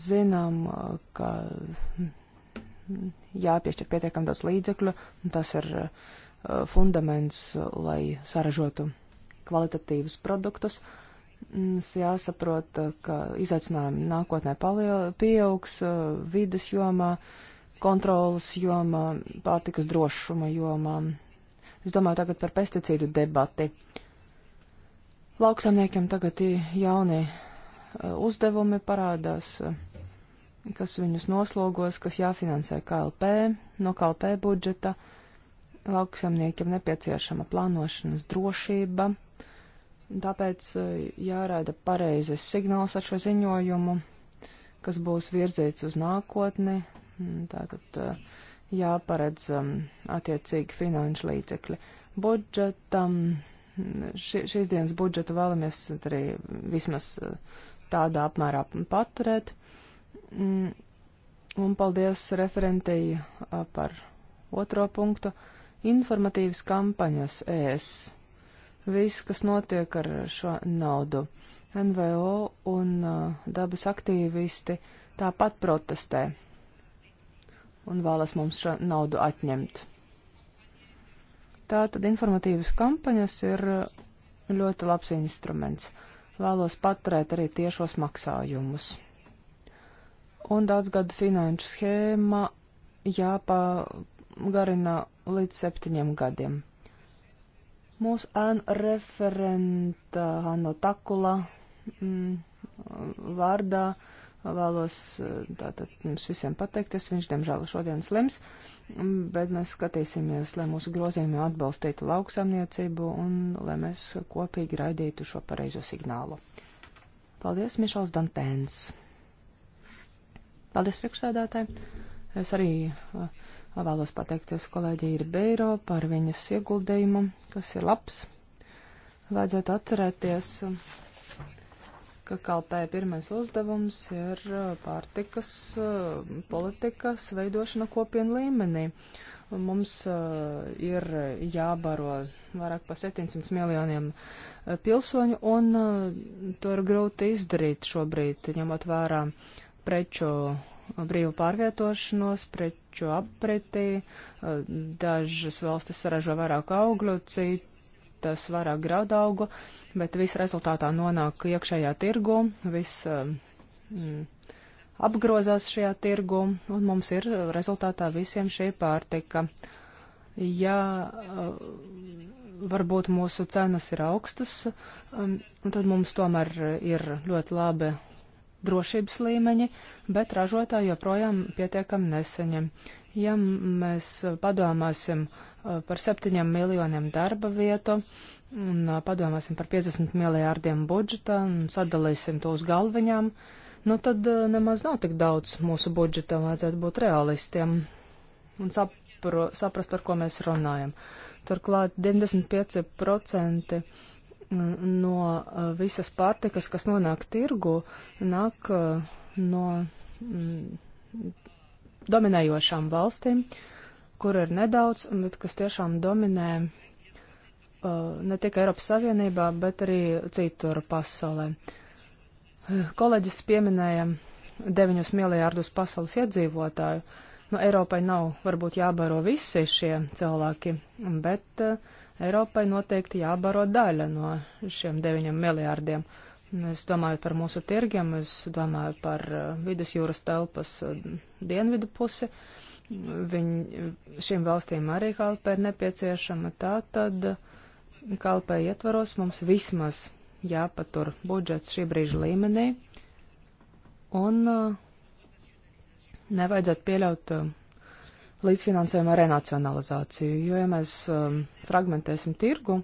Zinām, ka jāpiešķir pietiekami daudz līdzekļu, un tas ir uh, fundaments, uh, lai saražotu kvalitatīvus produktus. Mums jāsaprot, uh, ka izaicinājumi nākotnē pieaugs vides jomā, kontrolas jomā, pārtikas drošuma jomā. Es domāju tagad par pesticīdu debati. Lauksamniekiem tagad jauni uzdevumi parādās. Uh, kas viņus noslogos, kas jāfinansē KLP, no KLP budžeta, lauksamniekiem nepieciešama plānošanas drošība, tāpēc e, jārāda pareizes signāls ar šo ziņojumu, kas būs virzīts uz nākotni, mm, tātad e, jāparedz attiecīgi finanšu līdzekļi budžetam. Mm, ši, šīs dienas budžetu vēlamies arī vismaz e, tādā apmērā paturēt. Mm, un paldies referentei par otro punktu - informatīvas kampaņas ES. Viss, kas notiek ar šo naudu. NVO un uh, dabas aktīvisti tāpat protestē un vēlas mums šo naudu atņemt. Tātad informatīvas kampaņas ir ļoti labs instruments. Vēlos paturēt arī tiešos maksājumus un daudzgada finanšu schēma jāpagarina līdz septiņiem gadiem. Mūsu ēnu referenta Hanno Takula mm, vārdā vēlos eh, tātad jums visiem pateikties. Viņš, diemžēl, šodien slims, mm, bet mēs skatīsimies, lai mūsu grozījumi atbalstītu lauksamniecību un lai mēs kopīgi raidītu šo pareizo signālu. Paldies, Mišels Dantēns! Paldies priekšsēdētāji. Es arī uh, vēlos pateikties kolēģi Irbeiro par viņas ieguldījumu, kas ir labs. Vajadzētu atcerēties, ka kalpē pirmais uzdevums ir uh, pārtikas uh, politikas veidošana kopienu līmenī. Mums ir jābaro vairāk pa 700 miljoniem pilsoņu, un to ir grūti izdarīt šobrīd, ņemot vērā uh, preču uh, brīvu pārvietošanos, preču apretī. Uh, dažas valstis ražo vairāk augļu, citas vairāk graudaugu, bet viss rezultātā nonāk iekšējā tirgu, viss uh, mm, apgrozās šajā tirgu, un mums ir rezultātā visiem šī pārtika. Ja varbūt mūsu cenas ir augstas, um, tad mums tomēr ir ļoti labi drošības līmeņi, bet ražotāji joprojām pietiekami neseņem. Ja mēs padomāsim uh, par 7 miljoniem darba vietu un uh, padomāsim par 50 miljārdiem budžeta un sadalīsim to uz galviņām, nu tad uh, nemaz nav tik daudz mūsu budžeta, vajadzētu būt realistiem un sapro, saprast, par ko mēs runājam. Turklāt 95% no eh, visas pārtikas, kas nonāk tirgu, nāk eh, no mm, dominējošām valstīm, kur ir nedaudz, bet kas tiešām dominē eh, ne tikai Eiropas Savienībā, bet arī citur pasaulē. Kolēģis pieminēja 9 miljārdus pasaules iedzīvotāju. Nu, Eiropai nav varbūt jābaro visi šie cilvēki, bet uh, Eiropai noteikti jābaro daļa no šiem 9 miljārdiem. Es domāju par mūsu tirgiem, es domāju par uh, vidusjūras telpas uh, dienvidu pusi. Viņ, šīm valstīm arī kalpē ir nepieciešama. Tā tad uh, kalpē ietvaros mums vismaz jāpatur budžets šī brīža līmenī un nevajadzētu pieļaut līdzfinansējumu renacionalizāciju, jo, ja mēs um, fragmentēsim tirgu,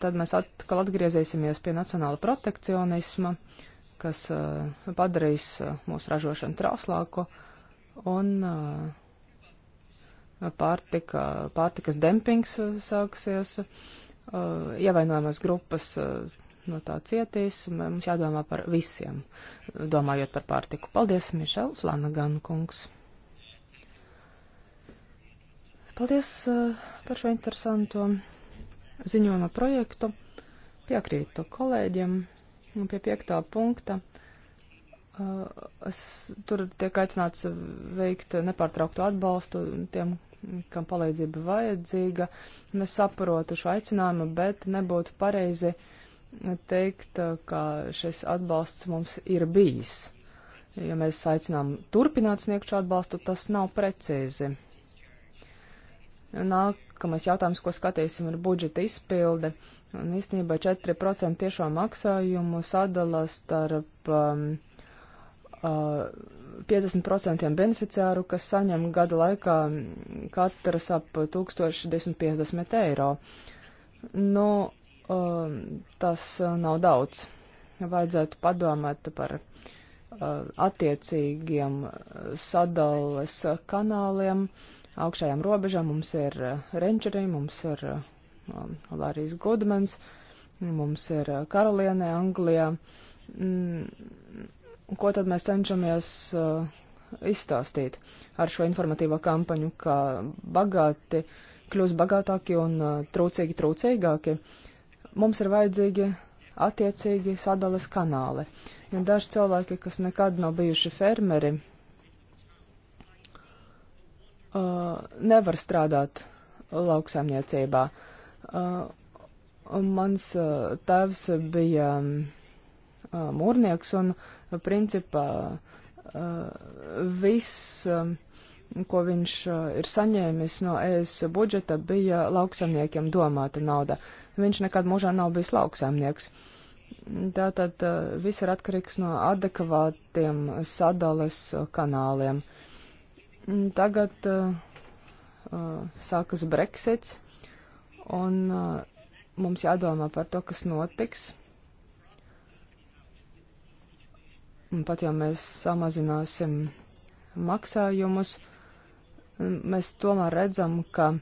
tad mēs atkal atgriezīsimies pie nacionāla protekcionisma, kas uh, padarīs uh, mūsu ražošanu trauslāku un uh, pārtika, pārtikas dempings uh, sāksies, uh, ievainojamas grupas. Uh, no tā cietīs, un mums jādomā par visiem, domājot par pārtiku. Paldies, Mišel Flanagan kungs. Paldies uh, par šo interesanto ziņojuma projektu. Piekrītu kolēģiem pie piektā punkta. Uh, es, tur tiek aicināts veikt nepārtrauktu atbalstu tiem, kam palīdzība vajadzīga. Es saprotu šo aicinājumu, bet nebūtu pareizi uh, teikt, eh, ka šis atbalsts mums ir bijis. Ja mēs aicinām turpināt sniegt šo atbalstu, tas nav precīzi. Nākamais jautājums, ko skatīsim, ir budžeta izpilde. Un īstenībā 4% tiešo maksājumu sadala starp um, uh, 50% beneficiāru, kas saņem gada laikā katras ap 1050 eiro. Nu, Um, tas uh, nav daudz. Vajadzētu padomāt par uh, attiecīgiem uh, sadales kanāliem, augšējām robežām. Mums ir Rangeri, mums ir um, Lārijas Gudmans, mums ir Karaliene Anglijā. Mm, ko tad mēs cenšamies izstāstīt ar šo informatīvo kampaņu, ka bagāti kļūs bagātāki un trūcīgi trūcīgāki? Uh, mums ir vajadzīgi attiecīgi sadales kanāli. Ja daži cilvēki, kas nekad nav bijuši fermeri, uh, nevar strādāt lauksaimniecībā. Uh, mans uh, tēvs bija um, uh, mūrnieks un, principā, uh, viss, um, ko viņš uh, ir saņēmis no ES budžeta, bija lauksaimniekiem domāta nauda. Uh, viņš nekad mūžā nav bijis lauksaimnieks. Tātad viss ir atkarīgs no adekvātiem sadales kanāliem. Tagad uh, sākas Brexits, un uh, mums jādomā par to, kas notiks. Un pat ja mēs samazināsim maksājumus, mēs tomēr redzam, ka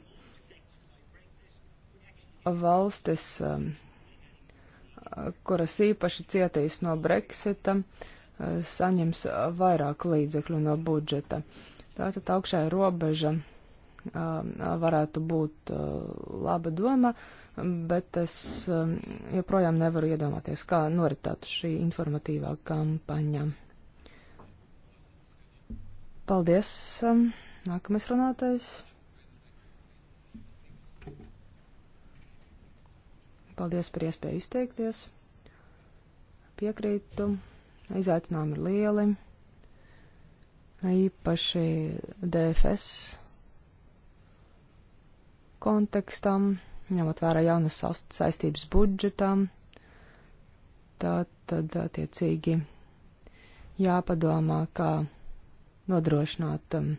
valstis, um, kuras īpaši cietīs no Brexita, uh, saņems vairāk līdzekļu no budžeta. Tātad augšējā robeža um, varētu būt uh, laba doma, bet es um, joprojām nevaru iedomāties, kā noritētu šī informatīvā kampaņa. Paldies! Nākamais runātājs. Paldies par iespēju izteikties. Piekrītu. Izaicinājumi ir lieli. Īpaši DFS kontekstam, ņemot vērā jaunas saistības budžetām. Tā tad attiecīgi jāpadomā, kā nodrošināt um,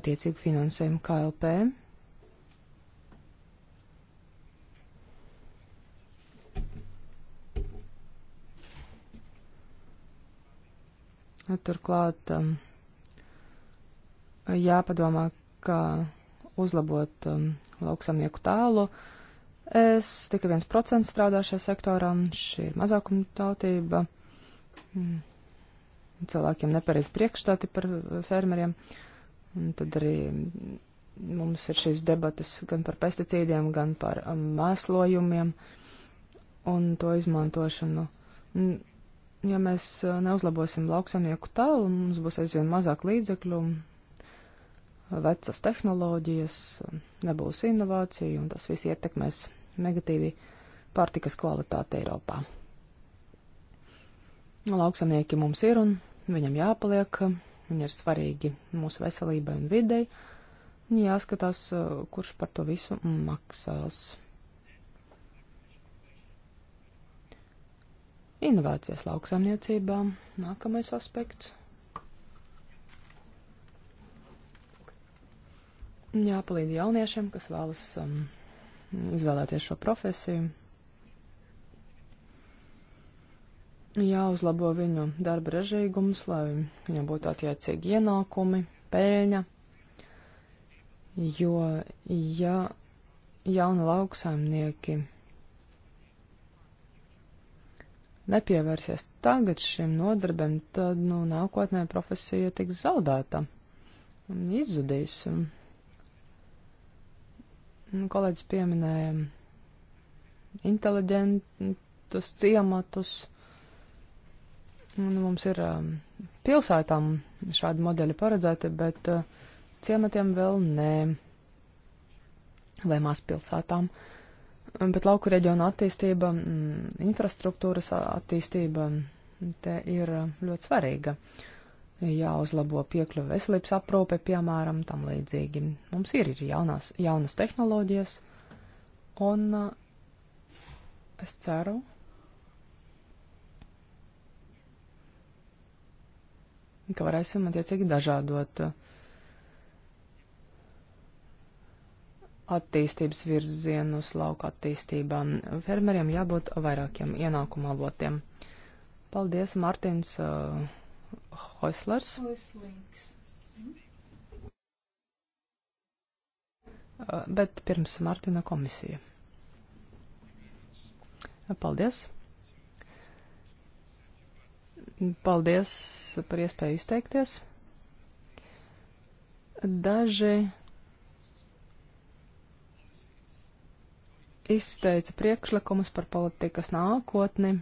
attiecīgu finansējumu KLP. Nu, turklāt um, jāpadomā, kā uzlabot um, lauksamnieku tēlu. Es tikai viens procents strādāju šajā sektorā, šī ir mazākuma tautība. Mm. Cilvēkiem nepareiz priekšstāti par uh, fermeriem. Un tad arī mums ir šīs debatas gan par pesticīdiem, gan par um, mēslojumiem un to izmantošanu. Un ja mēs uh, neuzlabosim lauksaimnieku tēlu, mums būs aizvien mazāk līdzekļu, vecas tehnoloģijas, nebūs inovāciju, un tas viss ietekmēs negatīvi pārtikas kvalitāti Eiropā. Lauksaimnieki mums ir, un viņam jāpaliek, viņi ir svarīgi mūsu veselībai un videi, jāskatās, uh, kurš par to visu maksās. Inovācijas lauksaimniecībā nākamais aspekts. Jāpalīdz jauniešiem, kas vēlas um, izvēlēties šo profesiju. Jāuzlabo viņu darba režīgums, lai viņam būtu attiecīgi ienākumi, pēļņa. Jo, ja jauni lauksaimnieki nepievērsies tagad šim nodarbam, tad, nu, nākotnē profesija tiks zaudēta un izzudīs. Nu, kolēģis pieminēja inteliģentus ciematus, un mums ir um, pilsētām šādi modeļi paredzēti, bet uh, ciematiem vēl nē, vai mazpilsētām. Uh, bet lauku reģiona attīstība, mm, infrastruktūras attīstība mm, te ir ļoti svarīga. Jāuzlabo piekļuve veselības aprūpe, piemēram, tam līdzīgi. Mums ir, ir jaunās, jaunas tehnoloģijas, un es ceru, ka varēsim attiecīgi dažādot uh, attīstības virzienus lauka attīstībām. Fermeriem jābūt vairākiem ienākuma avotiem. Paldies, Mārtiņš uh, Hoislers. Hoislings. Uh, bet pirms Mārtiņa komisija. Paldies. Paldies par iespēju izteikties. Daži izteica priekšlikumus par politikas nākotni.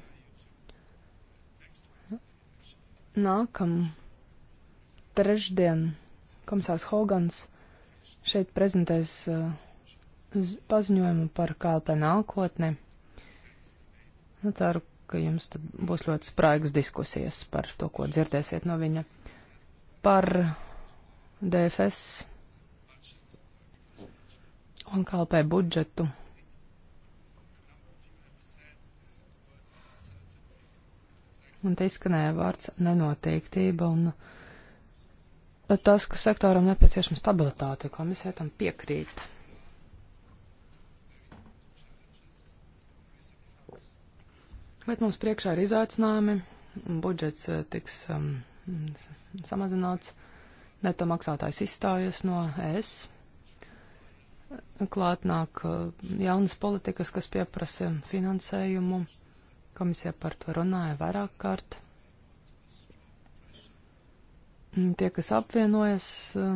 Nākam trešdien komisārs Hogans šeit prezentēs uh, paziņojumu par KLP nākotni. Nu, ceru, ka jums tad būs ļoti spraigas diskusijas par to, ko dzirdēsiet no viņa. Par DFS un KLP budžetu un te izskanēja vārds nenoteiktība, un tas, ka sektoram nepieciešama stabilitāte, komisija tam piekrīt. Bet mums priekšā ir izaicinājumi, budžets eh, tiks um, samazināts, neto maksātājs izstājas no ES, klāt nāk eh, jaunas politikas, kas pieprasa finansējumu Komisija par to runāja vairāk kārt. Tie, kas apvienojas, eh,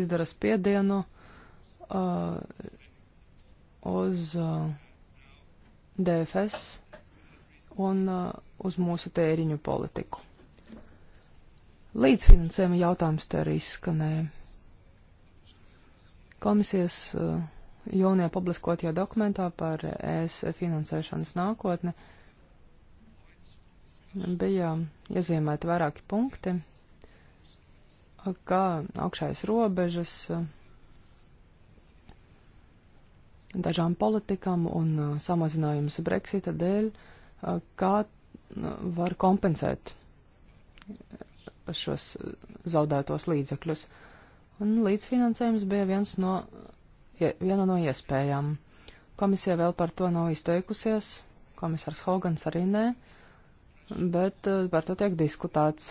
izdara spiedienu uh, uz uh, eh, DFS un uh, uz mūsu tēriņu politiku. Līdzfinansējuma jautājums te arī izskanēja. Komisijas uh, jūnijā publiskotajā dokumentā par ES e finansēšanas nākotni uh, bija iezīmēti vairāki punkti, kā augšais robežas dažām politikām un uh, samazinājums Brexita dēļ, uh, kā uh, var kompensēt šos zaudētos līdzekļus. Un līdzfinansējums bija viens no, viena no iespējām. Komisija vēl par to nav izteikusies, komisārs Hogans arī nē. Uh, bet eh, par to tiek diskutēts,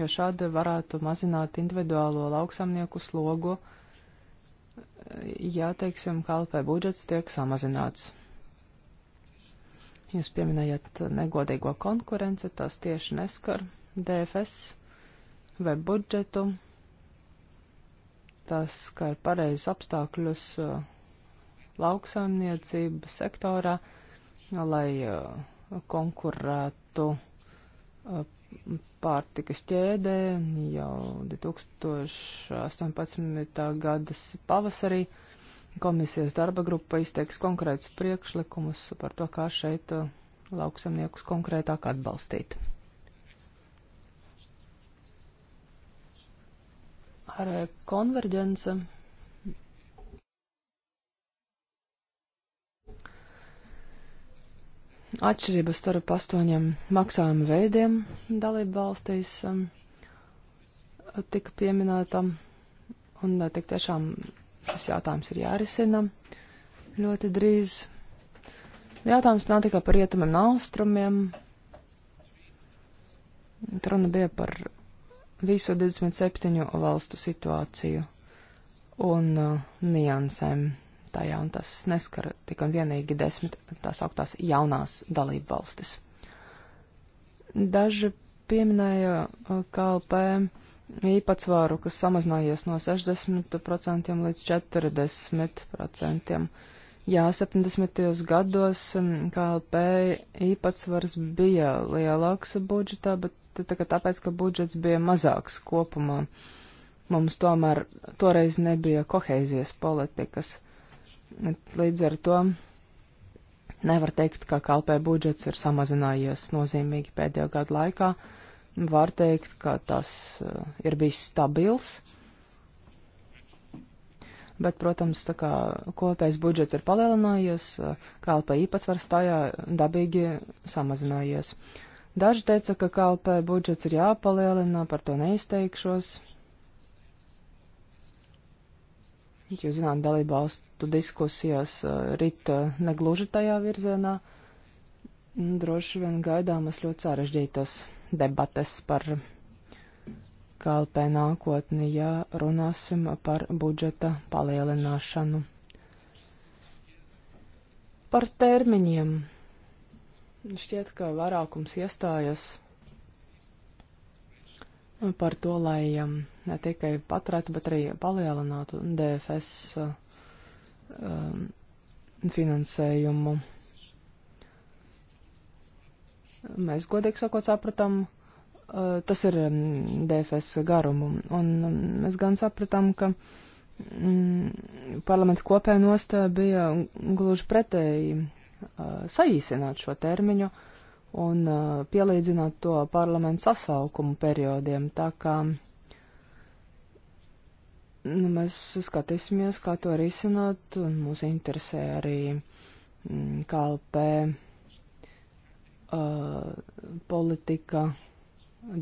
jo šādi varētu mazināt individuālo lauksamnieku slogu, ja, teiksim, kalpē budžets tiek samazināts. Jūs pieminējat negodīgo konkurenci, tas tieši neskar DFS vai budžetu. Tas skar pareizus apstākļus eh, lauksaimniecības sektorā, lai uh, konkurētu eh, pārtikas ķēdē jau 2018. gadas pavasarī. Komisijas darba grupa izteiks konkrētus priekšlikumus par to, kā šeit eh, lauksamniekus konkrētāk atbalstīt. Ar eh, konverģence atšķirības starp astoņiem maksājumu veidiem dalību valstīs um, tika pieminēta. Un uh, tik tiešām šis jautājums ir jārisina ļoti drīz. Jautājums nav tikai par rietumiem un austrumiem. Runa bija par visu 27 valstu situāciju un uh, niansēm tajā, un tas neskar tikai un vienīgi desmit tās augtās jaunās dalību valstis. Daži pieminēja uh, KLP īpatsvāru, kas samazinājies no 60% līdz 40%. Jā, 70. gados um, KLP īpatsvars bija lielāks budžetā, bet tagad tāpēc, ka budžets bija mazāks kopumā, mums tomēr toreiz nebija koheizijas politikas. Uh, Līdz ar to nevar teikt, ka kalpē budžets ir samazinājies nozīmīgi pēdējo gadu laikā. Var teikt, ka tas eh, ir bijis stabils. Bet, protams, tā kā kopējs budžets ir palielinājies, eh, kalpē īpatsvars tajā dabīgi samazinājies. Daži teica, ka kalpē budžets ir jāpalielina, par to neizteikšos. Jūs zināt, dalībvalstu diskusijās rita negluži tajā virzienā. Droši vien gaidāmas ļoti sarežģītas debates par KLP nākotni, ja runāsim par budžeta palielināšanu. Par termiņiem. Šķiet, ka vairākums iestājas par to, lai um, ne tikai paturētu, bet arī palielinātu DFS um, finansējumu. Mēs godīgi sakot sapratām, uh, tas ir um, DFS garumu, un um, mēs gan sapratām, ka mm, parlamenta kopē nostā bija gluži pretēji uh, saīsināt šo termiņu un uh, pielīdzināt to parlamentu sasaukumu periodiem, tā kā uh, Nu, mēs skatīsimies, kā to risināt, un mūs interesē arī mm, KLP uh, politika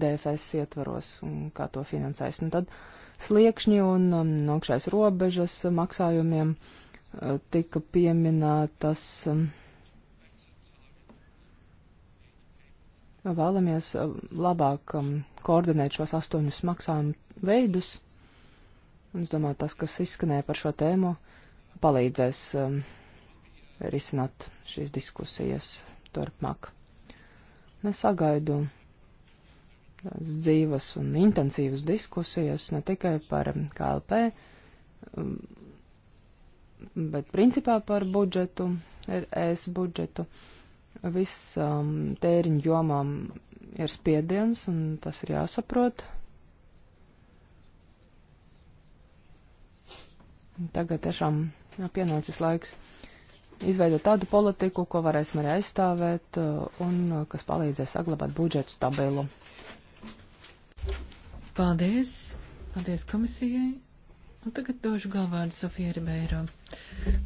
DFS ietvaros, kā to finansēs. Un nu, tad sliekšņi un um, augšais robežas maksājumiem uh, tika pieminētas. Um, vēlamies uh, labāk um, koordinēt šos astoņus maksājumu veidus Un es domāju, tas, kas izskanēja par šo tēmu, palīdzēs um, risināt šīs diskusijas turpmāk. Es sagaidu dzīvas un intensīvas diskusijas ne tikai par um, KLP, um, bet principā par budžetu, ES er, budžetu. Visām um, tēriņu jomām ir spiediens, un tas ir jāsaprot. Tagad tiešām pienācis laiks izveidot tādu politiku, ko varēsim arī aizstāvēt uh, un uh, kas palīdzēs saglabāt budžetu stabilu. Paldies! Paldies komisijai! Un tagad došu galvādu Sofija Ribeiro.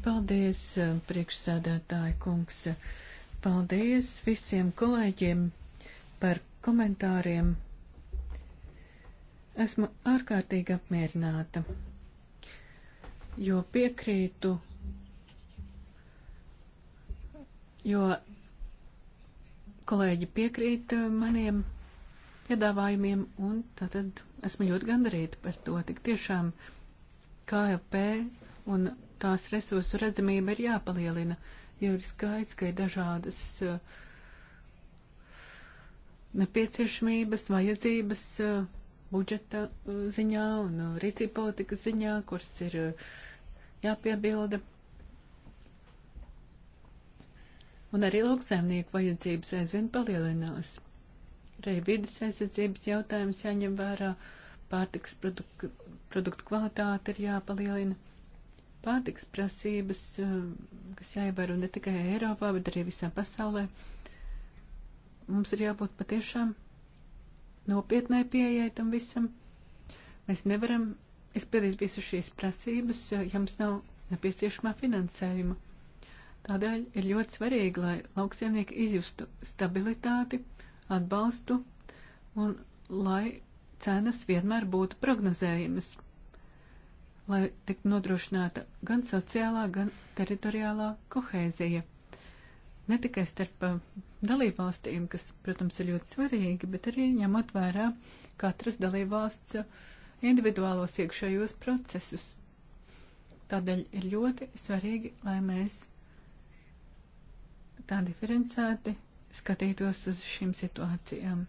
Paldies, uh, priekšsēdētāji kungs! Paldies visiem kolēģiem par komentāriem. Esmu ārkārtīgi apmierināta jo piekrītu, jo kolēģi piekrīt eh, maniem piedāvājumiem, un tātad esmu ļoti gandarīta par to. Tik tiešām KLP un tās resursu redzamība ir jāpalielina, jo ir skaidrs, ka ir dažādas eh, nepieciešamības, vajadzības. Uh, budžeta uh, ziņā un uh, rīcība politikas ziņā, kuras ir uh, jāpiebilda. Un arī lauksaimnieku vajadzības aizvien palielinās. Arī vidas aizsardzības jautājums jāņem vērā, pārtiks produktu, produktu kvalitāte ir jāpalielina pārtiks prasības, kas jāievēro ne tikai Eiropā, bet arī visā pasaulē. Mums ir jābūt patiešām nopietnai pieejai tam visam. Mēs nevaram izpildīt visu šīs prasības, ja mums nav nepieciešamā finansējuma. Tādēļ ir ļoti svarīgi, lai lauksiemnieki izjustu stabilitāti, atbalstu un lai cenas vienmēr būtu prognozējamas, lai tiktu nodrošināta gan sociālā, gan teritoriālā kohēzija ne tikai starp dalībvalstīm, kas, protams, ir ļoti svarīgi, bet arī ņemot vērā katras dalībvalsts individuālos iekšējos procesus. Tādēļ ir ļoti svarīgi, lai mēs tā diferencēti skatītos uz šīm situācijām.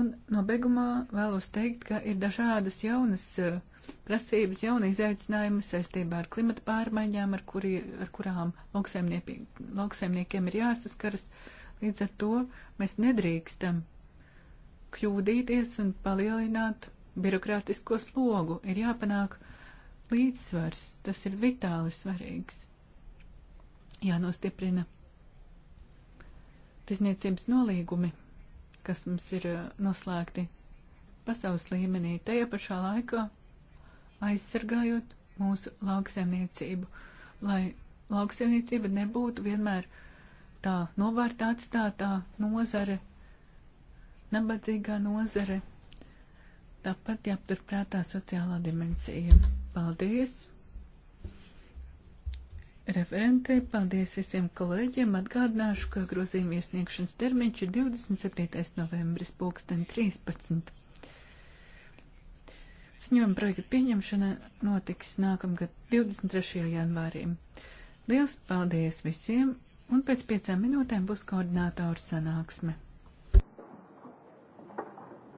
Un nobeigumā vēlos teikt, ka ir dažādas jaunas uh, prasības jauni izaicinājumi saistībā ar klimata pārmaiņām, ar, kuri, ar kurām lauksaimniekiem ir jāsaskaras. Līdz ar to mēs nedrīkstam kļūdīties un palielināt birokrātisko slogu. Ir jāpanāk līdzsvars, tas ir vitāli svarīgs. Jānostiprina tirzniecības nolīgumi, kas mums ir eh, noslēgti pasaules līmenī. Tajā pašā laikā aizsargājot mūsu lauksaimniecību, lai lauksaimniecība nebūtu vienmēr tā novārtā atstātā nozare, nabadzīgā nozare. Tāpat jāpaturprātā sociālā dimensija. Paldies! Referentē, paldies visiem kolēģiem. Atgādināšu, ka grozījuma iesniegšanas termiņš ir 27. novembris, pulksten 13. Ziņojuma projekta pieņemšana notiks nākamgad 23. janvārī. Liels paldies visiem, un pēc piecām minūtēm būs koordinātoru sanāksme.